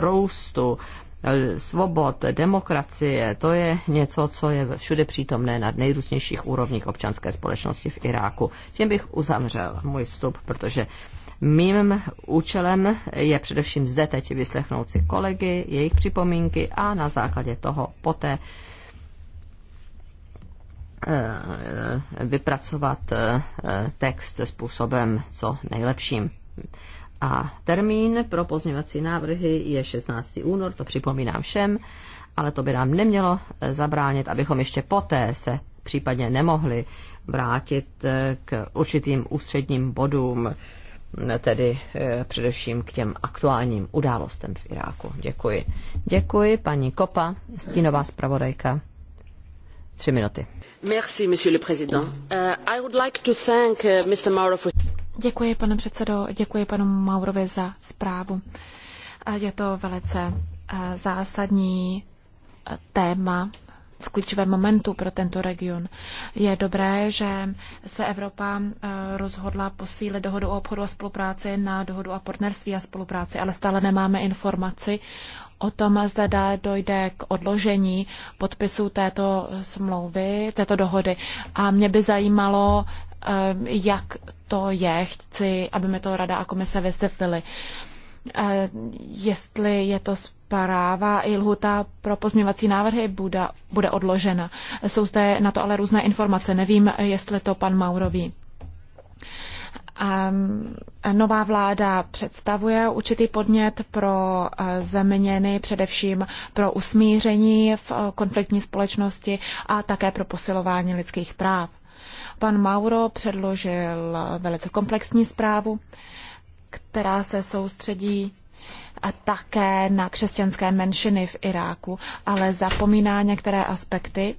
S1: růstu, Eh, svobod, demokracie, to je něco, co je všude přítomné na nejrůznějších úrovních občanské společnosti v Iráku. Tím bych uzavřel můj vstup, protože Mým účelem je především zde teď vyslechnout si kolegy, jejich připomínky a na základě toho poté eh, eh, vypracovat text způsobem co nejlepším. A termín pro pozměňovací návrhy je 16. únor, to připomínám všem, ale to by nám nemělo eh, zabránit, abychom ještě poté se případně nemohli vrátit eh, k určitým ústředním bodům, eh, tedy především k těm aktuálním událostem v Iráku. Děkuji. Děkuji, paní Kopa, stínová zpravodajka. Tři minuty. Merci, monsieur le président. Uh, I would like to thank uh, Mr. Mauro for...
S4: Děkuji, pane předsedo, děkuji panu Maurovi za zprávu. Je to velice eh, zásadní eh, téma v klíčovém momentu pro tento region. Je dobré, že se Evropa eh, rozhodla posílit dohodu o obchodu a spolupráci na dohodu o partnerství a spolupráci, ale stále nemáme informaci o tom, zda dojde k odložení podpisu této smlouvy, této dohody. A mě by zajímalo, Ehm, jak to je. Chci, aby mi to rada a komise vysvětlili. Ehm, jestli je to zpráva i lhuta pro pozměvací návrhy bude, bude odložena. Jsou zde na to ale různé informace. Nevím, jestli to pan Mauro ví. Ehm, nová vláda představuje určitý podnět pro eh, zeměny, především pro usmíření v eh, konfliktní společnosti a také pro posilování lidských práv. Pan Mauro předložil velice komplexní zprávu, která se soustředí a také na křesťanské menšiny v Iráku, ale zapomíná některé aspekty,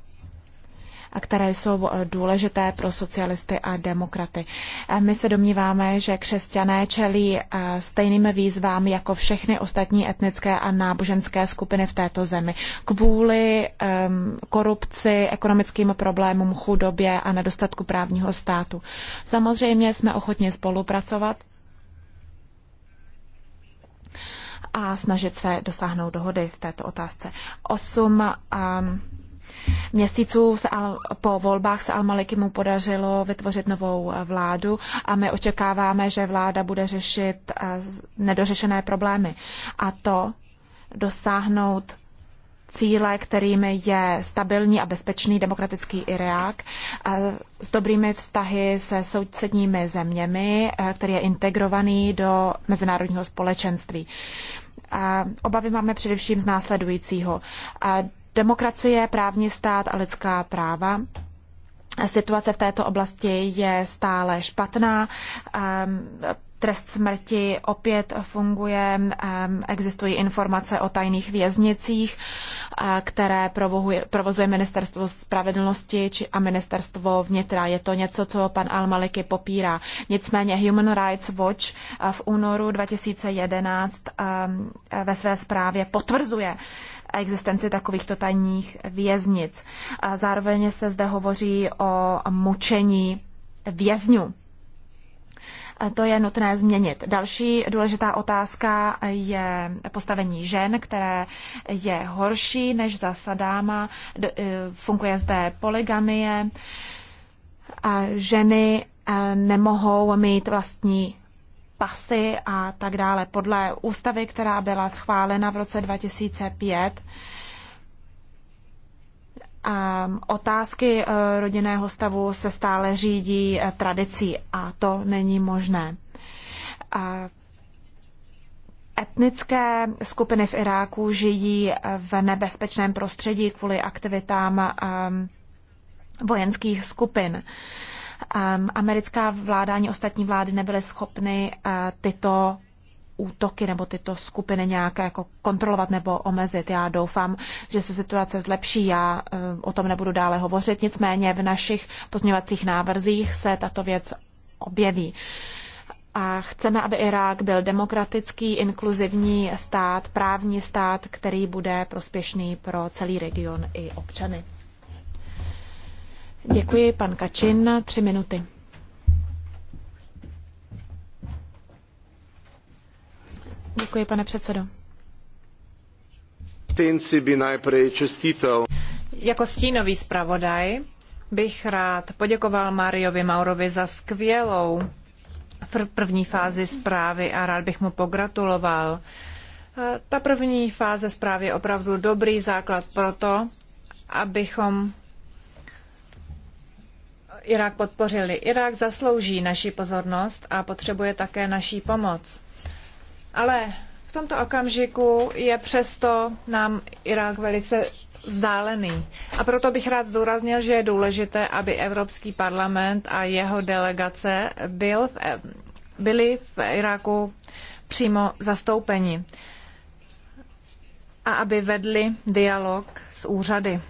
S4: které jsou eh, důležité pro socialisty a demokraty. Eh, my se domníváme, že křesťané čelí eh, stejným výzvám jako všechny ostatní etnické a náboženské skupiny v této zemi. Kvůli ehm, korupci, ekonomickým problémům, chudobě a nedostatku právního státu. Samozřejmě jsme ochotni spolupracovat a snažit se dosáhnout dohody v této otázce. Osm um, měsíců se al, po volbách se al maliky mu podařilo vytvořit novou eh, vládu a my očekáváme, že vláda bude řešit eh, nedořešené problémy. A to dosáhnout cíle, kterým je stabilní a bezpečný demokratický Irák eh, s dobrými vztahy se sousedními zeměmi, který je integrovaný do mezinárodního společenství. Obavy máme především z následujícího demokracie, právní stát a lidská práva. Situace v této oblasti je stále špatná. Ehm, trest smrti opět funguje, ehm, existují informace o tajných věznicích, eh, které provozuje Ministerstvo spravedlnosti a Ministerstvo vnitra. Je to něco, co pan Al-Maliki popírá. Nicméně Human Rights Watch eh, v únoru 2011 ehm, ve své zprávě potvrzuje, existenci takovýchto tajných věznic. A zároveň se zde hovoří o mučení vězňů. To je nutné změnit. Další důležitá otázka je postavení žen, které je horší než za Sadáma. E, funguje zde poligamie. Ženy e, nemohou mít vlastní pasy a tak dále. Podle ústavy, která byla schválena v roce 2005, a ehm, otázky eh, rodinného stavu se stále řídí eh, tradicí a to není možné. A eh, etnické skupiny v Iráku žijí v nebezpečném prostředí kvůli aktivitám ehm, vojenských skupin americká vláda ani ostatní vlády nebyly schopny eh, tyto útoky nebo tyto skupiny nějak jako kontrolovat nebo omezit. Já doufám, že se situace zlepší. Já eh, o tom nebudu dále hovořit. Nicméně v našich pozměvacích návrzích se tato věc objeví. A chceme, aby Irák byl demokratický, inkluzivní stát, právní stát, který bude prospěšný pro celý region i občany. Děkuji, pan Kačin, tři minuty. Děkuji, pane předsedo.
S1: Tinci by najprve čestitel.
S3: Jako stínový zpravodaj bych rád poděkoval Mariovi Maurovi za skvělou první fázi zprávy a rád bych mu pogratuloval. E, ta první fáze zprávy je opravdu dobrý základ pro to, abychom Irák podpořili. Irák zaslouží naši pozornost a potřebuje také naší pomoc. Ale v tomto okamžiku je přesto nám Irák velice vzdálený. A proto bych rád zdůraznil, že je důležité, aby Evropský parlament a jeho delegace byl v, byli v Iráku přímo zastoupeni a aby vedli dialog s úřady.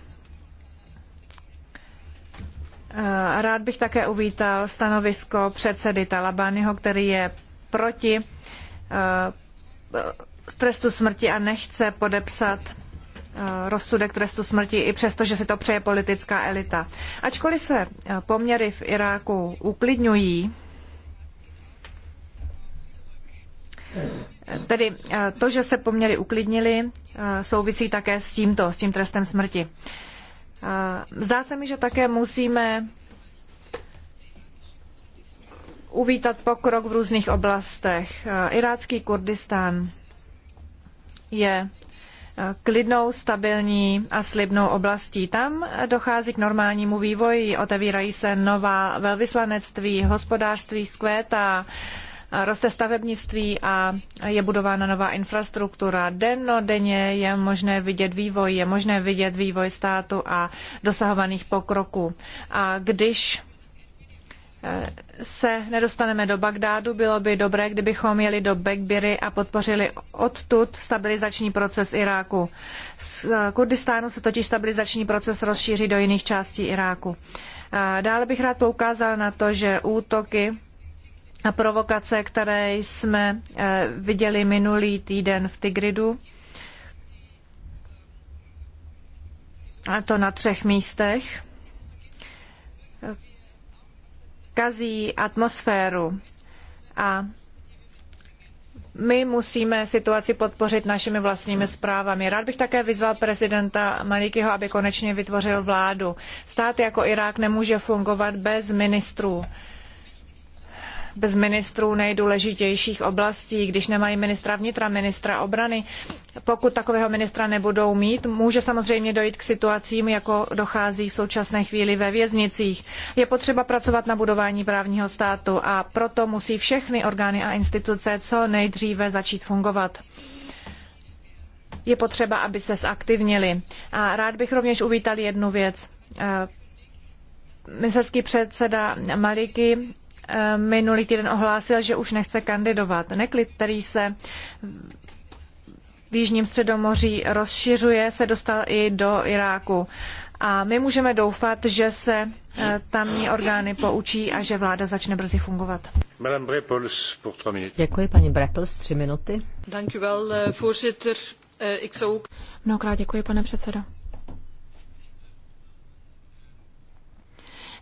S3: Eh, rád bych také uvítal stanovisko předsedy Talabányho, který je proti eh, trestu smrti a nechce podepsat eh, rozsudek trestu smrti, i přesto, že si to přeje politická elita. Ačkoliv se poměry v Iráku uklidňují, Tedy to, že se poměry uklidnily, souvisí také s tímto, s tím trestem smrti. Zdá se mi, že také musíme uvítat pokrok v různých oblastech. Irácký Kurdistán je klidnou, stabilní a slibnou oblastí. Tam dochází k normálnímu vývoji, otevírají se nová velvyslanectví, hospodářství zkvétá, roste stavebnictví a je budována nová infrastruktura. Dennodenně je možné vidět vývoj, je možné vidět vývoj státu a dosahovaných pokroků. A když eh, se nedostaneme do Bagdádu, bylo by dobré, kdybychom jeli do Begbiry a podpořili odtud stabilizační proces Iráku. Z eh, Kurdistánu se totiž stabilizační proces rozšíří do jiných částí Iráku. Dále bych rád poukázal na to, že útoky na provokace, které jsme eh, viděli minulý týden v Tigridu. A to na třech místech. Kazí atmosféru a my musíme situaci podpořit našimi vlastními zprávami. Rád bych také vyzval prezidenta Malikyho, aby konečně vytvořil vládu. Stát jako Irák nemůže fungovat bez ministrů bez ministrů nejdůležitějších oblastí, když nemají ministra vnitra, ministra obrany. Pokud takového ministra nebudou mít, může samozřejmě dojít k situacím, jako dochází v současné chvíli ve věznicích. Je potřeba pracovat na budování právního státu a proto musí všechny orgány a instituce co nejdříve začít fungovat je potřeba, aby se zaktivnili. A rád bych rovněž uvítal jednu věc. Eh, Ministerský předseda Maliky Eh, minulý týden ohlásil, že už nechce kandidovat. Neklid, který se v Jižním středomoří rozšiřuje, se dostal i do Iráku. A my můžeme doufat, že se eh, tamní orgány poučí a
S1: že vláda začne brzy fungovat. Děkuji, paní Brepels, tři minuty.
S4: Eh, Mnohokrát děkuji, pane předsedo.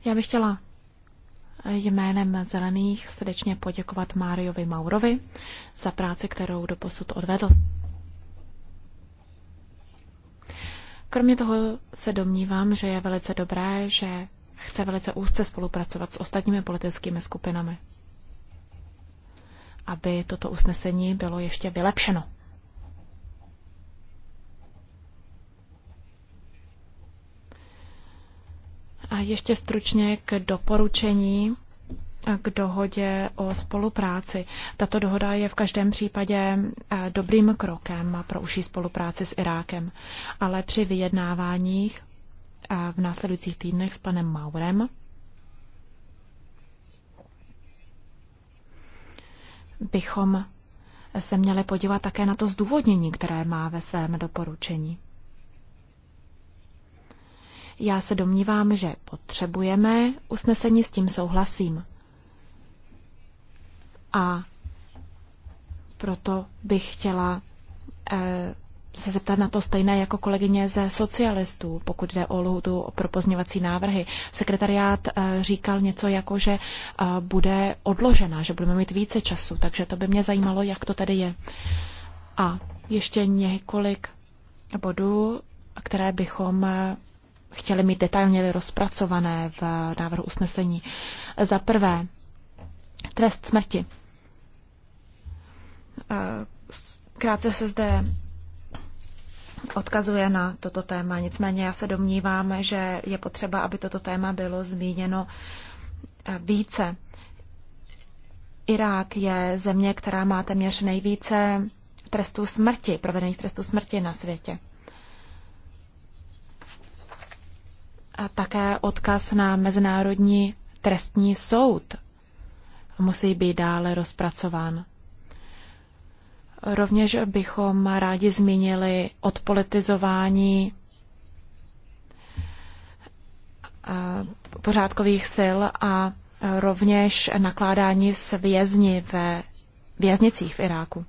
S4: Já bych chtěla jménem Zelených srdečně poděkovat Máriovi Maurovi za práci, kterou do posud odvedl. Kromě toho se domnívám, že je velice dobré, že chce velice úzce spolupracovat s ostatními politickými skupinami, aby toto usnesení bylo ještě vylepšeno. A ještě stručně k doporučení k dohodě o spolupráci. Tato dohoda je v každém případě eh, dobrým krokem pro užší spolupráci s Irákem, ale při vyjednáváních eh, v následujících týdnech s panem Maurem bychom se měli podívat také na to zdůvodnění, které má ve svém doporučení. Já se domnívám, že potřebujeme usnesení, s tím souhlasím. A proto bych chtěla eh, se zeptat na to stejné jako kolegyně ze socialistů, pokud jde o lhutu pro pozměvací návrhy. Sekretariát eh, říkal něco jako, že eh, bude odložena, že budeme mít více času, takže to by mě zajímalo, jak to tady je. A ještě několik bodů, které bychom eh, chtěli mít detailně rozpracované v návrhu usnesení. Za prvé, trest smrti. Eh, krátce se zde odkazuje na toto téma. Nicméně já se domnívám, že je potřeba, aby toto téma bylo zmíněno eh, více. Irák je země, která má téměř nejvíce trestů smrti, provedených trestů smrti na světě. také odkaz na Mezinárodní trestní soud musí být dále rozpracován. Rovněž bychom rádi zmínili odpolitizování pořádkových sil a rovněž nakládání s vězni ve věznicích v Iráku.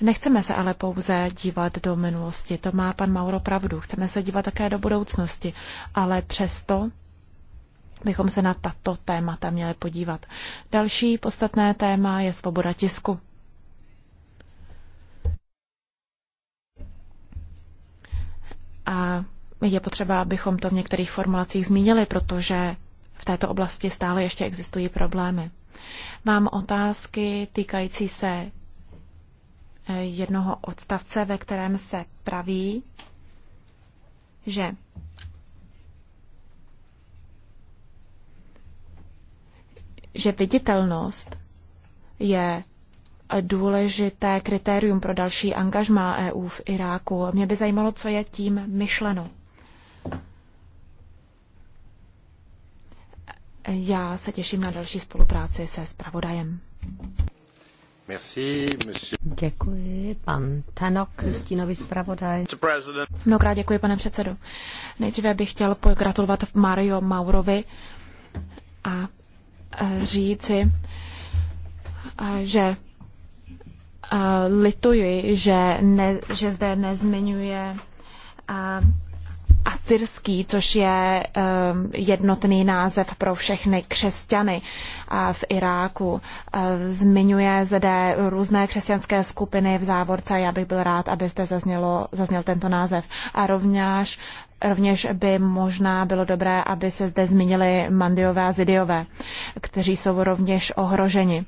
S4: Nechceme se ale pouze dívat do minulosti, to má pan Mauro pravdu. Chceme se dívat také do budoucnosti, ale přesto bychom se na tato témata měli podívat. Další podstatné téma je svoboda tisku. A je potřeba, abychom to v některých formulacích zmínili, protože v této oblasti stále ještě existují problémy. Mám otázky týkající se jednoho odstavce, ve kterém se praví, že že viditelnost je důležité kritérium pro další angažmá EU v Iráku. Mě by zajímalo, co je tím myšleno. Já se těším na další spolupráci se spravodajem děkuji, pan Tanok, stínový zpravodaj. Mnohokrát děkuji, pane předsedo. Nejdříve bych chtěl pogratulovat Mario Maurovi a e, říci, e, že e, lituji, že, ne, že zde nezmiňuje asyrský, což je ehm, jednotný název pro všechny křesťany v Iráku. Ehm, zmiňuje zde různé křesťanské skupiny v závorce. Já bych byl rád, aby zde zaznělo, zazněl tento název. A rovněž, rovněž by možná bylo dobré, aby se zde zmínili mandiové a zidiové, kteří jsou rovněž ohroženi.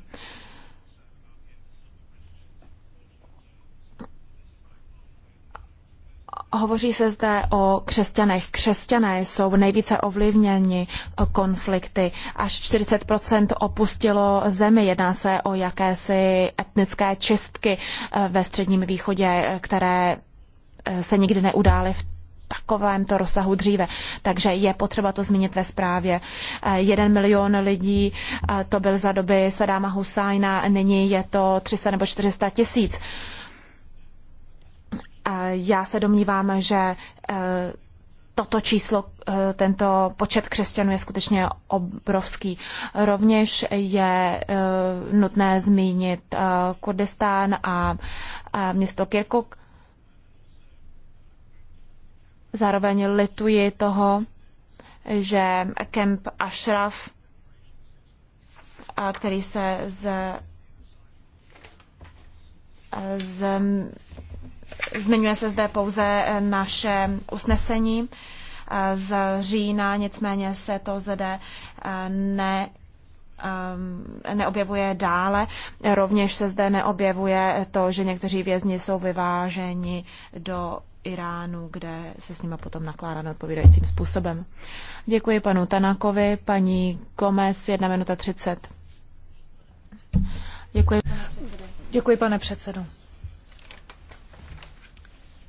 S4: Hovoří se zde o křesťanech. Křesťané jsou nejvíce ovlivněni konflikty. Až 40 opustilo zemi. Jedná se o jakési etnické čistky eh, ve středním východě, eh, které eh, se nikdy neudály v takovémto rozsahu dříve. Takže je potřeba to zmínit ve zprávě. Jeden milion lidí to byl za doby Sadáma Husajna, nyní je to 300 nebo 400 tisíc. Já se domnívám, že eh, toto číslo, eh, tento počet křesťanů je skutečně obrovský. Rovněž je eh, nutné zmínit Kurdistán a město Kirkuk. Zároveň lituji toho, že kemp Ashraf, který se z, z Zmiňuje se zde pouze eh, naše usnesení eh, z října, nicméně se to zde eh, ne neobjevuje dále. Rovněž se zde neobjevuje to, že někteří vězni jsou vyváženi do Iránu, kde se s nimi potom nakládá neodpovídajícím způsobem. Děkuji panu Tanakovi, paní Gomez, 1 minuta 30. Děkuji. Děkuji, pane předsedo.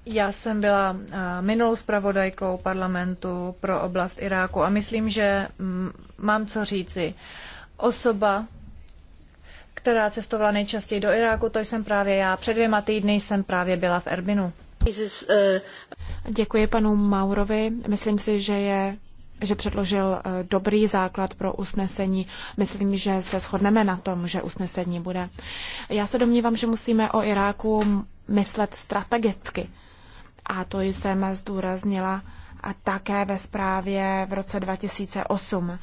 S3: Já jsem byla eh, minulou zpravodajkou parlamentu pro oblast Iráku a myslím, že mm, mám co říci. Osoba, která cestovala nejčastěji do Iráku, to jsem právě já. Před dvěma týdny
S4: jsem právě byla v Erbinu. Děkuji panu Maurovi. Myslím si, že je že předložil eh, dobrý základ pro usnesení. Myslím, že se shodneme na tom, že usnesení bude. Já se domnívám, že musíme o Iráku myslet strategicky a to jsem zdůraznila a také ve zprávě v roce 2008.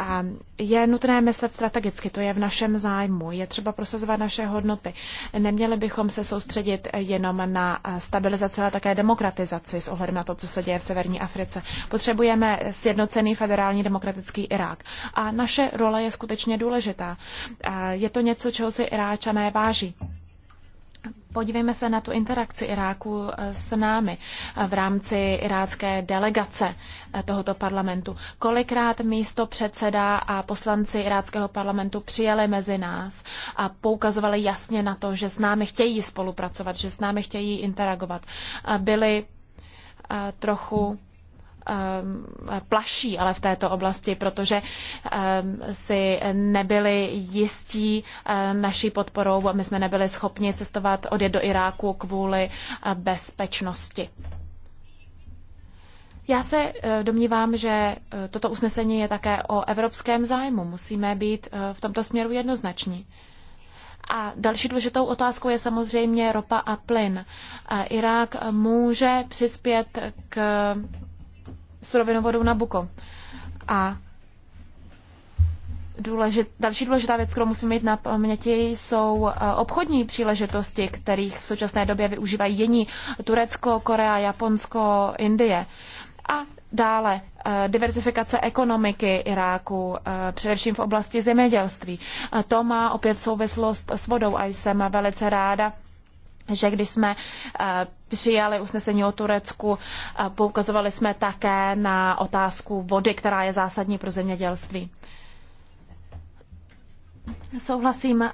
S4: A je nutné myslet strategicky, to je v našem zájmu, je třeba prosazovat naše hodnoty. Neměli bychom se soustředit jenom na stabilizaci, ale také demokratizaci s ohledem na to, co se děje v severní Africe. Potřebujeme sjednocený federální demokratický Irák. A naše role je skutečně důležitá. Je to něco, čeho si Iráčané váží. Podívejme se na tu interakci Iráku eh, s námi eh, v rámci irácké delegace eh, tohoto parlamentu. Kolikrát místo předseda a poslanci iráckého parlamentu přijeli mezi nás a poukazovali jasně na to, že s námi chtějí spolupracovat, že s námi chtějí interagovat. Byli trochu Eh, plaší ale v této oblasti, protože eh, si nebyli jistí eh, naší podporou. My jsme nebyli schopni cestovat, odjet do Iráku kvůli bezpečnosti. Já se domnívám, že toto usnesení je také o evropském zájmu. Musíme být v tomto směru jednoznační. A další důležitou otázkou je samozřejmě ropa a plyn. Irák může přispět k surovinovodu Nabuko. A důležit, další důležitá věc, kterou musíme mít na paměti, jsou eh, obchodní příležitosti, kterých v současné době využívají jiní Turecko, Korea, Japonsko, Indie. A dále eh, diversifikace ekonomiky Iráku, eh, především v oblasti zemědělství. A to má opět souvislost s vodou a jsem velice ráda, že když jsme přijali usnesení o Turecku, poukazovali jsme také na otázku vody, která je zásadní pro zemědělství. Souhlasím eh,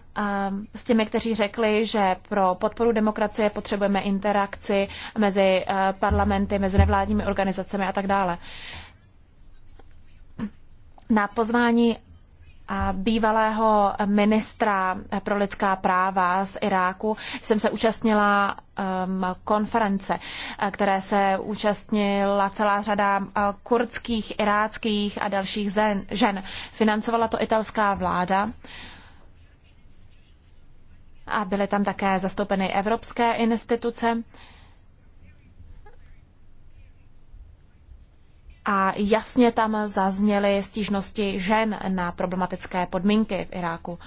S4: s těmi, kteří řekli, že pro podporu demokracie potřebujeme interakci mezi eh, parlamenty, mezi nevládními organizacemi a tak dále. Na pozvání bývalého ministra pro lidská práva z Iráku jsem se účastnila um, konference, které se účastnila celá řada uh, kurdských, iráckých a dalších žen. Financovala to italská vláda. A byly tam také zastoupeny evropské instituce. a jasně tam zazněly stížnosti žen na problematické podmínky v Iráku.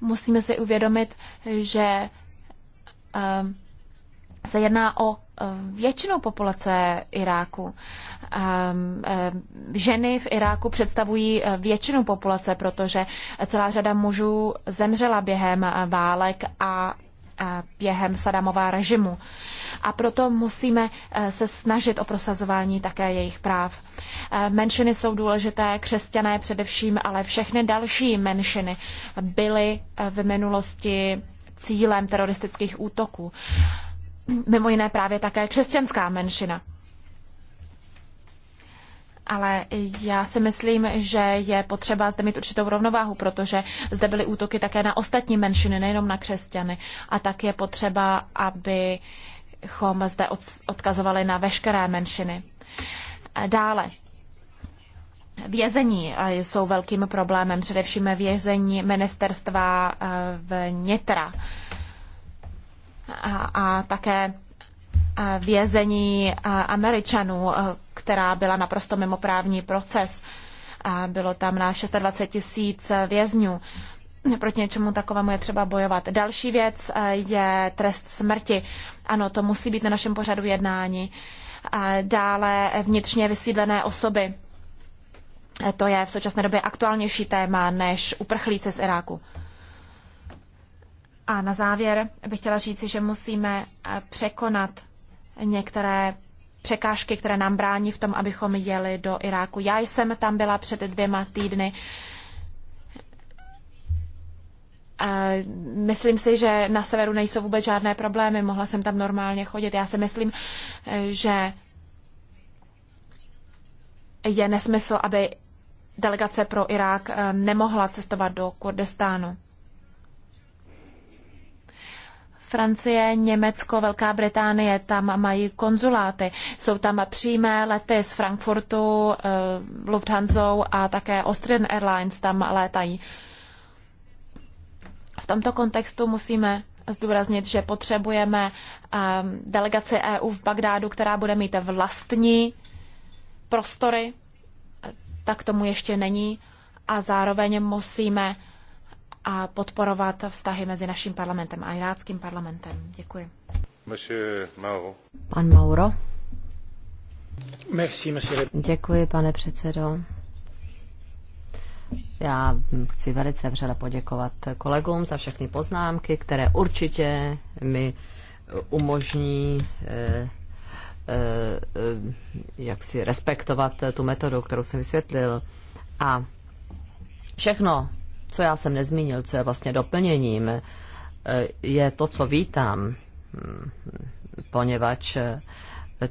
S4: Musíme si uvědomit, že ehm, se jedná o e, většinu populace Iráku. Ehm, e, ženy v Iráku představují e, většinu populace, protože celá řada mužů zemřela během válek a během Sadamová režimu. A proto musíme e, se snažit o prosazování také jejich práv. E, menšiny jsou důležité, křesťané především, ale všechny další menšiny byly e, v minulosti cílem teroristických útoků. Mimo jiné právě také křesťanská menšina ale já si myslím, že je potřeba zde mít určitou rovnováhu, protože zde byly útoky také na ostatní menšiny, nejenom na křesťany. A tak je potřeba, abychom zde odkazovali na veškeré menšiny. Dále. Vězení eh, jsou velkým problémem, především vězení ministerstva eh, vnitra a, a také Eh, vězení eh, Američanů, eh, která byla naprosto mimoprávní proces. proces. Bylo tam na 26 tisíc vězňů. Proti něčemu takovému je třeba bojovat. Další věc je trest smrti. Ano, to musí být na našem pořadu jednání. Dále vnitřně vysídlené osoby. To je v současné době aktuálnější téma než uprchlíci z Iráku. A na závěr bych chtěla říci, že musíme překonat některé překážky, které nám brání v tom, abychom jeli do Iráku. Já jsem tam byla před dvěma týdny. Myslím si, že na severu nejsou vůbec žádné problémy, mohla jsem tam normálně chodit. Já si myslím, že je nesmysl, aby delegace pro Irák eh, nemohla cestovat do Kurdistánu. Francie, Německo, Velká Británie, tam mají konzuláty. Jsou tam přímé lety z Frankfurtu, eh, Lufthansa a také Austrian Airlines tam létají. V tomto kontextu musíme zdůraznit, že potřebujeme eh, delegaci EU v Bagdádu, která bude mít vlastní prostory, tak tomu ještě není. A zároveň musíme a podporovat vztahy mezi naším parlamentem a iráckým parlamentem. Děkuji.
S1: Mauro. Pan Mauro. Merci, monsieur. Děkuji, pane předsedo. Já chci velice vřele poděkovat kolegům za všechny poznámky, které určitě mi umožní eh, eh, jak si respektovat tu metodu, kterou jsem vysvětlil. A všechno co já jsem nezmínil, co je vlastně doplněním, eh, je to, co vítám, hm, poněvadž eh,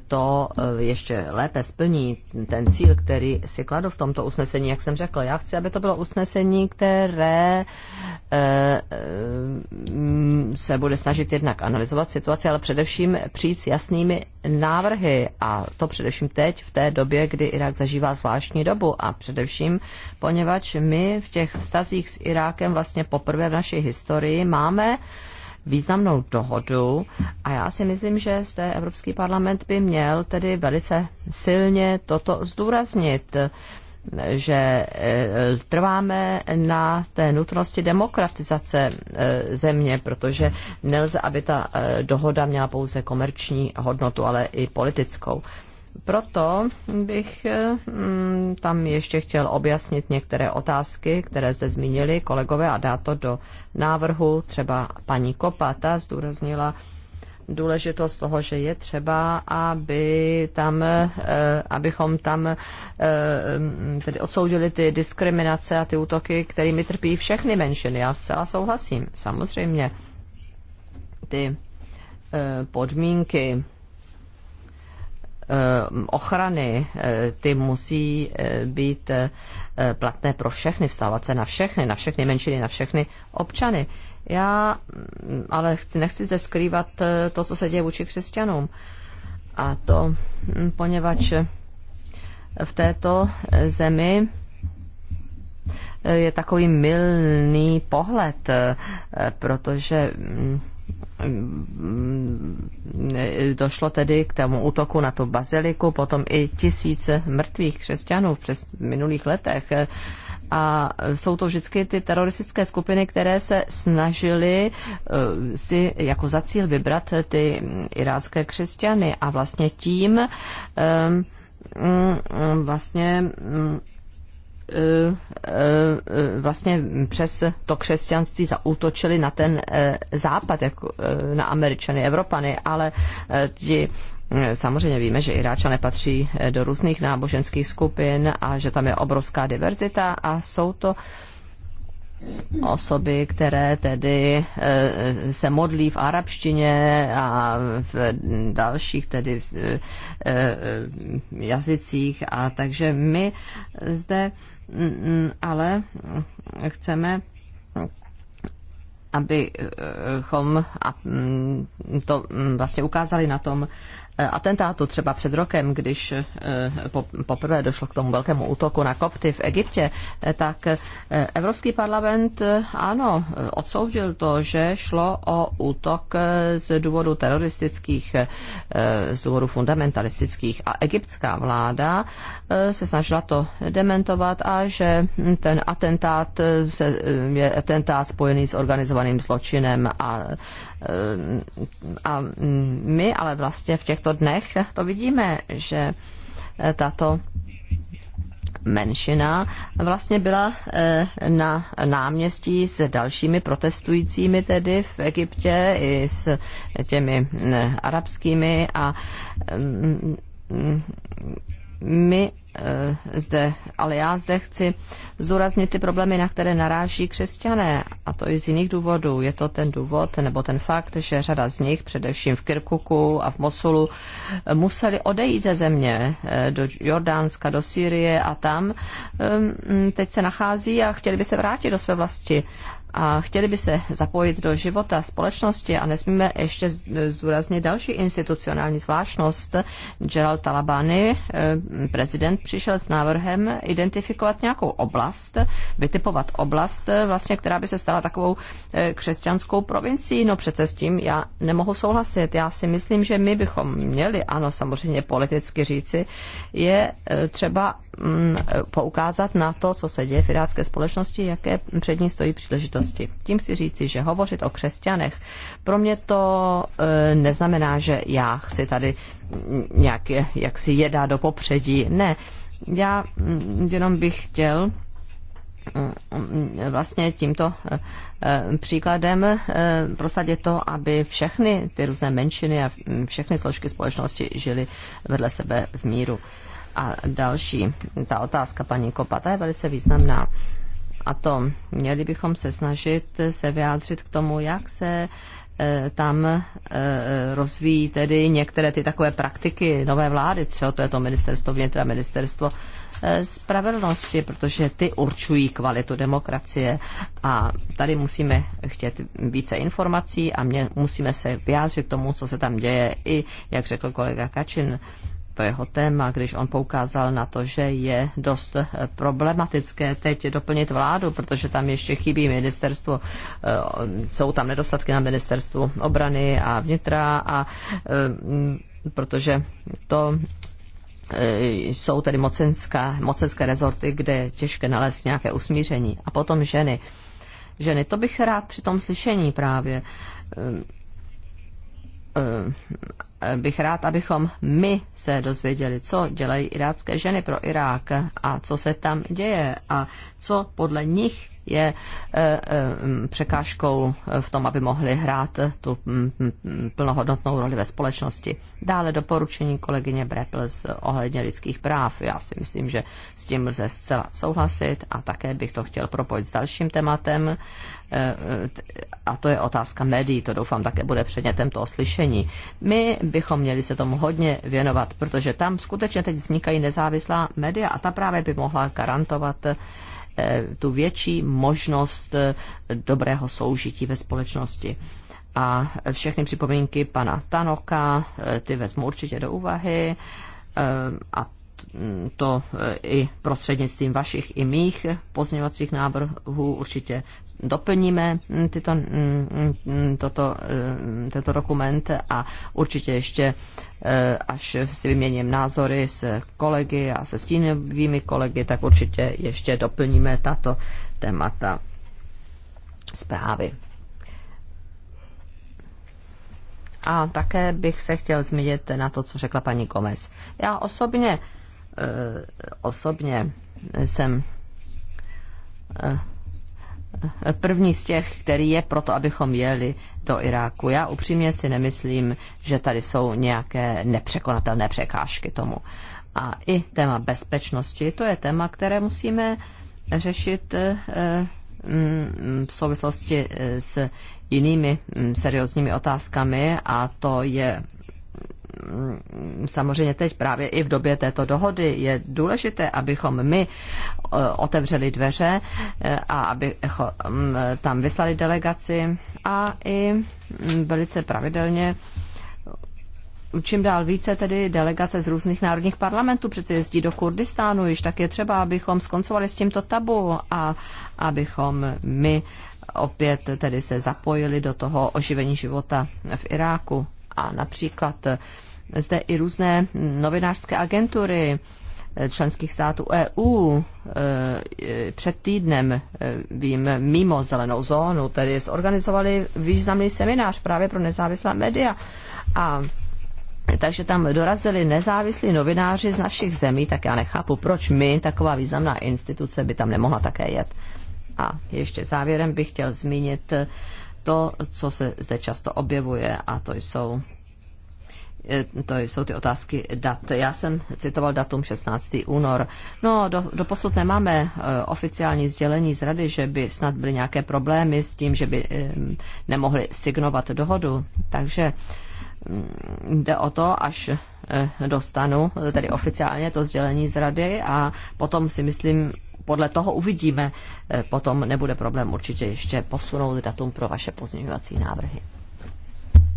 S1: to eh, ještě lépe splní ten cíl, který si kladu v tomto usnesení, jak jsem řekl. Já chci, aby to bylo usnesení, které eh, eh, se bude snažit jednak analyzovat situaci, ale především přijít s jasnými návrhy a to především teď, v té době, kdy Irák zažívá zvláštní dobu a především, poněvadž my v těch vztazích s Irákem vlastně poprvé v naší historii máme uh, významnou dohodu a já si myslím, že zde Evropský parlament by měl tedy velice silně toto zdůraznit že eh, trváme na té nutnosti demokratizace eh, země, protože nelze, aby ta eh, dohoda měla pouze komerční hodnotu, ale i politickou. Proto bych mm, tam ještě chtěl objasnit některé otázky, které zde zmínili kolegové a dát to do návrhu. Třeba paní Kopa, ta zdůraznila důležitost toho, že je třeba, aby tam, eh, abychom tam eh, tedy odsoudili ty diskriminace a ty útoky, kterými trpí všechny menšiny. Já zcela souhlasím. Samozřejmě ty eh, podmínky Ehm, ochrany, eh, ty musí eh, být eh, platné pro všechny, vstávat se na všechny, na všechny menšiny, na všechny občany. Já mm, ale chci, nechci zde skrývat to, co se děje vůči křesťanům. A to, mm, poněvadž v této zemi je takový milný pohled, protože mm, Mm, došlo tedy k tomu útoku na tu baziliku, potom i tisíce mrtvých křesťanů v přes minulých letech. A jsou to vždycky ty teroristické skupiny, které se snažily eh, si jako za cíl vybrat ty irácké křesťany a vlastně tím eh, mm, mm, vlastně E, e, vlastně přes to křesťanství zaútočili na ten e, západ, jako na Američany, Evropany, ale ti Samozřejmě víme, že Iráčané patří do různých náboženských skupin a že tam je obrovská diverzita a jsou to osoby, které tedy se modlí v arabštině a v dalších tedy jazycích a takže my zde ale chceme abychom to vlastně ukázali na tom, Eh, atentátu třeba před rokem, když eh, poprvé došlo k tomu velkému útoku na kopty v Egyptě, eh, tak Evropský parlament ano, odsoudil to, že šlo o útok z důvodu teroristických, z důvodu fundamentalistických a egyptská vláda se snažila to dementovat a že ten atentát se, je atentát spojený s organizovaným zločinem a a my ale vlastně v těchto dnech to vidíme, že tato menšina vlastně byla eh, na náměstí s dalšími protestujícími tedy v Egyptě i s těmi eh, arabskými a mm, my eh, zde, ale já zde chci zdůraznit ty problémy, na které naráží křesťané, a to i z jiných důvodů. Je to ten důvod, nebo ten fakt, že řada z nich, především v Kirkuku a v Mosulu, eh, museli odejít ze země eh, do Jordánska, do Sýrie a tam teď se nachází a chtěli by se vrátit do své vlasti a chtěli by se zapojit do života společnosti a nesmíme ještě zdůraznit další institucionální zvláštnost. Gerald Talabany, eh, prezident, přišel s návrhem identifikovat nějakou oblast, vytipovat oblast, eh, vlastně, která by se stala takovou eh, křesťanskou provincií. No přece s tím já nemohu souhlasit. Já si myslím, že my bychom měli, ano, samozřejmě politicky říci, je třeba mm, poukázat na to, co se děje v irácké společnosti, jaké před ní stojí příležitosti příležitosti. Tím si říci, že hovořit o křesťanech, pro mě to e, neznamená, že já chci tady nějak, jak si jedá do popředí. Ne, já mm, jenom bych chtěl mm, vlastně tímto e, e, příkladem prosadit to, aby všechny ty různé menšiny a všechny složky společnosti žily vedle sebe v míru. A další, ta otázka paní Kopa, ta je velice významná. A to měli bychom se snažit se vyjádřit k tomu, jak se eh, tam eh, eh, rozvíjí tedy některé ty takové praktiky nové vlády, třeba to je to ministerstvo vnitra, ministerstvo spravedlnosti, protože ty určují kvalitu demokracie a tady musíme chtět více informací a mě, musíme se vyjádřit k tomu, co se tam děje i, jak řekl kolega Kačin, to jeho téma, když on poukázal na to, že je dost eh, problematické teď doplnit vládu, protože tam ještě chybí ministerstvo, eh, jsou tam nedostatky na ministerstvu obrany a vnitra a eh, protože to jsou tedy mocenská, mocenské rezorty, kde je těžké nalézt nějaké usmíření. A potom ženy. Ženy, to bych rád při tom slyšení právě bych rád, abychom my se dozvěděli, co dělají irácké ženy pro Irák a co se tam děje a co podle nich je eh, eh, překážkou v tom, aby mohli hrát tu mm, mm, plnohodnotnou roli ve společnosti. Dále doporučení kolegyně Breples ohledně lidských práv. Já si myslím, že s tím lze zcela souhlasit a také bych to chtěl propojit s dalším tématem eh, a to je otázka médií, to doufám také bude předmětem toho slyšení. My bychom měli se tomu hodně věnovat, protože tam skutečně teď vznikají nezávislá média a ta právě by mohla garantovat Eh, tu větší možnost eh, dobrého soužití ve společnosti. A všechny připomínky pana Tanoka, eh, ty vezmu určitě do úvahy a to i prostřednictvím vašich i mých pozměňovacích návrhů určitě doplníme mm, tyto, mm, mm, toto, tento dokument a určitě ještě eh, až si vyměním názory s kolegy a se stínovými kolegy, tak určitě ještě doplníme tato témata zprávy. A také bych se chtěl zmínit na to, co řekla paní Gomez. Já osobně, eh, osobně jsem eh, první z těch, který je proto, abychom jeli do Iráku. Já upřímně si nemyslím, že tady jsou nějaké nepřekonatelné překážky tomu. A i téma bezpečnosti, to je téma, které musíme řešit eh, mm, v souvislosti eh, s jinými mm, seriózními otázkami a to je samozřejmě teď právě i v době této dohody je důležité, abychom my e, otevřeli dveře e, a abychom tam vyslali delegaci a i velice pravidelně čím dál více tedy delegace z různých národních parlamentů přece jezdí do Kurdistánu, již tak je třeba, abychom skoncovali s tímto tabu a abychom my opět tedy se zapojili do toho oživení života v Iráku a například eh, zde i různé novinářské agentury eh, členských států EU eh, před týdnem, vím, mimo zelenou zónu, tedy zorganizovali významný seminář právě pro nezávislá média. A takže tam dorazili nezávislí novináři z našich zemí, tak já nechápu, proč my, taková významná instituce, by tam nemohla také jet. A ještě závěrem bych chtěl zmínit to, co se zde často objevuje, a to jsou e, to jsou ty otázky dat. Já jsem citoval datum 16. únor. No, do, do posud nemáme e, oficiální sdělení z rady, že by snad byly nějaké problémy s tím, že by e, nemohli signovat dohodu. Takže mm, jde o to, až dostanu tedy oficiálně to sdělení z rady a potom si myslím, podle toho uvidíme. E, Potom nebude problém určitě ještě posunout datum pro vaše pozměňovací návrhy.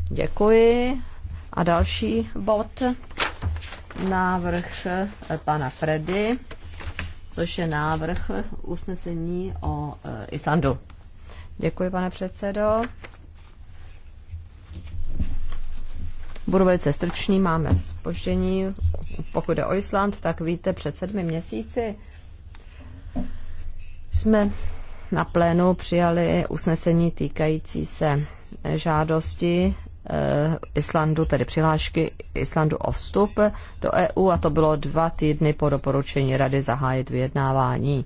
S1: Děkuji. A další bod, návrh e, pana Freddy, což je návrh usnesení o e, Islandu. Děkuji, pane předsedo. Budu velice stručný, máme spoždění. Pokud jde o Island, tak víte, před sedmi měsíci jsme na plénu přijali usnesení týkající se žádosti eh, Islandu, tedy přihlášky Islandu o vstup do EU a to bylo dva týdny po doporučení Rady zahájit vyjednávání.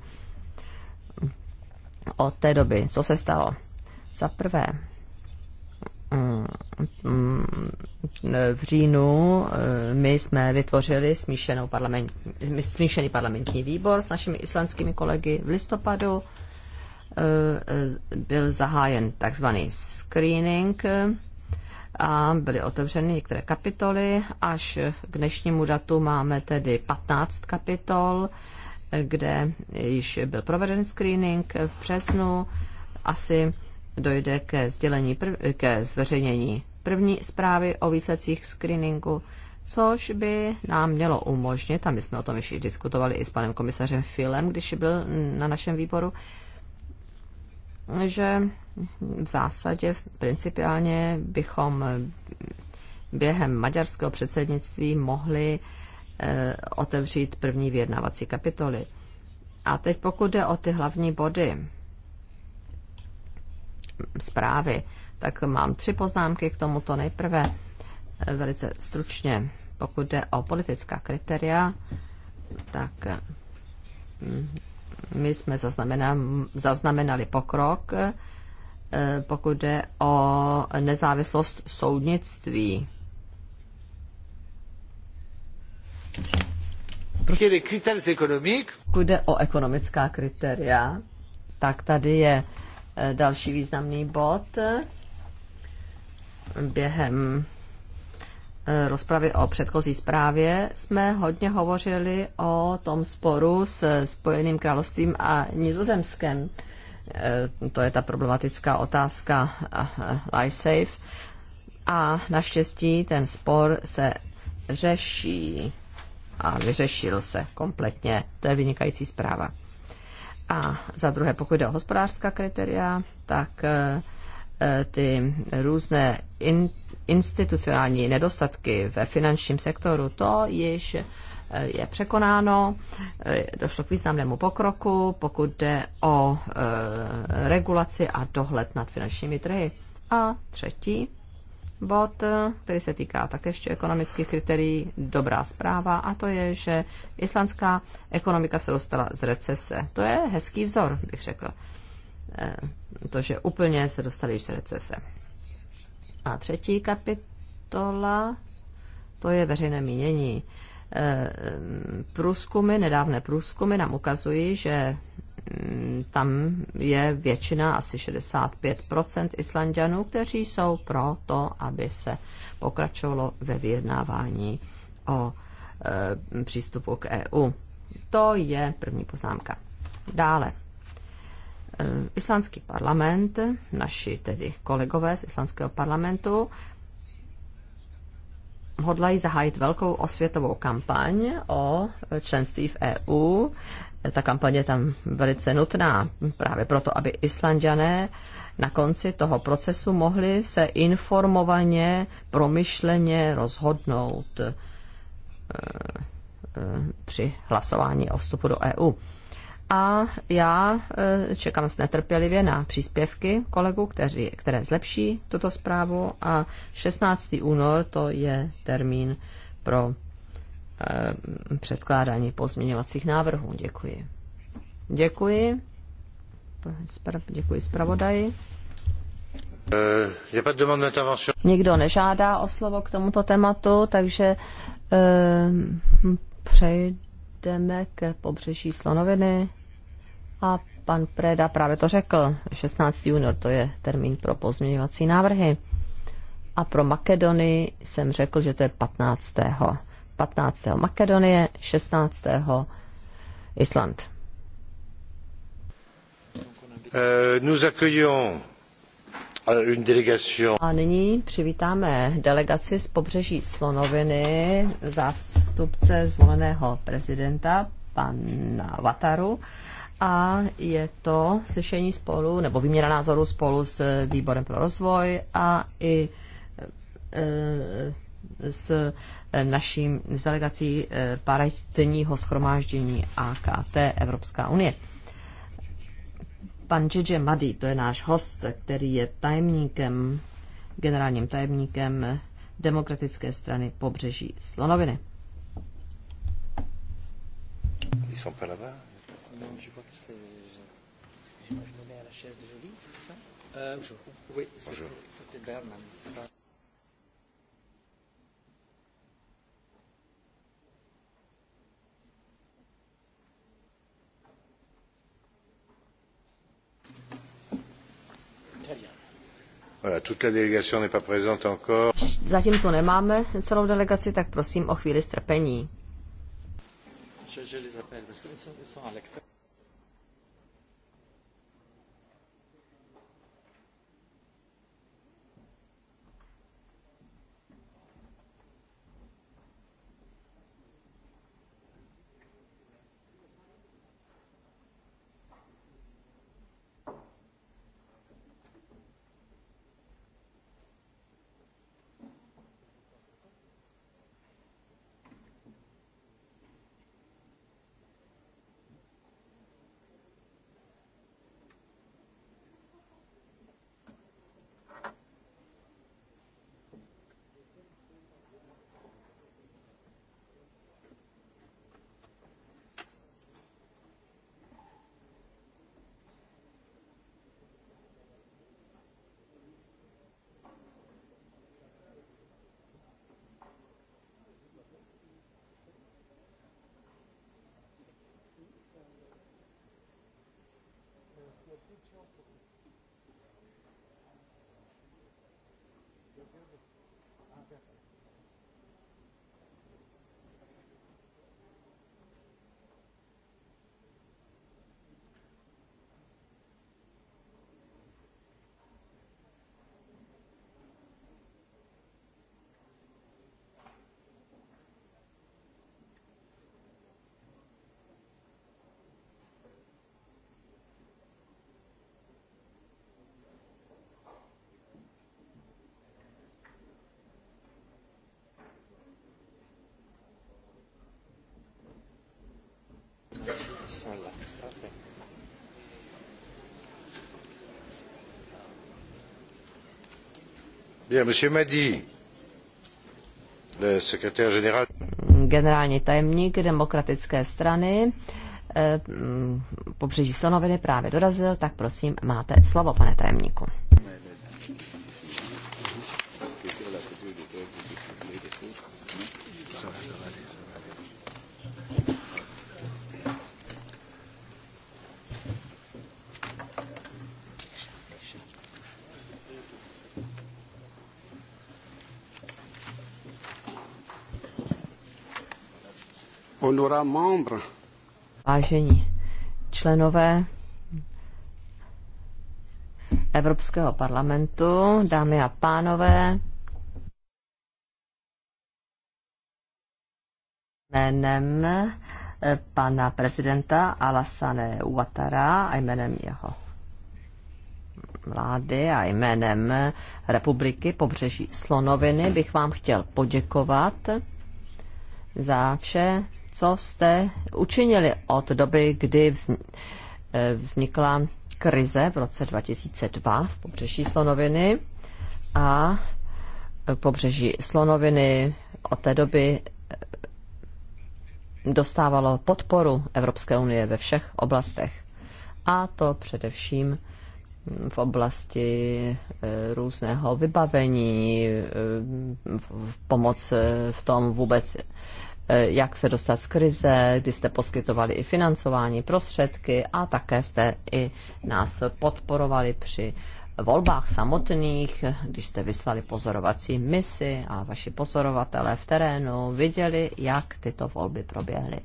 S1: Od té doby, co se stalo? Za prvé, Mm, mm, v říjnu eh, my jsme vytvořili smíšenou parlament, smíšený parlamentní výbor s našimi islandskými kolegy. V listopadu eh, byl zahájen takzvaný screening eh, a byly otevřeny některé kapitoly. Až k dnešnímu datu máme tedy 15 kapitol, kde již byl proveden screening v březnu. Asi dojde ke, sdělení prv, ke zveřejnění první zprávy o výsledcích screeningu, což by nám mělo umožnit, a my jsme o tom již i diskutovali i s panem komisařem Filem, když byl na našem výboru, že v zásadě principiálně bychom během maďarského předsednictví mohli eh, otevřít první vyjednávací kapitoly. A teď pokud jde o ty hlavní body, zprávy, tak mám tři poznámky k tomuto. Nejprve eh, velice stručně, pokud jde o politická kritéria, tak mm, my jsme zaznamenali pokrok, eh, pokud jde o nezávislost soudnictví. Prostě- pokud jde o ekonomická kritéria, tak tady je další významný bod během eh, rozpravy o předchozí zprávě jsme hodně hovořili o tom sporu s Spojeným královstvím a Nizozemskem. Eh, to je ta problematická otázka LifeSafe. Eh, a naštěstí ten spor se řeší a vyřešil se kompletně. To je vynikající zpráva. A za druhé, pokud jde o hospodářská kritéria, tak eh, eh, ty různé in, institucionální nedostatky ve finančním sektoru, to již eh, je překonáno, došlo k významnému pokroku, pokud jde o regulaci a dohled nad finančními trhy. A třetí, bod, který se týká také ještě ekonomických kritérií, dobrá zpráva, a to je, že islandská ekonomika se dostala z recese. To je hezký vzor, bych řekl. Eh, to, že úplně se dostali z recese. A třetí kapitola, to je veřejné mínění eh, průzkumy, nedávné průzkumy nám ukazují, že Mm, tam je většina, asi 65% Islandianů, kteří jsou pro to, aby se pokračovalo ve vyjednávání o e, přístupu k EU. To je první poznámka. Dále. E, islandský parlament, naši tedy kolegové z islandského parlamentu, hodlají zahájit velkou osvětovou kampaň o členství v EU ta kampaně je tam velice nutná, právě proto, aby Islandžané na konci toho procesu mohli se informovaně, promyšleně rozhodnout eh, eh, při hlasování o vstupu do EU. A já eh, čekám s netrpělivě na příspěvky kolegů, kteří, které zlepší tuto zprávu a 16. únor to je termín pro Eh, předkládání pozměňovacích návrhů. Děkuji. Děkuji. Děkuji zpravodaji.
S2: Eh, Nikdo
S1: nežádá o slovo k tomuto tématu, takže eh, přejdeme k pobřeží Slonoviny. A pan Preda právě to řekl, 16. únor to je termín pro pozměňovací návrhy. A pro Makedonii jsem řekl, že to je 15. 15. Makedonie, 16. Island.
S2: Euh, euh,
S1: a nyní přivítáme delegaci z pobřeží Slonoviny, zástupce zvoleného prezidenta, pana Vataru. A je to slyšení spolu, nebo výměna názoru spolu s Výborem pro rozvoj a i e, s naším delegací eh, paritního schromáždění AKT Evropská unie. Pan Jeje Madi, to je náš host, který je tajemníkem, generálním tajemníkem Demokratické strany pobřeží Slonoviny.
S2: Euh, Bonjour. Oui, c'était
S1: Bernard. Zatím tu nemáme celou delegaci, tak prosím o chvíli strpení. Gracias. Generální tajemník demokratické strany eh, pobřeží Slonoviny právě dorazil, tak prosím, máte slovo, pane tajemníku. membre. Vážení členové Evropského parlamentu, dámy a pánové, jménem eh, pana prezidenta Alassane Ouattara a jménem jeho vlády a jménem Republiky Pobřeží Slonoviny bych vám chtěl poděkovat za vše, co jste učinili od doby, kdy eh, vznikla krize v roce 2002 v pobřeží Slonoviny a pobřeží Slonoviny od té doby eh, dostávalo podporu Evropské unie ve všech oblastech. A to především mm, v oblasti eh, různého vybavení, pomoc v tom vůbec Eh, jak se dostat z krize, kdy jste poskytovali i financování prostředky a také jste i nás podporovali při volbách samotných, když jste vyslali pozorovací misi a vaši pozorovatelé v terénu viděli, jak tyto volby proběhly.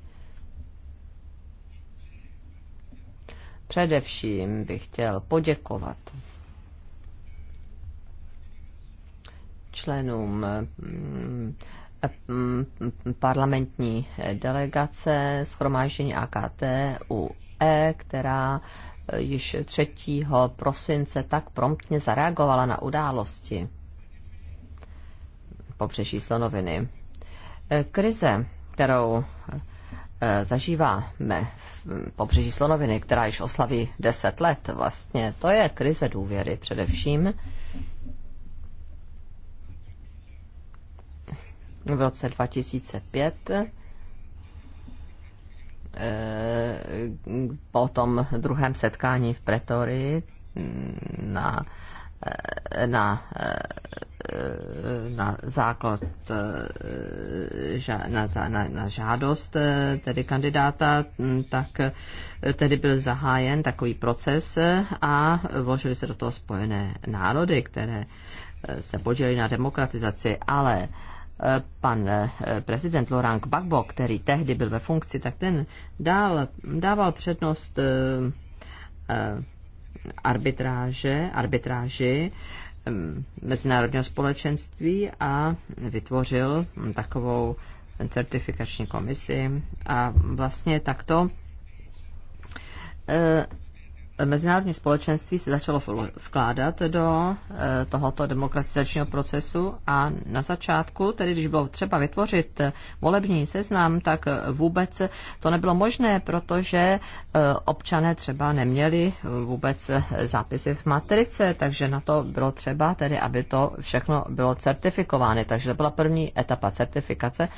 S1: Především bych chtěl poděkovat členům mm, Eh, parlamentní delegace schromáždění AKT u E, která eh, již 3. prosince tak promptně zareagovala na události pobřeží slonoviny. Eh, krize, kterou zažíváme v pobřeží slonoviny, která již oslaví 10 let vlastně, to je krize důvěry především v roce 2005 eh, po tom druhém setkání v Pretorii mm, na, eh, na, eh, na základ na, na, na žádost tedy kandidáta, mm, tak tedy byl zahájen takový proces a vložili se do toho spojené národy, které se podělili na demokratizaci, ale pan eh, prezident Laurent Gbagbo, který tehdy byl ve funkci, tak ten dál dával přednost eh, eh, arbitráže, arbitráži mezinárodního společenství a vytvořil hm, takovou certifikační komisi a vlastně takto mezinárodní společenství se začalo vkládat do eh, tohoto demokratizačního procesu a na začátku, tedy když bylo třeba vytvořit eh, volební seznam, tak eh, vůbec to nebylo možné, protože občané třeba neměli vůbec zápisy v matrice, takže na to bylo třeba tedy, aby to všechno bylo certifikováno. Takže to byla první etapa certifikace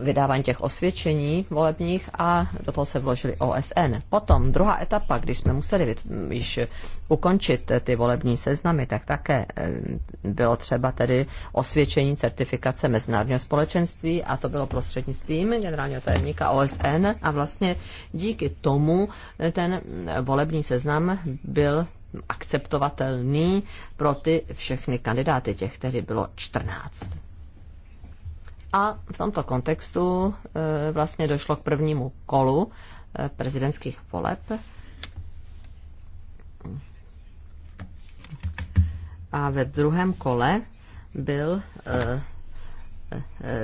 S1: vydávání těch osvědčení volebních a do toho se vložili OSN. Potom druhá etapa, když jsme museli již ukončit ty volební seznamy, tak také eh, bylo třeba tedy osvědčení certifikace mezinárodního společenství a to bylo prostřednictvím generálního tajemníka OSN a vlastně díky tomu eh, ten eh, volební seznam byl akceptovatelný pro ty všechny kandidáty, těch, kteří bylo 14. A v tomto kontextu e, vlastně došlo k prvnímu kolu e, prezidentských voleb. A ve druhém kole byl e,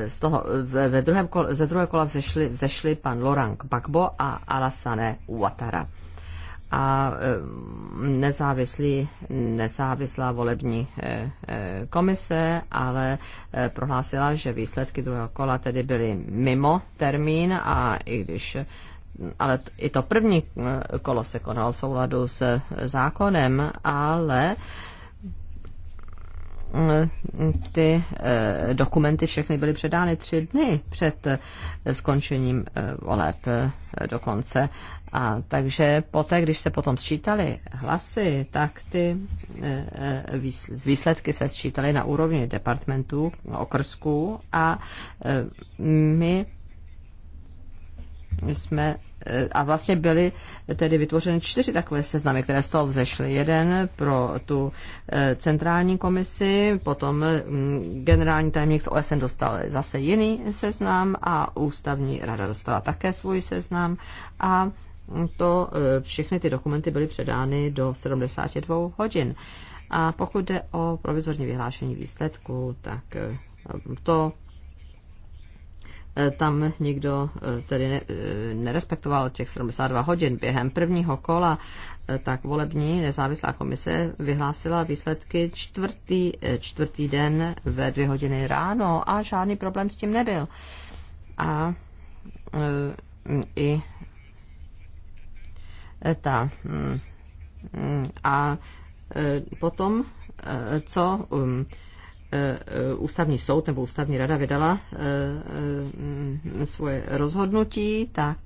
S1: z toho, ve druhém kole, ze druhého kola vzešli, vzešli pan Lorang Bagbo a Alassane Ouattara a e, nezávislý, nezávislá volební e, e, komise, ale prohlásila, že výsledky druhého kola tedy byly mimo termín a i když ale i to první kolo se konalo v souladu s zákonem, ale eh, ty eh, dokumenty všechny byly předány tři dny před eh, skončením eh, voleb dokonce. A takže poté, když se potom sčítali hlasy, tak ty výsledky se sčítaly na úrovni departmentů, okrsků a my jsme a vlastně byly tedy vytvořeny čtyři takové seznamy, které z toho vzešly. Jeden pro tu eh, centrální komisi, potom mm, generální tajemník z OSN dostal zase jiný seznam a ústavní rada dostala také svůj seznam a to eh, všechny ty dokumenty byly předány do 72 hodin. A pokud jde o provizorní vyhlášení výsledků, tak eh, to Eh, tam nikdo eh, tedy eh, nerespektoval těch 72 hodin. Během prvního kola tak volební nezávislá komise vyhlásila výsledky čtvrtý, čtvrtý den ve dvě hodiny ráno a žádný problém s tím nebyl. A i ta hm, hm, a potom co hm, Eh, ústavní soud nebo ústavní rada vydala eh, eh, svoje rozhodnutí, tak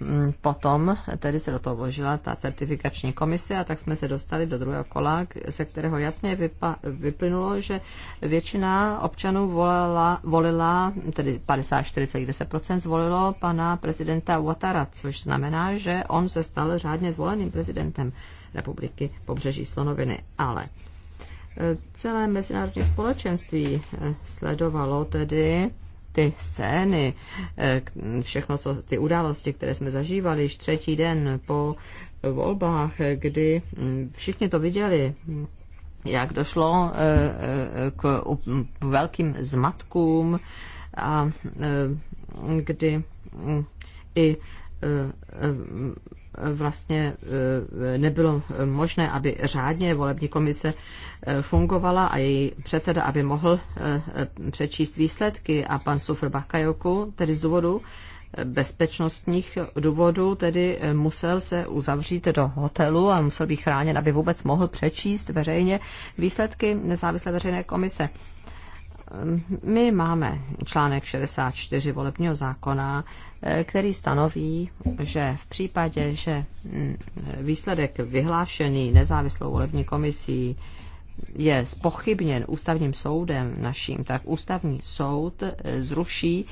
S1: mm, potom tedy se do toho vložila ta certifikační komise a tak jsme se dostali do druhého kola, ze kterého jasně vypa- vyplynulo, že většina občanů volila, volila tedy 54,10% zvolilo pana prezidenta Watara, což znamená, že on se stal řádně zvoleným prezidentem republiky Pobřeží Slonoviny. Ale Celé mezinárodní společenství eh, sledovalo tedy ty scény, eh, všechno, co ty události, které jsme zažívali již třetí den po volbách, kdy mm, všichni to viděli, jak došlo eh, k velkým zmatkům a kdy mm, i vlastně e, nebylo možné, aby řádně volební komise e, fungovala a její předseda, aby mohl e, přečíst výsledky a pan Sufr Bakajoku, tedy z důvodu bezpečnostních důvodů, tedy musel se uzavřít do hotelu a musel být chráněn, aby vůbec mohl přečíst veřejně výsledky nezávislé veřejné komise my máme článek 64 volebního zákona, eh, který stanoví, že v případě, že mm, výsledek vyhlášený nezávislou volební komisí je spochybněn ústavním soudem naším, tak ústavní soud eh, zruší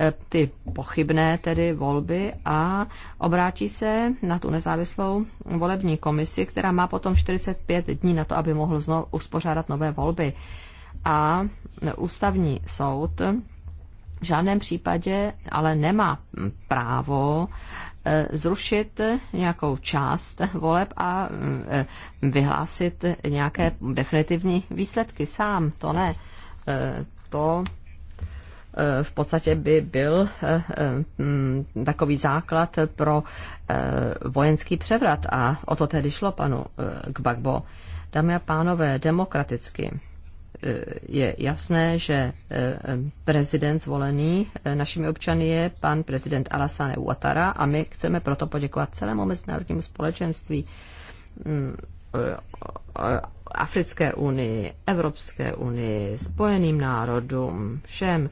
S1: eh, ty pochybné tedy volby a obrátí se na tu nezávislou volební komisi, která má potom 45 dní na to, aby mohl znovu uspořádat nové volby. A ústavní soud v žádném případě ale nemá právo eh, zrušit nějakou část voleb a eh, vyhlásit nějaké definitivní výsledky sám. To ne. Eh, to v podstatě by byl takový základ pro vojenský převrat a o to tedy šlo panu Gbagbo. Dámy a pánové, demokraticky je jasné, že eh, prezident zvolený eh, našimi občany je pan prezident Alassane Ouattara a my chceme proto poděkovat celému mezinárodnímu společenství mm, Eh, Africké unii, Evropské unii, Spojeným národům, všem,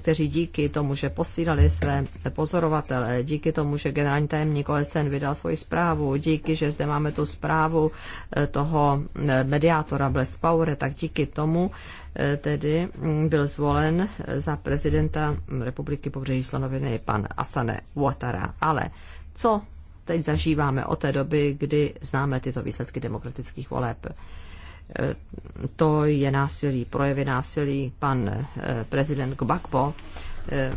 S1: kteří díky tomu, že posílali své pozorovatele, díky tomu, že generální tajemník OSN vydal svoji zprávu, díky, že zde máme tu zprávu eh, toho eh, mediátora Bless Power, tak díky tomu tedy mm, byl zvolen za prezidenta Republiky Pobřeží Slonoviny pan Asane Ouattara. Ale co teď zažíváme od té doby, kdy známe tyto výsledky demokratických voleb. E, to je násilí, projevy násilí. Pan e, prezident Gbagbo e,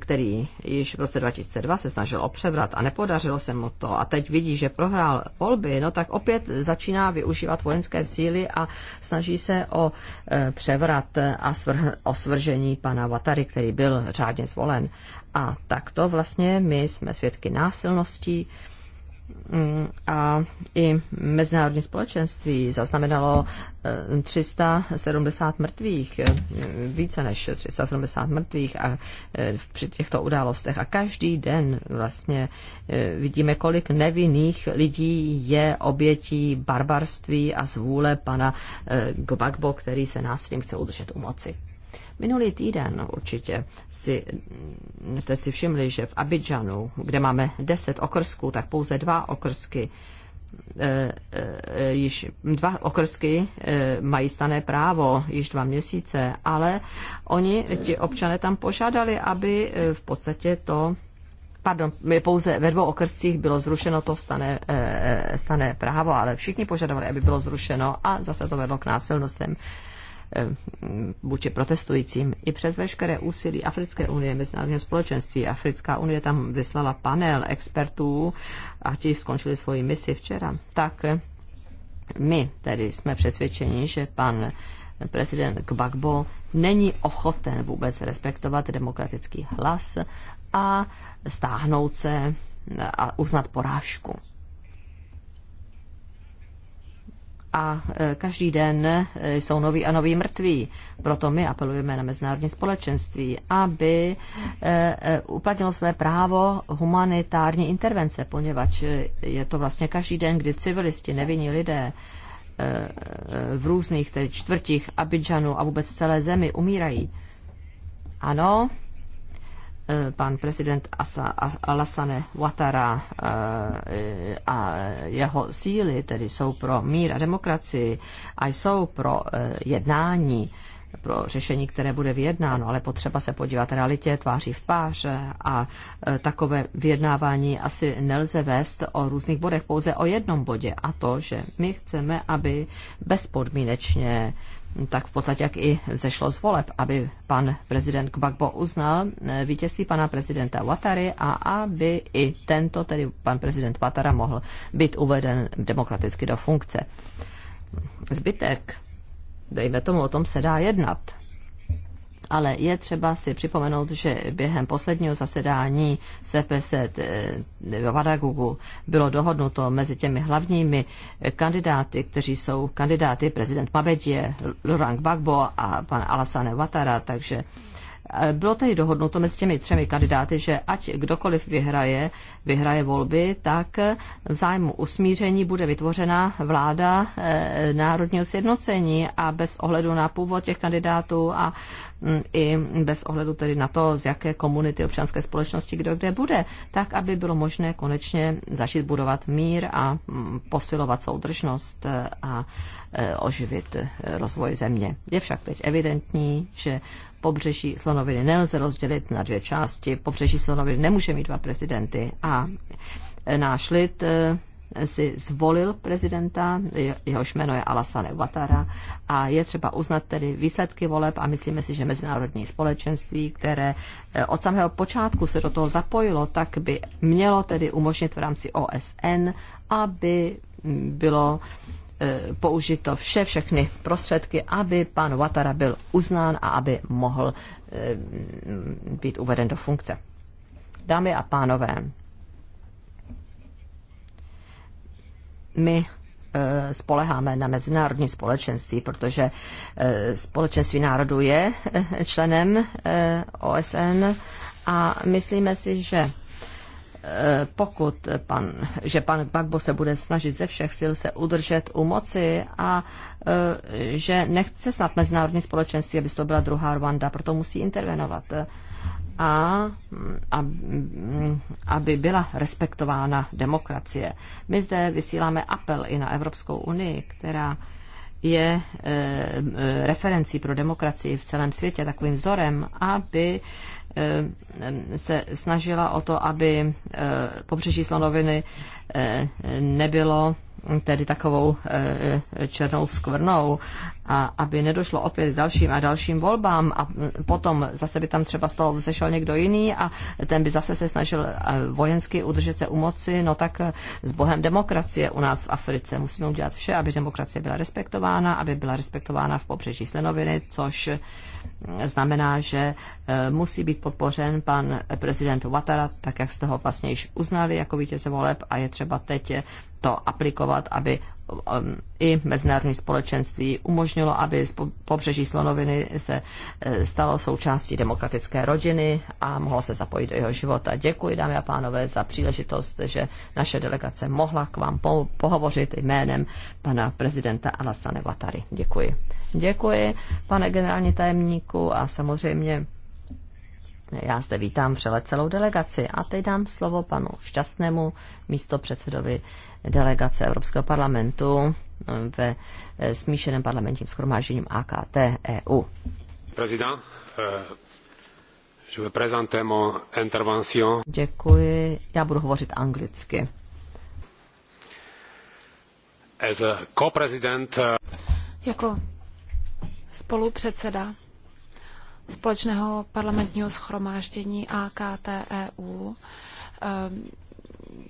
S1: který již v roce 2002 se snažil o převrat a nepodařilo se mu to a teď vidí, že prohrál volby, no tak opět začíná využívat vojenské síly a snaží se o převrat a svr- o svržení pana Vatary, který byl řádně zvolen. A takto vlastně my jsme svědky násilností mm, a i mezinárodní společenství zaznamenalo 370 eh, mrtvých, eh, více než 370 mrtvých a eh, při těchto událostech. A každý den vlastně vidíme, kolik nevinných lidí je obětí barbarství a zvůle pana Gbagbo, který se násilím chce udržet u moci. Minulý týden určitě si, jste si všimli, že v Abidžanu, kde máme 10 okrsků, tak pouze dva okrsky E, e, již dva okrsky e, mají stané právo již dva měsíce, ale oni, ti občané tam požádali, aby v podstatě to Pardon, pouze ve dvou okrscích bylo zrušeno to stané, stané právo, ale všichni požadovali, aby bylo zrušeno a zase to vedlo k násilnostem. Eh, vůči protestujícím. I přes veškeré úsilí Africké unie, Mezinárodního společenství, Africká unie tam vyslala panel expertů a ti skončili svoji misi včera, tak eh, my tedy jsme přesvědčeni, že pan prezident Gbagbo není ochoten vůbec respektovat demokratický hlas a stáhnout se a uznat porážku. a e, každý den e, jsou noví a noví mrtví. Proto my apelujeme na mezinárodní společenství, aby e, uplatnilo své právo humanitární intervence, poněvadž je to vlastně každý den, kdy civilisti, nevinní lidé v různých tedy čtvrtích Abidžanu a vůbec v celé zemi umírají. Ano, Eh, pan prezident Alassane Ouattara eh, a jeho síly, tedy jsou pro mír a demokracii a jsou pro eh, jednání, pro řešení, které bude vyjednáno, ale potřeba se podívat realitě tváří v tvář a takové vyjednávání asi nelze vést o různých bodech, pouze o jednom bodě a to, že my chceme, aby bezpodmínečně tak v podstatě jak i zešlo z voleb, aby pan prezident Kbagbo uznal eh, vítězství pana prezidenta Watary a aby i tento, tedy pan prezident Watara, mohl být uveden demokraticky do funkce. Zbytek, dejme tomu, o tom se dá jednat ale je třeba si připomenout, že během posledního zasedání CPS eh, v Vadagugu bylo dohodnuto mezi těmi hlavními kandidáty, kteří jsou kandidáty prezident Mabedě, Laurent Gbagbo a pan Alassane Watara, takže bylo tedy dohodnuto mezi těmi třemi kandidáty, že ať kdokoliv vyhraje, vyhraje volby, tak v zájmu usmíření bude vytvořena vláda eh, národního sjednocení a bez ohledu na původ těch kandidátů a mm, i bez ohledu tedy na to, z jaké komunity občanské společnosti kdo kde bude, tak aby bylo možné konečně začít budovat mír a mm, posilovat soudržnost eh, a eh, oživit rozvoj země. Je však teď evidentní, že pobřeží slonoviny nelze rozdělit na dvě části. Pobřeží slonoviny nemůže mít dva prezidenty a náš lid eh, si zvolil prezidenta, jehož jméno je Alassane Ouattara a je třeba uznat tedy výsledky voleb a myslíme si, že mezinárodní společenství, které eh, od samého počátku se do toho zapojilo, tak by mělo tedy umožnit v rámci OSN, aby mm, bylo E, použito vše, všechny prostředky, aby pan Watara byl uznán a aby mohl e, být uveden do funkce. Dámy a pánové, my e, spoleháme na mezinárodní společenství, protože společenství národů je členem OSN a myslíme si, že Eh, pokud pan, že pan Bagbo se bude snažit ze všech sil se udržet u moci a eh, že nechce snad mezinárodní společenství, aby to byla druhá Rwanda, proto musí intervenovat a aby byla respektována demokracie. My zde vysíláme apel i na Evropskou unii, která je e, referencí pro demokracii v celém světě, takovým vzorem, aby Eh, se snažila o to, aby eh, pobřeží slonoviny eh, nebylo tedy takovou černou skvrnou a aby nedošlo opět dalším a dalším volbám a potom zase by tam třeba z toho vzešel někdo jiný a ten by zase se snažil vojensky udržet se u moci, no tak s bohem demokracie u nás v Africe musíme udělat vše, aby demokracie byla respektována, aby byla respektována v pobřeží Slenoviny, což znamená, že Eh, musí být podpořen pan prezident Watara, tak jak jste ho vlastně již uznali jako vítěze voleb a je třeba teď to aplikovat, aby um, i mezinárodní společenství umožnilo, aby z pobřeží Slonoviny se eh, stalo součástí demokratické rodiny a mohlo se zapojit do jeho života. Děkuji, dámy a pánové, za příležitost, že naše delegace mohla k vám po- pohovořit jménem pana prezidenta Alassane Vatary. Děkuji. Děkuji, pane generální tajemníku, a samozřejmě já zde vítám přele celou delegaci a teď dám slovo panu Šťastnému, místo předsedovi delegace Evropského parlamentu eh, ve eh, smíšeném parlamentním schromážením AKT EU.
S2: Prezident, eh, je prezentez mon intervention.
S1: Děkuji, já budu hovořit anglicky.
S2: As a co-president...
S1: Jako
S4: spolupředseda společného parlamentního schromáždění AKTEU. Ehm,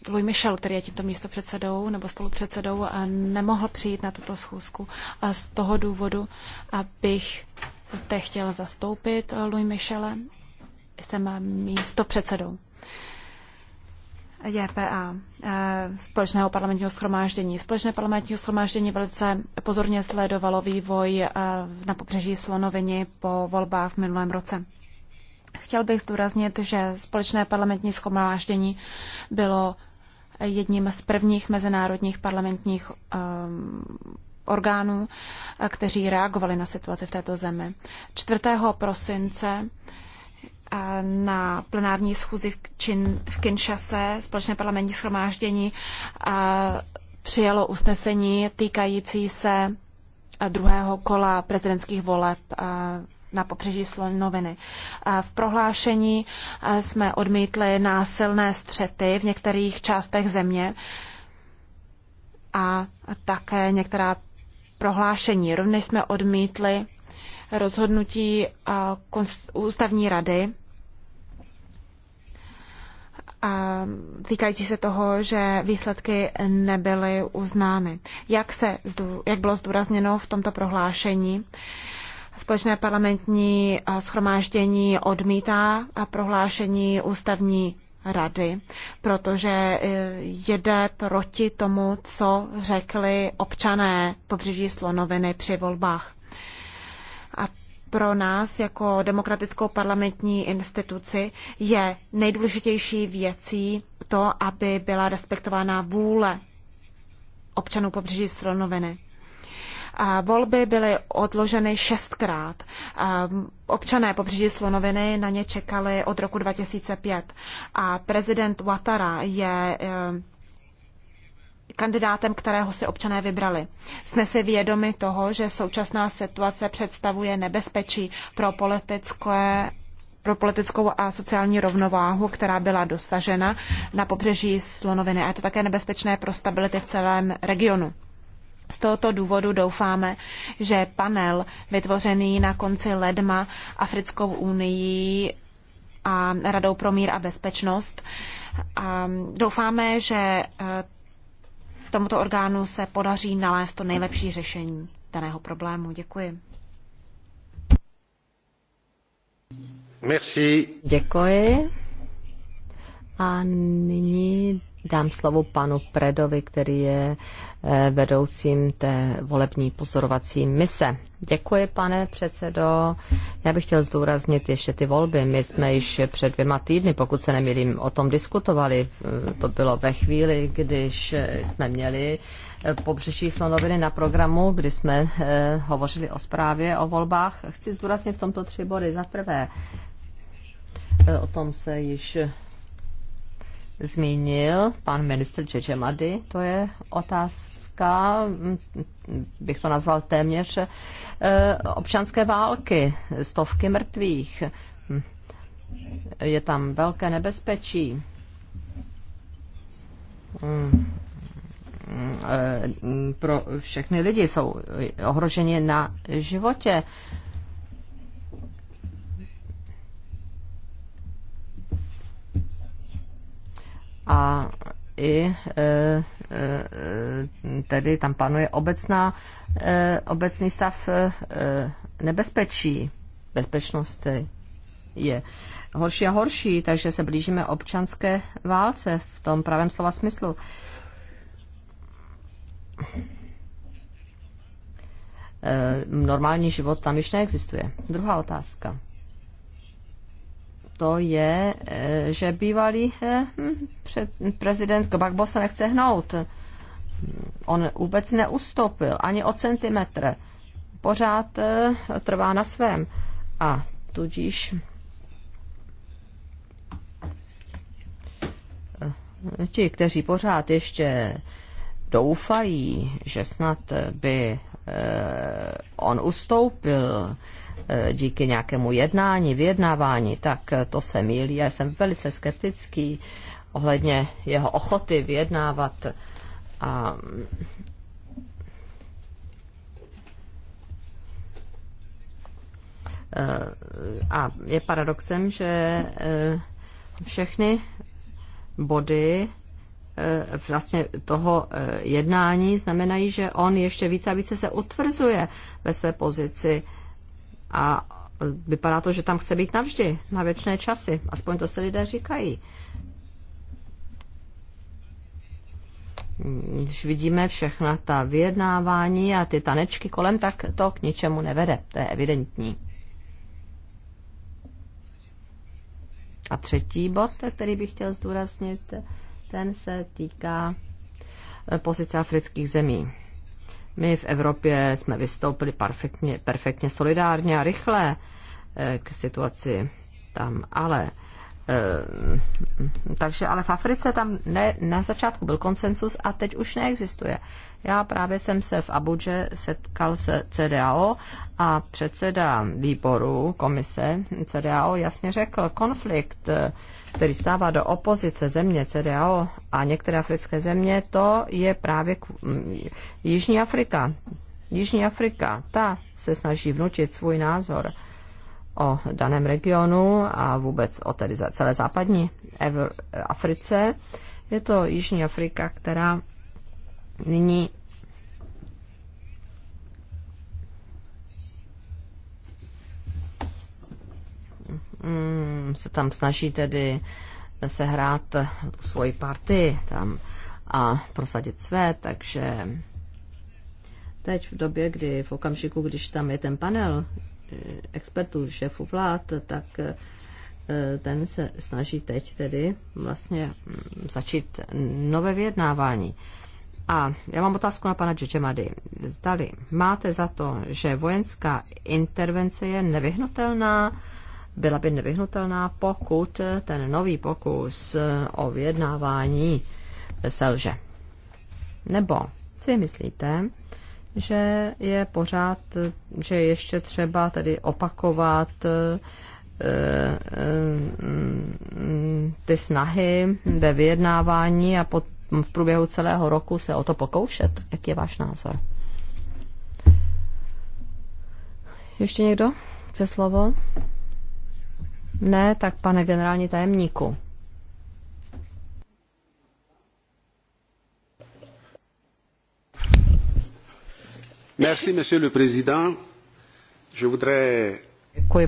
S4: Louis Michel, který je tímto místopředsedou nebo spolupředsedou, eh, nemohl přijít na tuto schůzku a z toho důvodu, abych zde chtěl zastoupit eh, Louis Michele, jsem místopředsedou. předsedou. JPA, eh, Společného parlamentního schromáždění. Společné parlamentního schromáždění velice pozorně sledovalo vývoj eh, na pobřeží Slonoviny po volbách v minulém roce. Chtěl bych zdůraznit, že Společné parlamentní schromáždění bylo jedním z prvních mezinárodních parlamentních um, orgánů, kteří reagovali na situaci v této zemi. 4. prosince na plenární schůzi v, Čin, v Kinshase, společné parlamentní schromáždění, přijalo usnesení týkající se druhého kola prezidentských voleb na pobřeží Slonoviny. V prohlášení jsme odmítli násilné střety v některých částech země a také některá prohlášení. Rovněž jsme odmítli rozhodnutí ústavní rady týkající se toho, že výsledky nebyly uznány. Jak, se, jak bylo zdůrazněno v tomto prohlášení, Společné parlamentní schromáždění odmítá prohlášení ústavní rady, protože e, jede proti tomu, co řekli občané pobřeží Slonoviny při volbách. A pro nás jako demokratickou parlamentní instituci je nejdůležitější věcí to, aby byla respektována vůle občanů pobřeží Sronoviny. A volby byly odloženy šestkrát. A občané pobřeží Slonoviny na ně čekali od roku 2005 a prezident Ouattara je eh, kandidátem, kterého si občané vybrali. Jsme si vědomi toho, že současná situace představuje nebezpečí pro politické pro politickou a sociální rovnováhu, která byla dosažena na pobřeží Slonoviny. A je to také nebezpečné pro stability v celém regionu. Z tohoto důvodu doufáme, že panel vytvořený na konci ledma Africkou unii a Radou pro mír a bezpečnost. A doufáme, že eh, tomuto orgánu se podaří nalézt to nejlepší řešení daného problému.
S1: Děkuji.
S2: Merci.
S1: Děkuji. A nyní dám slovo panu Predovi, který je eh, vedoucím té volební pozorovací mise. Děkuji, pane předsedo. Já bych chtěl zdůraznit ještě ty volby. My jsme již před dvěma týdny, pokud se nemýlím, o tom diskutovali. Eh, to bylo ve chvíli, když eh, jsme měli pobřeží slonoviny na programu, kdy jsme hovořili o zprávě o volbách. Chci zdůraznit v tomto tři body. Za prvé, o tom se již zmínil pan ministr Čečemady, to je otázka, hm, bych to nazval téměř eh, občanské války, stovky mrtvých. Hm, je tam velké nebezpečí hm, eh, pro všechny lidi, jsou ohroženi na životě a i e, e, e, tedy tam panuje obecná, obecný stav nebezpečí. bezpečnosti je horší a horší, takže se blížíme občanské válce v tom pravém slova smyslu. Normální život tam již neexistuje. Druhá otázka to je, eh, že bývalý eh, hm, prezident Gbagbo se nechce hnout. On vůbec neustoupil ani o centimetr. Pořád eh, trvá na svém. A tudíž ti, kteří pořád ještě doufají, že snad by Eh, on ustoupil eh, díky nějakému jednání, vyjednávání, tak eh, to se mílí. Já jsem velice skeptický ohledně jeho ochoty vyjednávat a A je paradoxem, že všechny body Eh, vlastně toho eh, jednání znamenají, že on ještě více a více se utvrzuje ve své pozici a vypadá to, že tam chce být navždy, na věčné časy. Aspoň to se lidé říkají. Když vidíme všechna ta vyjednávání a ty tanečky kolem, tak to k ničemu nevede. To je evidentní. A třetí bod, který bych chtěl zdůraznit, ten se týká eh, pozice afrických zemí. My v Evropě jsme vystoupili perfektně, perfektně solidárně a rychle eh, k situaci tam, ale Eh, takže ale v Africe tam ne, na začátku byl konsensus a teď už neexistuje. Já právě jsem se v Abuže setkal se CDAO a předseda výboru komise CDAO jasně řekl, konflikt, eh, který stává do opozice země CDAO a některé africké země, to je právě Jižní Afrika. Jižní Afrika, ta se snaží vnutit svůj názor o daném regionu a vůbec o tedy celé západní Ev- Africe. Je to Jižní Afrika, která nyní mm, se tam snaží tedy sehrát svoji partii tam a prosadit své, takže teď v době, kdy v okamžiku, když tam je ten panel, expertů, šéfů vlád, tak eh, ten se snaží teď tedy vlastně mm, začít nové vyjednávání. A já mám otázku na pana Džemady. Zdali máte za to, že vojenská intervence je nevyhnutelná, byla by nevyhnutelná, pokud ten nový pokus eh, o vyjednávání eh, selže. Nebo si myslíte, že je pořád, že ještě třeba tedy opakovat eh, eh, ty snahy ve vyjednávání a pod, v průběhu celého roku se o to pokoušet. Jak je váš názor? Ještě někdo chce slovo? Ne, tak pane generální tajemníku. Je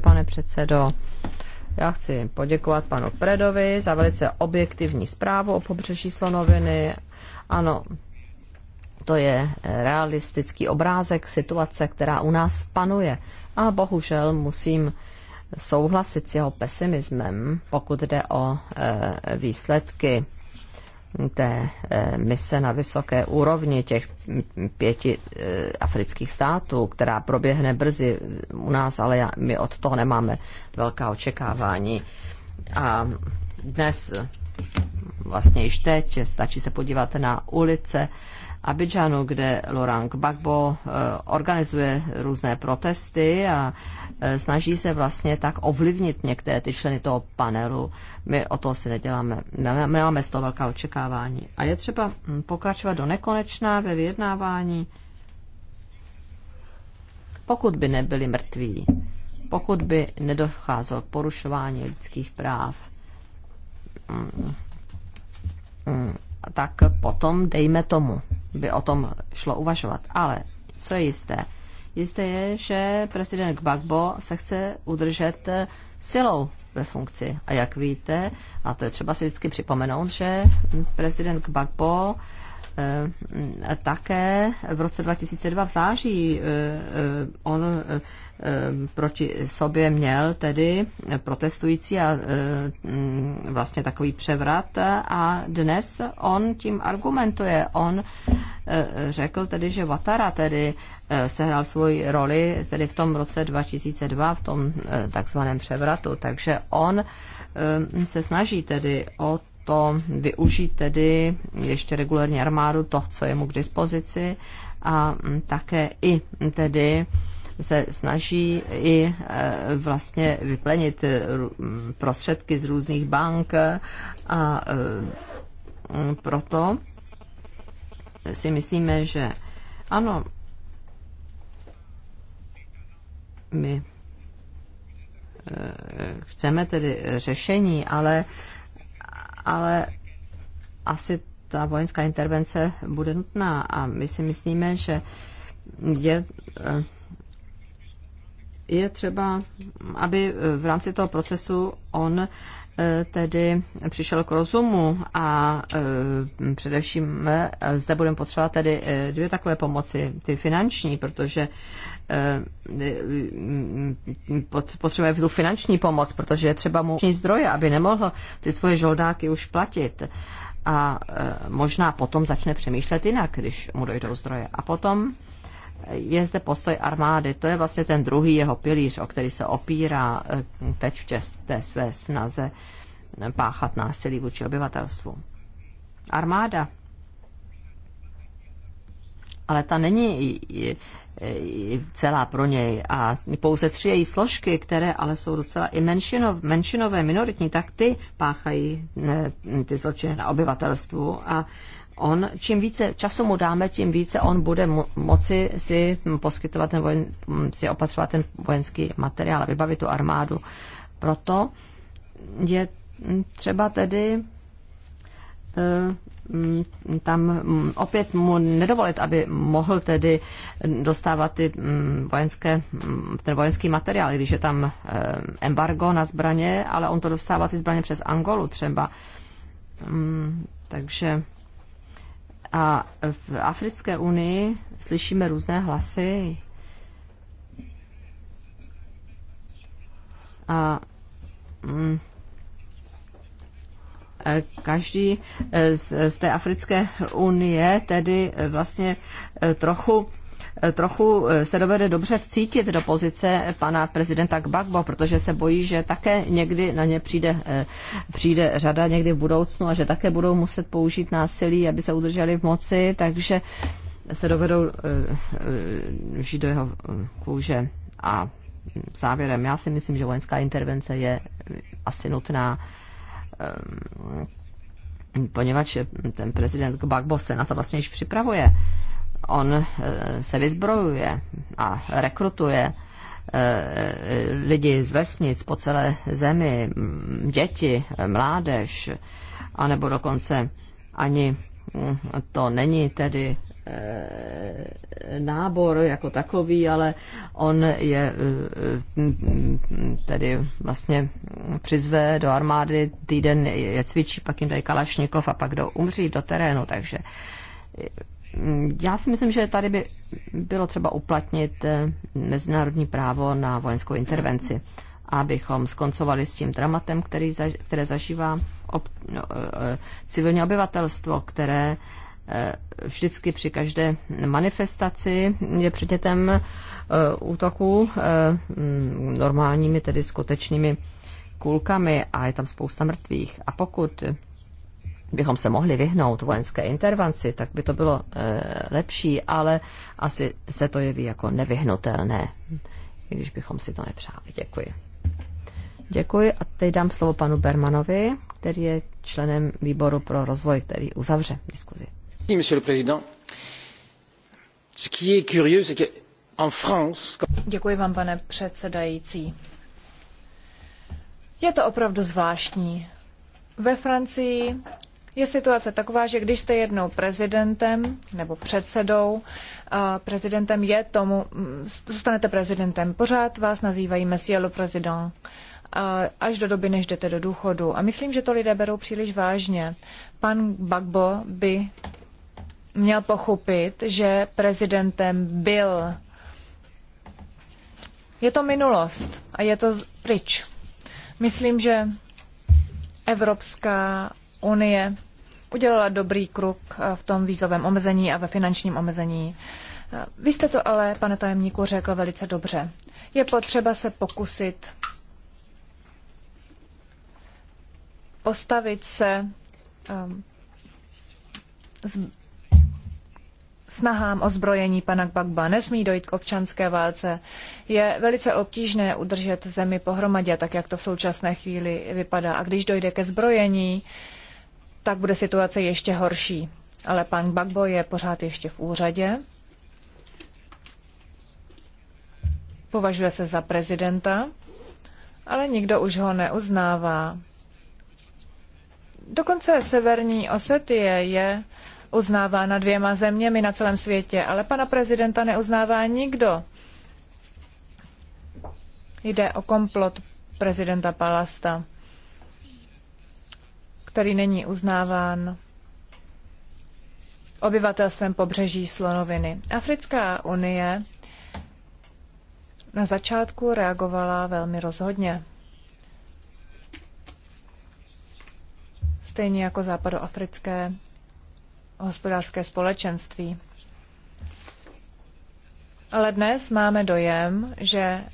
S1: pane předsedající Já chci poděkovat panu Predovi za velice objektivní zprávu o pobřeží Slonoviny. Ano, to je eh, realistický obrázek situace, která u nás panuje. A bohužel musím souhlasit s jeho pesimismem, pokud jde o e, výsledky té eh, mise na vysoké úrovni těch pěti eh, afrických států, která proběhne brzy u nás, ale my od toho nemáme velká očekávání. A dnes, vlastně již teď, stačí se podívat na ulice Abidžanu, kde Laurent Gbagbo eh, organizuje různé protesty a Eh, snaží se vlastně tak ovlivnit některé ty členy toho panelu. My o to si neděláme, Máme z toho velká očekávání. A je třeba hm, pokračovat do nekonečná ve vyjednávání, pokud by nebyli mrtví, pokud by nedocházelo k porušování lidských práv, mm, mm, tak potom, dejme tomu, by o tom šlo uvažovat. Ale co je jisté, Jisté je, že prezident Gbagbo se chce udržet silou ve funkci. A jak víte, a to je třeba si vždycky připomenout, že prezident Gbagbo eh, také v roce 2002 v září eh, eh, on Eh, proti sobě měl tedy protestující a eh, mm, vlastně takový převrat a dnes on tím argumentuje. On eh, řekl tedy, že Vatara tedy sehrál svoji roli tedy v tom roce 2002 v tom takzvaném převratu, takže on se snaží tedy o to využít tedy ještě regulární armádu, to, co je mu k dispozici a mm, také i tedy se snaží i e, vlastně vyplenit e, prostředky z různých bank a e, proto si myslíme, že ano, my chceme tedy řešení, ale, ale asi ta vojenská intervence bude nutná a my si myslíme, že je je třeba, aby v rámci toho procesu on eh, tedy přišel k rozumu a eh, především eh, zde budeme potřebovat tedy dvě takové pomoci, ty finanční, protože potřebuje tu finanční pomoc, protože je třeba mu zdroje, aby nemohl ty svoje žoldáky už platit a možná potom začne přemýšlet jinak, když mu dojdou zdroje. A potom je zde postoj armády. To je vlastně ten druhý jeho pilíř, o který se opírá eh, teď v té své snaze páchat násilí vůči obyvatelstvu. Armáda. Ale ta není celá pro něj a pouze tři její složky, které ale jsou docela i menšinov, menšinové, minoritní, tak ty páchají eh, ty zločiny na obyvatelstvu a on, čím více času mu dáme, tím více on bude mo- moci si poskytovat ten vojen, si opatřovat ten vojenský materiál a vybavit tu armádu. Proto je třeba tedy eh, mm, tam mm, opět mu nedovolit, aby mohl tedy dostávat ty mm, vojenské, ten vojenský materiál, když je tam eh, embargo na zbraně, ale on to dostává ty zbraně přes Angolu třeba. Takže a v Africké unii slyšíme různé hlasy. A mm, e, každý e, z, z té Africké unie tedy e, vlastně trochu Eh, trochu eh, se dovede dobře vcítit do pozice pana prezidenta Gbagbo, protože se bojí, že také někdy na ně přijde, eh, přijde řada někdy v budoucnu a že také budou muset použít násilí, aby se udrželi v moci, takže se dovedou žít do jeho kůže a závěrem, já si myslím, že vojenská intervence je asi nutná, ehm, poněvadž ten prezident Gbagbo se na to vlastně již připravuje on eh, se vyzbrojuje a rekrutuje eh, eh, lidi z vesnic po celé zemi, mm, děti, mládež, anebo dokonce ani mm, to není tedy nábor jako takový, ale on je mm, tedy vlastně přizve do armády, týden je cvičí, pak jim dají kalašnikov a pak do, umří do terénu, takže já si myslím, že tady by bylo třeba uplatnit eh, mezinárodní právo na vojenskou intervenci, abychom skoncovali s tím dramatem, který, které zažívá ob, no, eh, eh, civilní obyvatelstvo, které vždycky při každé manifestaci je předmětem útoku mm, normálními, tedy skutečnými kulkami a je tam spousta mrtvých. A pokud bychom se mohli vyhnout vojenské intervenci, tak by to bylo e, lepší, ale asi se to jeví jako nevyhnutelné, i když bychom si to nepřáli. Děkuji. Děkuji a teď dám slovo panu Bermanovi, který je členem výboru pro rozvoj, který uzavře diskuzi.
S3: Děkuji vám, pane předsedající. Je to opravdu zvláštní. Ve Francii je situace taková, že když jste jednou prezidentem nebo předsedou, prezidentem je tomu, mm, zůstanete prezidentem, pořád vás nazývají monsieur le président až do doby, než jdete do důchodu. A myslím, že to lidé berou příliš vážně. Pan Bagbo by měl pochopit, že prezidentem byl. Je to minulost a je to pryč. Myslím, že Evropská unie udělala dobrý krok eh, v tom vízovém omezení a ve finančním omezení. Eh, vy jste to ale, pane tajemníku, řekl velice dobře. Je potřeba se pokusit postavit se ehm, z, snahám o zbrojení pana Gbagba. Nesmí dojít k občanské válce. Je velice obtížné udržet zemi pohromadě, tak jak to v současné chvíli vypadá. A když dojde ke zbrojení, uh, tak bude situace ještě horší. Ale pan Bagbo je pořád ještě v úřadě. Považuje se za prezidenta, ale nikdo už ho neuznává. Dokonce severní Osetie je uznávána dvěma zeměmi na celém světě, ale pana prezidenta neuznává nikdo. Jde o komplot prezidenta Palasta který není uznáván obyvatelstvem pobřeží slonoviny. Africká unie na začátku reagovala velmi rozhodně. Stejně jako západoafrické hospodářské společenství. Ale dnes máme dojem, že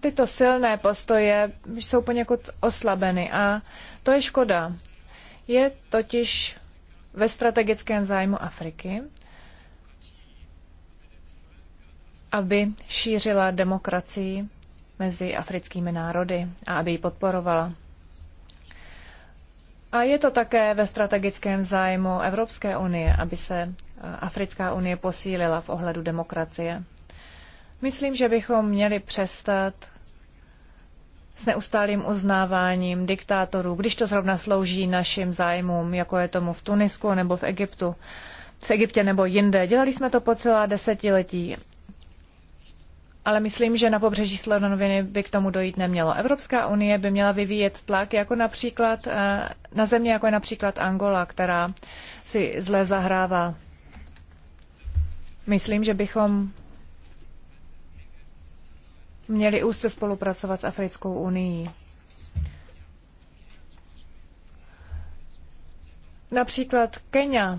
S3: tyto silné postoje jsou poněkud oslabeny a to je škoda. Je totiž ve strategickém zájmu Afriky, aby šířila demokracii mezi africkými národy a aby ji podporovala. A je to také ve strategickém zájmu Evropské unie, aby se eh, Africká unie posílila v ohledu demokracie. Myslím, že bychom měli přestat s neustálým uznáváním diktátorů, když to zrovna slouží našim zájmům, jako je tomu v Tunisku nebo v Egyptu, v Egyptě nebo jinde. Dělali jsme to po celá desetiletí. Ale myslím, že na pobřeží Slovenoviny by k tomu dojít nemělo. Evropská unie by měla vyvíjet tlak jako například eh, na země, jako je například Angola, která si zle zahrává. Myslím, že bychom měli úzce spolupracovat s Africkou unii. Například Kenya.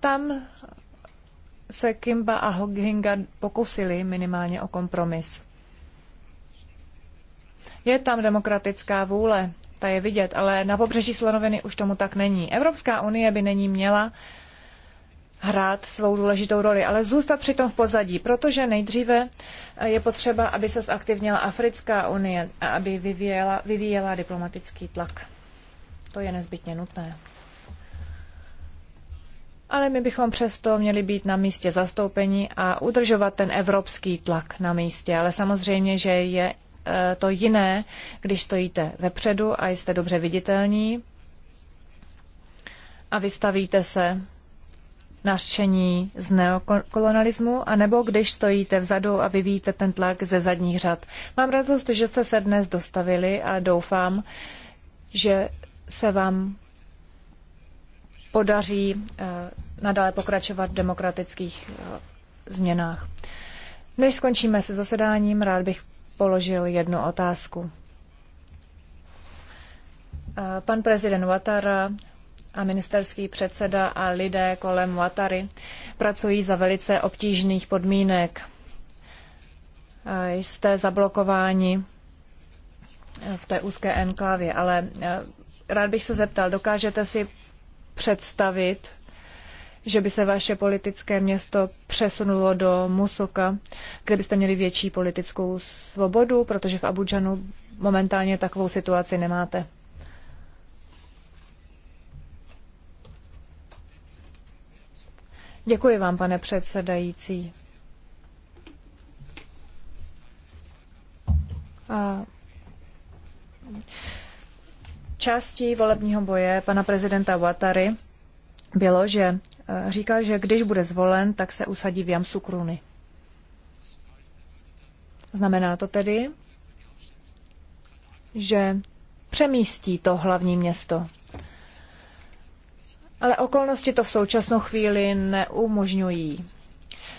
S3: Tam se Kimba a Hoginga pokusili minimálně o kompromis. Je tam demokratická vůle, ta je vidět, ale na pobřeží slonoviny už tomu tak není. Evropská unie by není měla uh, hrát svou důležitou roli, ale zůstat přitom v pozadí, protože nejdříve eh, je potřeba, aby se zaktivnila Africká unie a aby vyvíjela, vyvíjela diplomatický tlak. To je nezbytně nutné. Ale my bychom přesto měli být na místě zastoupení a udržovat ten evropský tlak na místě. Ale samozřejmě, že je eh, to jiné, když stojíte vepředu a jste dobře viditelní a vystavíte se nařčení z neokolonialismu, anebo když stojíte vzadu a vyvíjíte ten tlak ze zadních řad. Mám radost, že jste se dnes dostavili a doufám, že se vám podaří eh, nadále pokračovat v demokratických eh, změnách. Než skončíme se zasedáním, rád bych položil jednu otázku. Eh, pan prezident Watara a ministerský předseda a lidé kolem Watary pracují za velice obtížných podmínek. Eh, jste zablokováni eh, v té úzké enklávě, ale eh, rád bych se zeptal, dokážete si představit, že by se vaše politické město přesunulo do Musoka, kde byste měli větší politickou svobodu, protože v Abudžanu momentálně takovou situaci nemáte. Děkuji vám, pane předsedající. A částí volebního boje pana prezidenta Ouattary bylo, že e, říkal, že když bude zvolen, tak se usadí v Jamsukruny. Znamená to tedy, že přemístí to hlavní město ale okolnosti to v současnou chvíli neumožňují.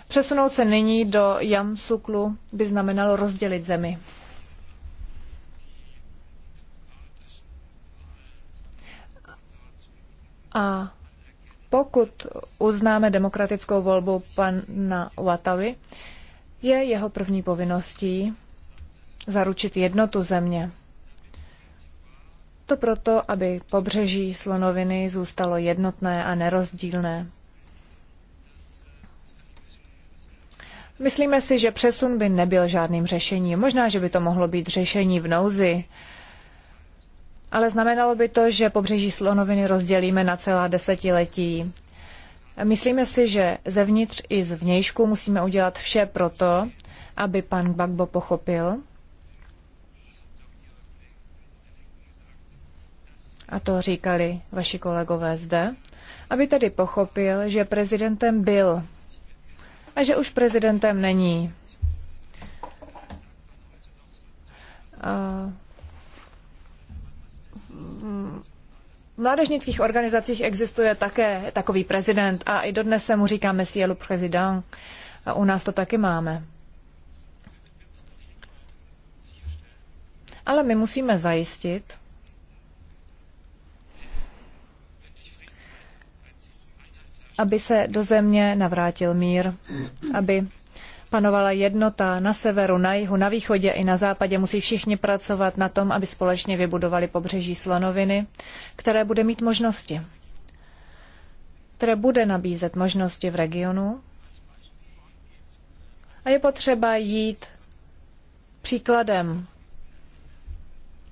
S3: Přesunout se nyní do Jamsuklu by znamenalo rozdělit zemi. A pokud uznáme demokratickou volbu pana Watawi, je jeho první povinností zaručit jednotu země. To proto, aby pobřeží slonoviny zůstalo jednotné a nerozdílné. Myslíme si, že přesun by nebyl žádným řešením. Možná, že by to mohlo být řešení v nouzi, ale znamenalo by to, že pobřeží slonoviny rozdělíme na celá desetiletí. Myslíme si, že zevnitř i zvnějšku musíme udělat vše proto, aby pan Gbagbo pochopil, a to říkali vaši kolegové zde, aby tedy pochopil, že prezidentem byl a že už prezidentem není. A v mládežnických organizacích existuje také takový prezident a i dodnes se mu říká Monsieur le Président. A u nás to taky máme. Ale my musíme zajistit, aby se do země navrátil mír, aby panovala jednota na severu, na jihu, na východě i na západě. Musí všichni pracovat na tom, aby společně vybudovali pobřeží slonoviny, které bude mít možnosti. Které bude nabízet možnosti v regionu. A je potřeba jít příkladem.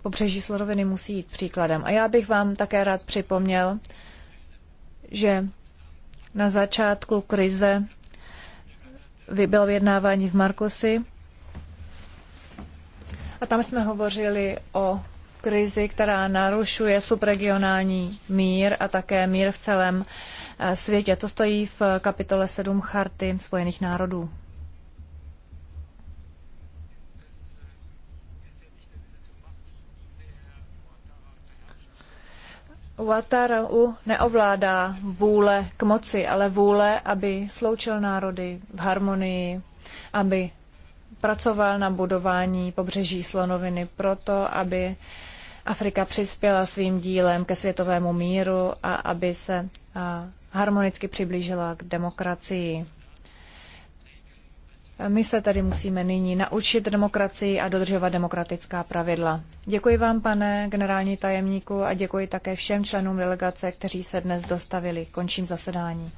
S3: Pobřeží slonoviny musí jít příkladem. A já bych vám také rád připomněl, že na začátku krize bylo vyjednávání v Markosi a tam jsme hovořili o krizi, která narušuje subregionální mír a také mír v celém eh, světě. To stojí v kapitole 7 Charty Spojených národů. u neovládá vůle k moci, ale vůle, aby sloučil národy v harmonii, aby pracoval na budování pobřeží slonoviny proto, aby Afrika přispěla svým dílem ke světovému míru a aby se harmonicky přiblížila k demokracii. My se tady musíme nyní naučit demokracii a dodržovat demokratická pravidla. Děkuji vám, pane generální tajemníku, a děkuji také všem členům delegace, kteří se dnes dostavili. Končím zasedání.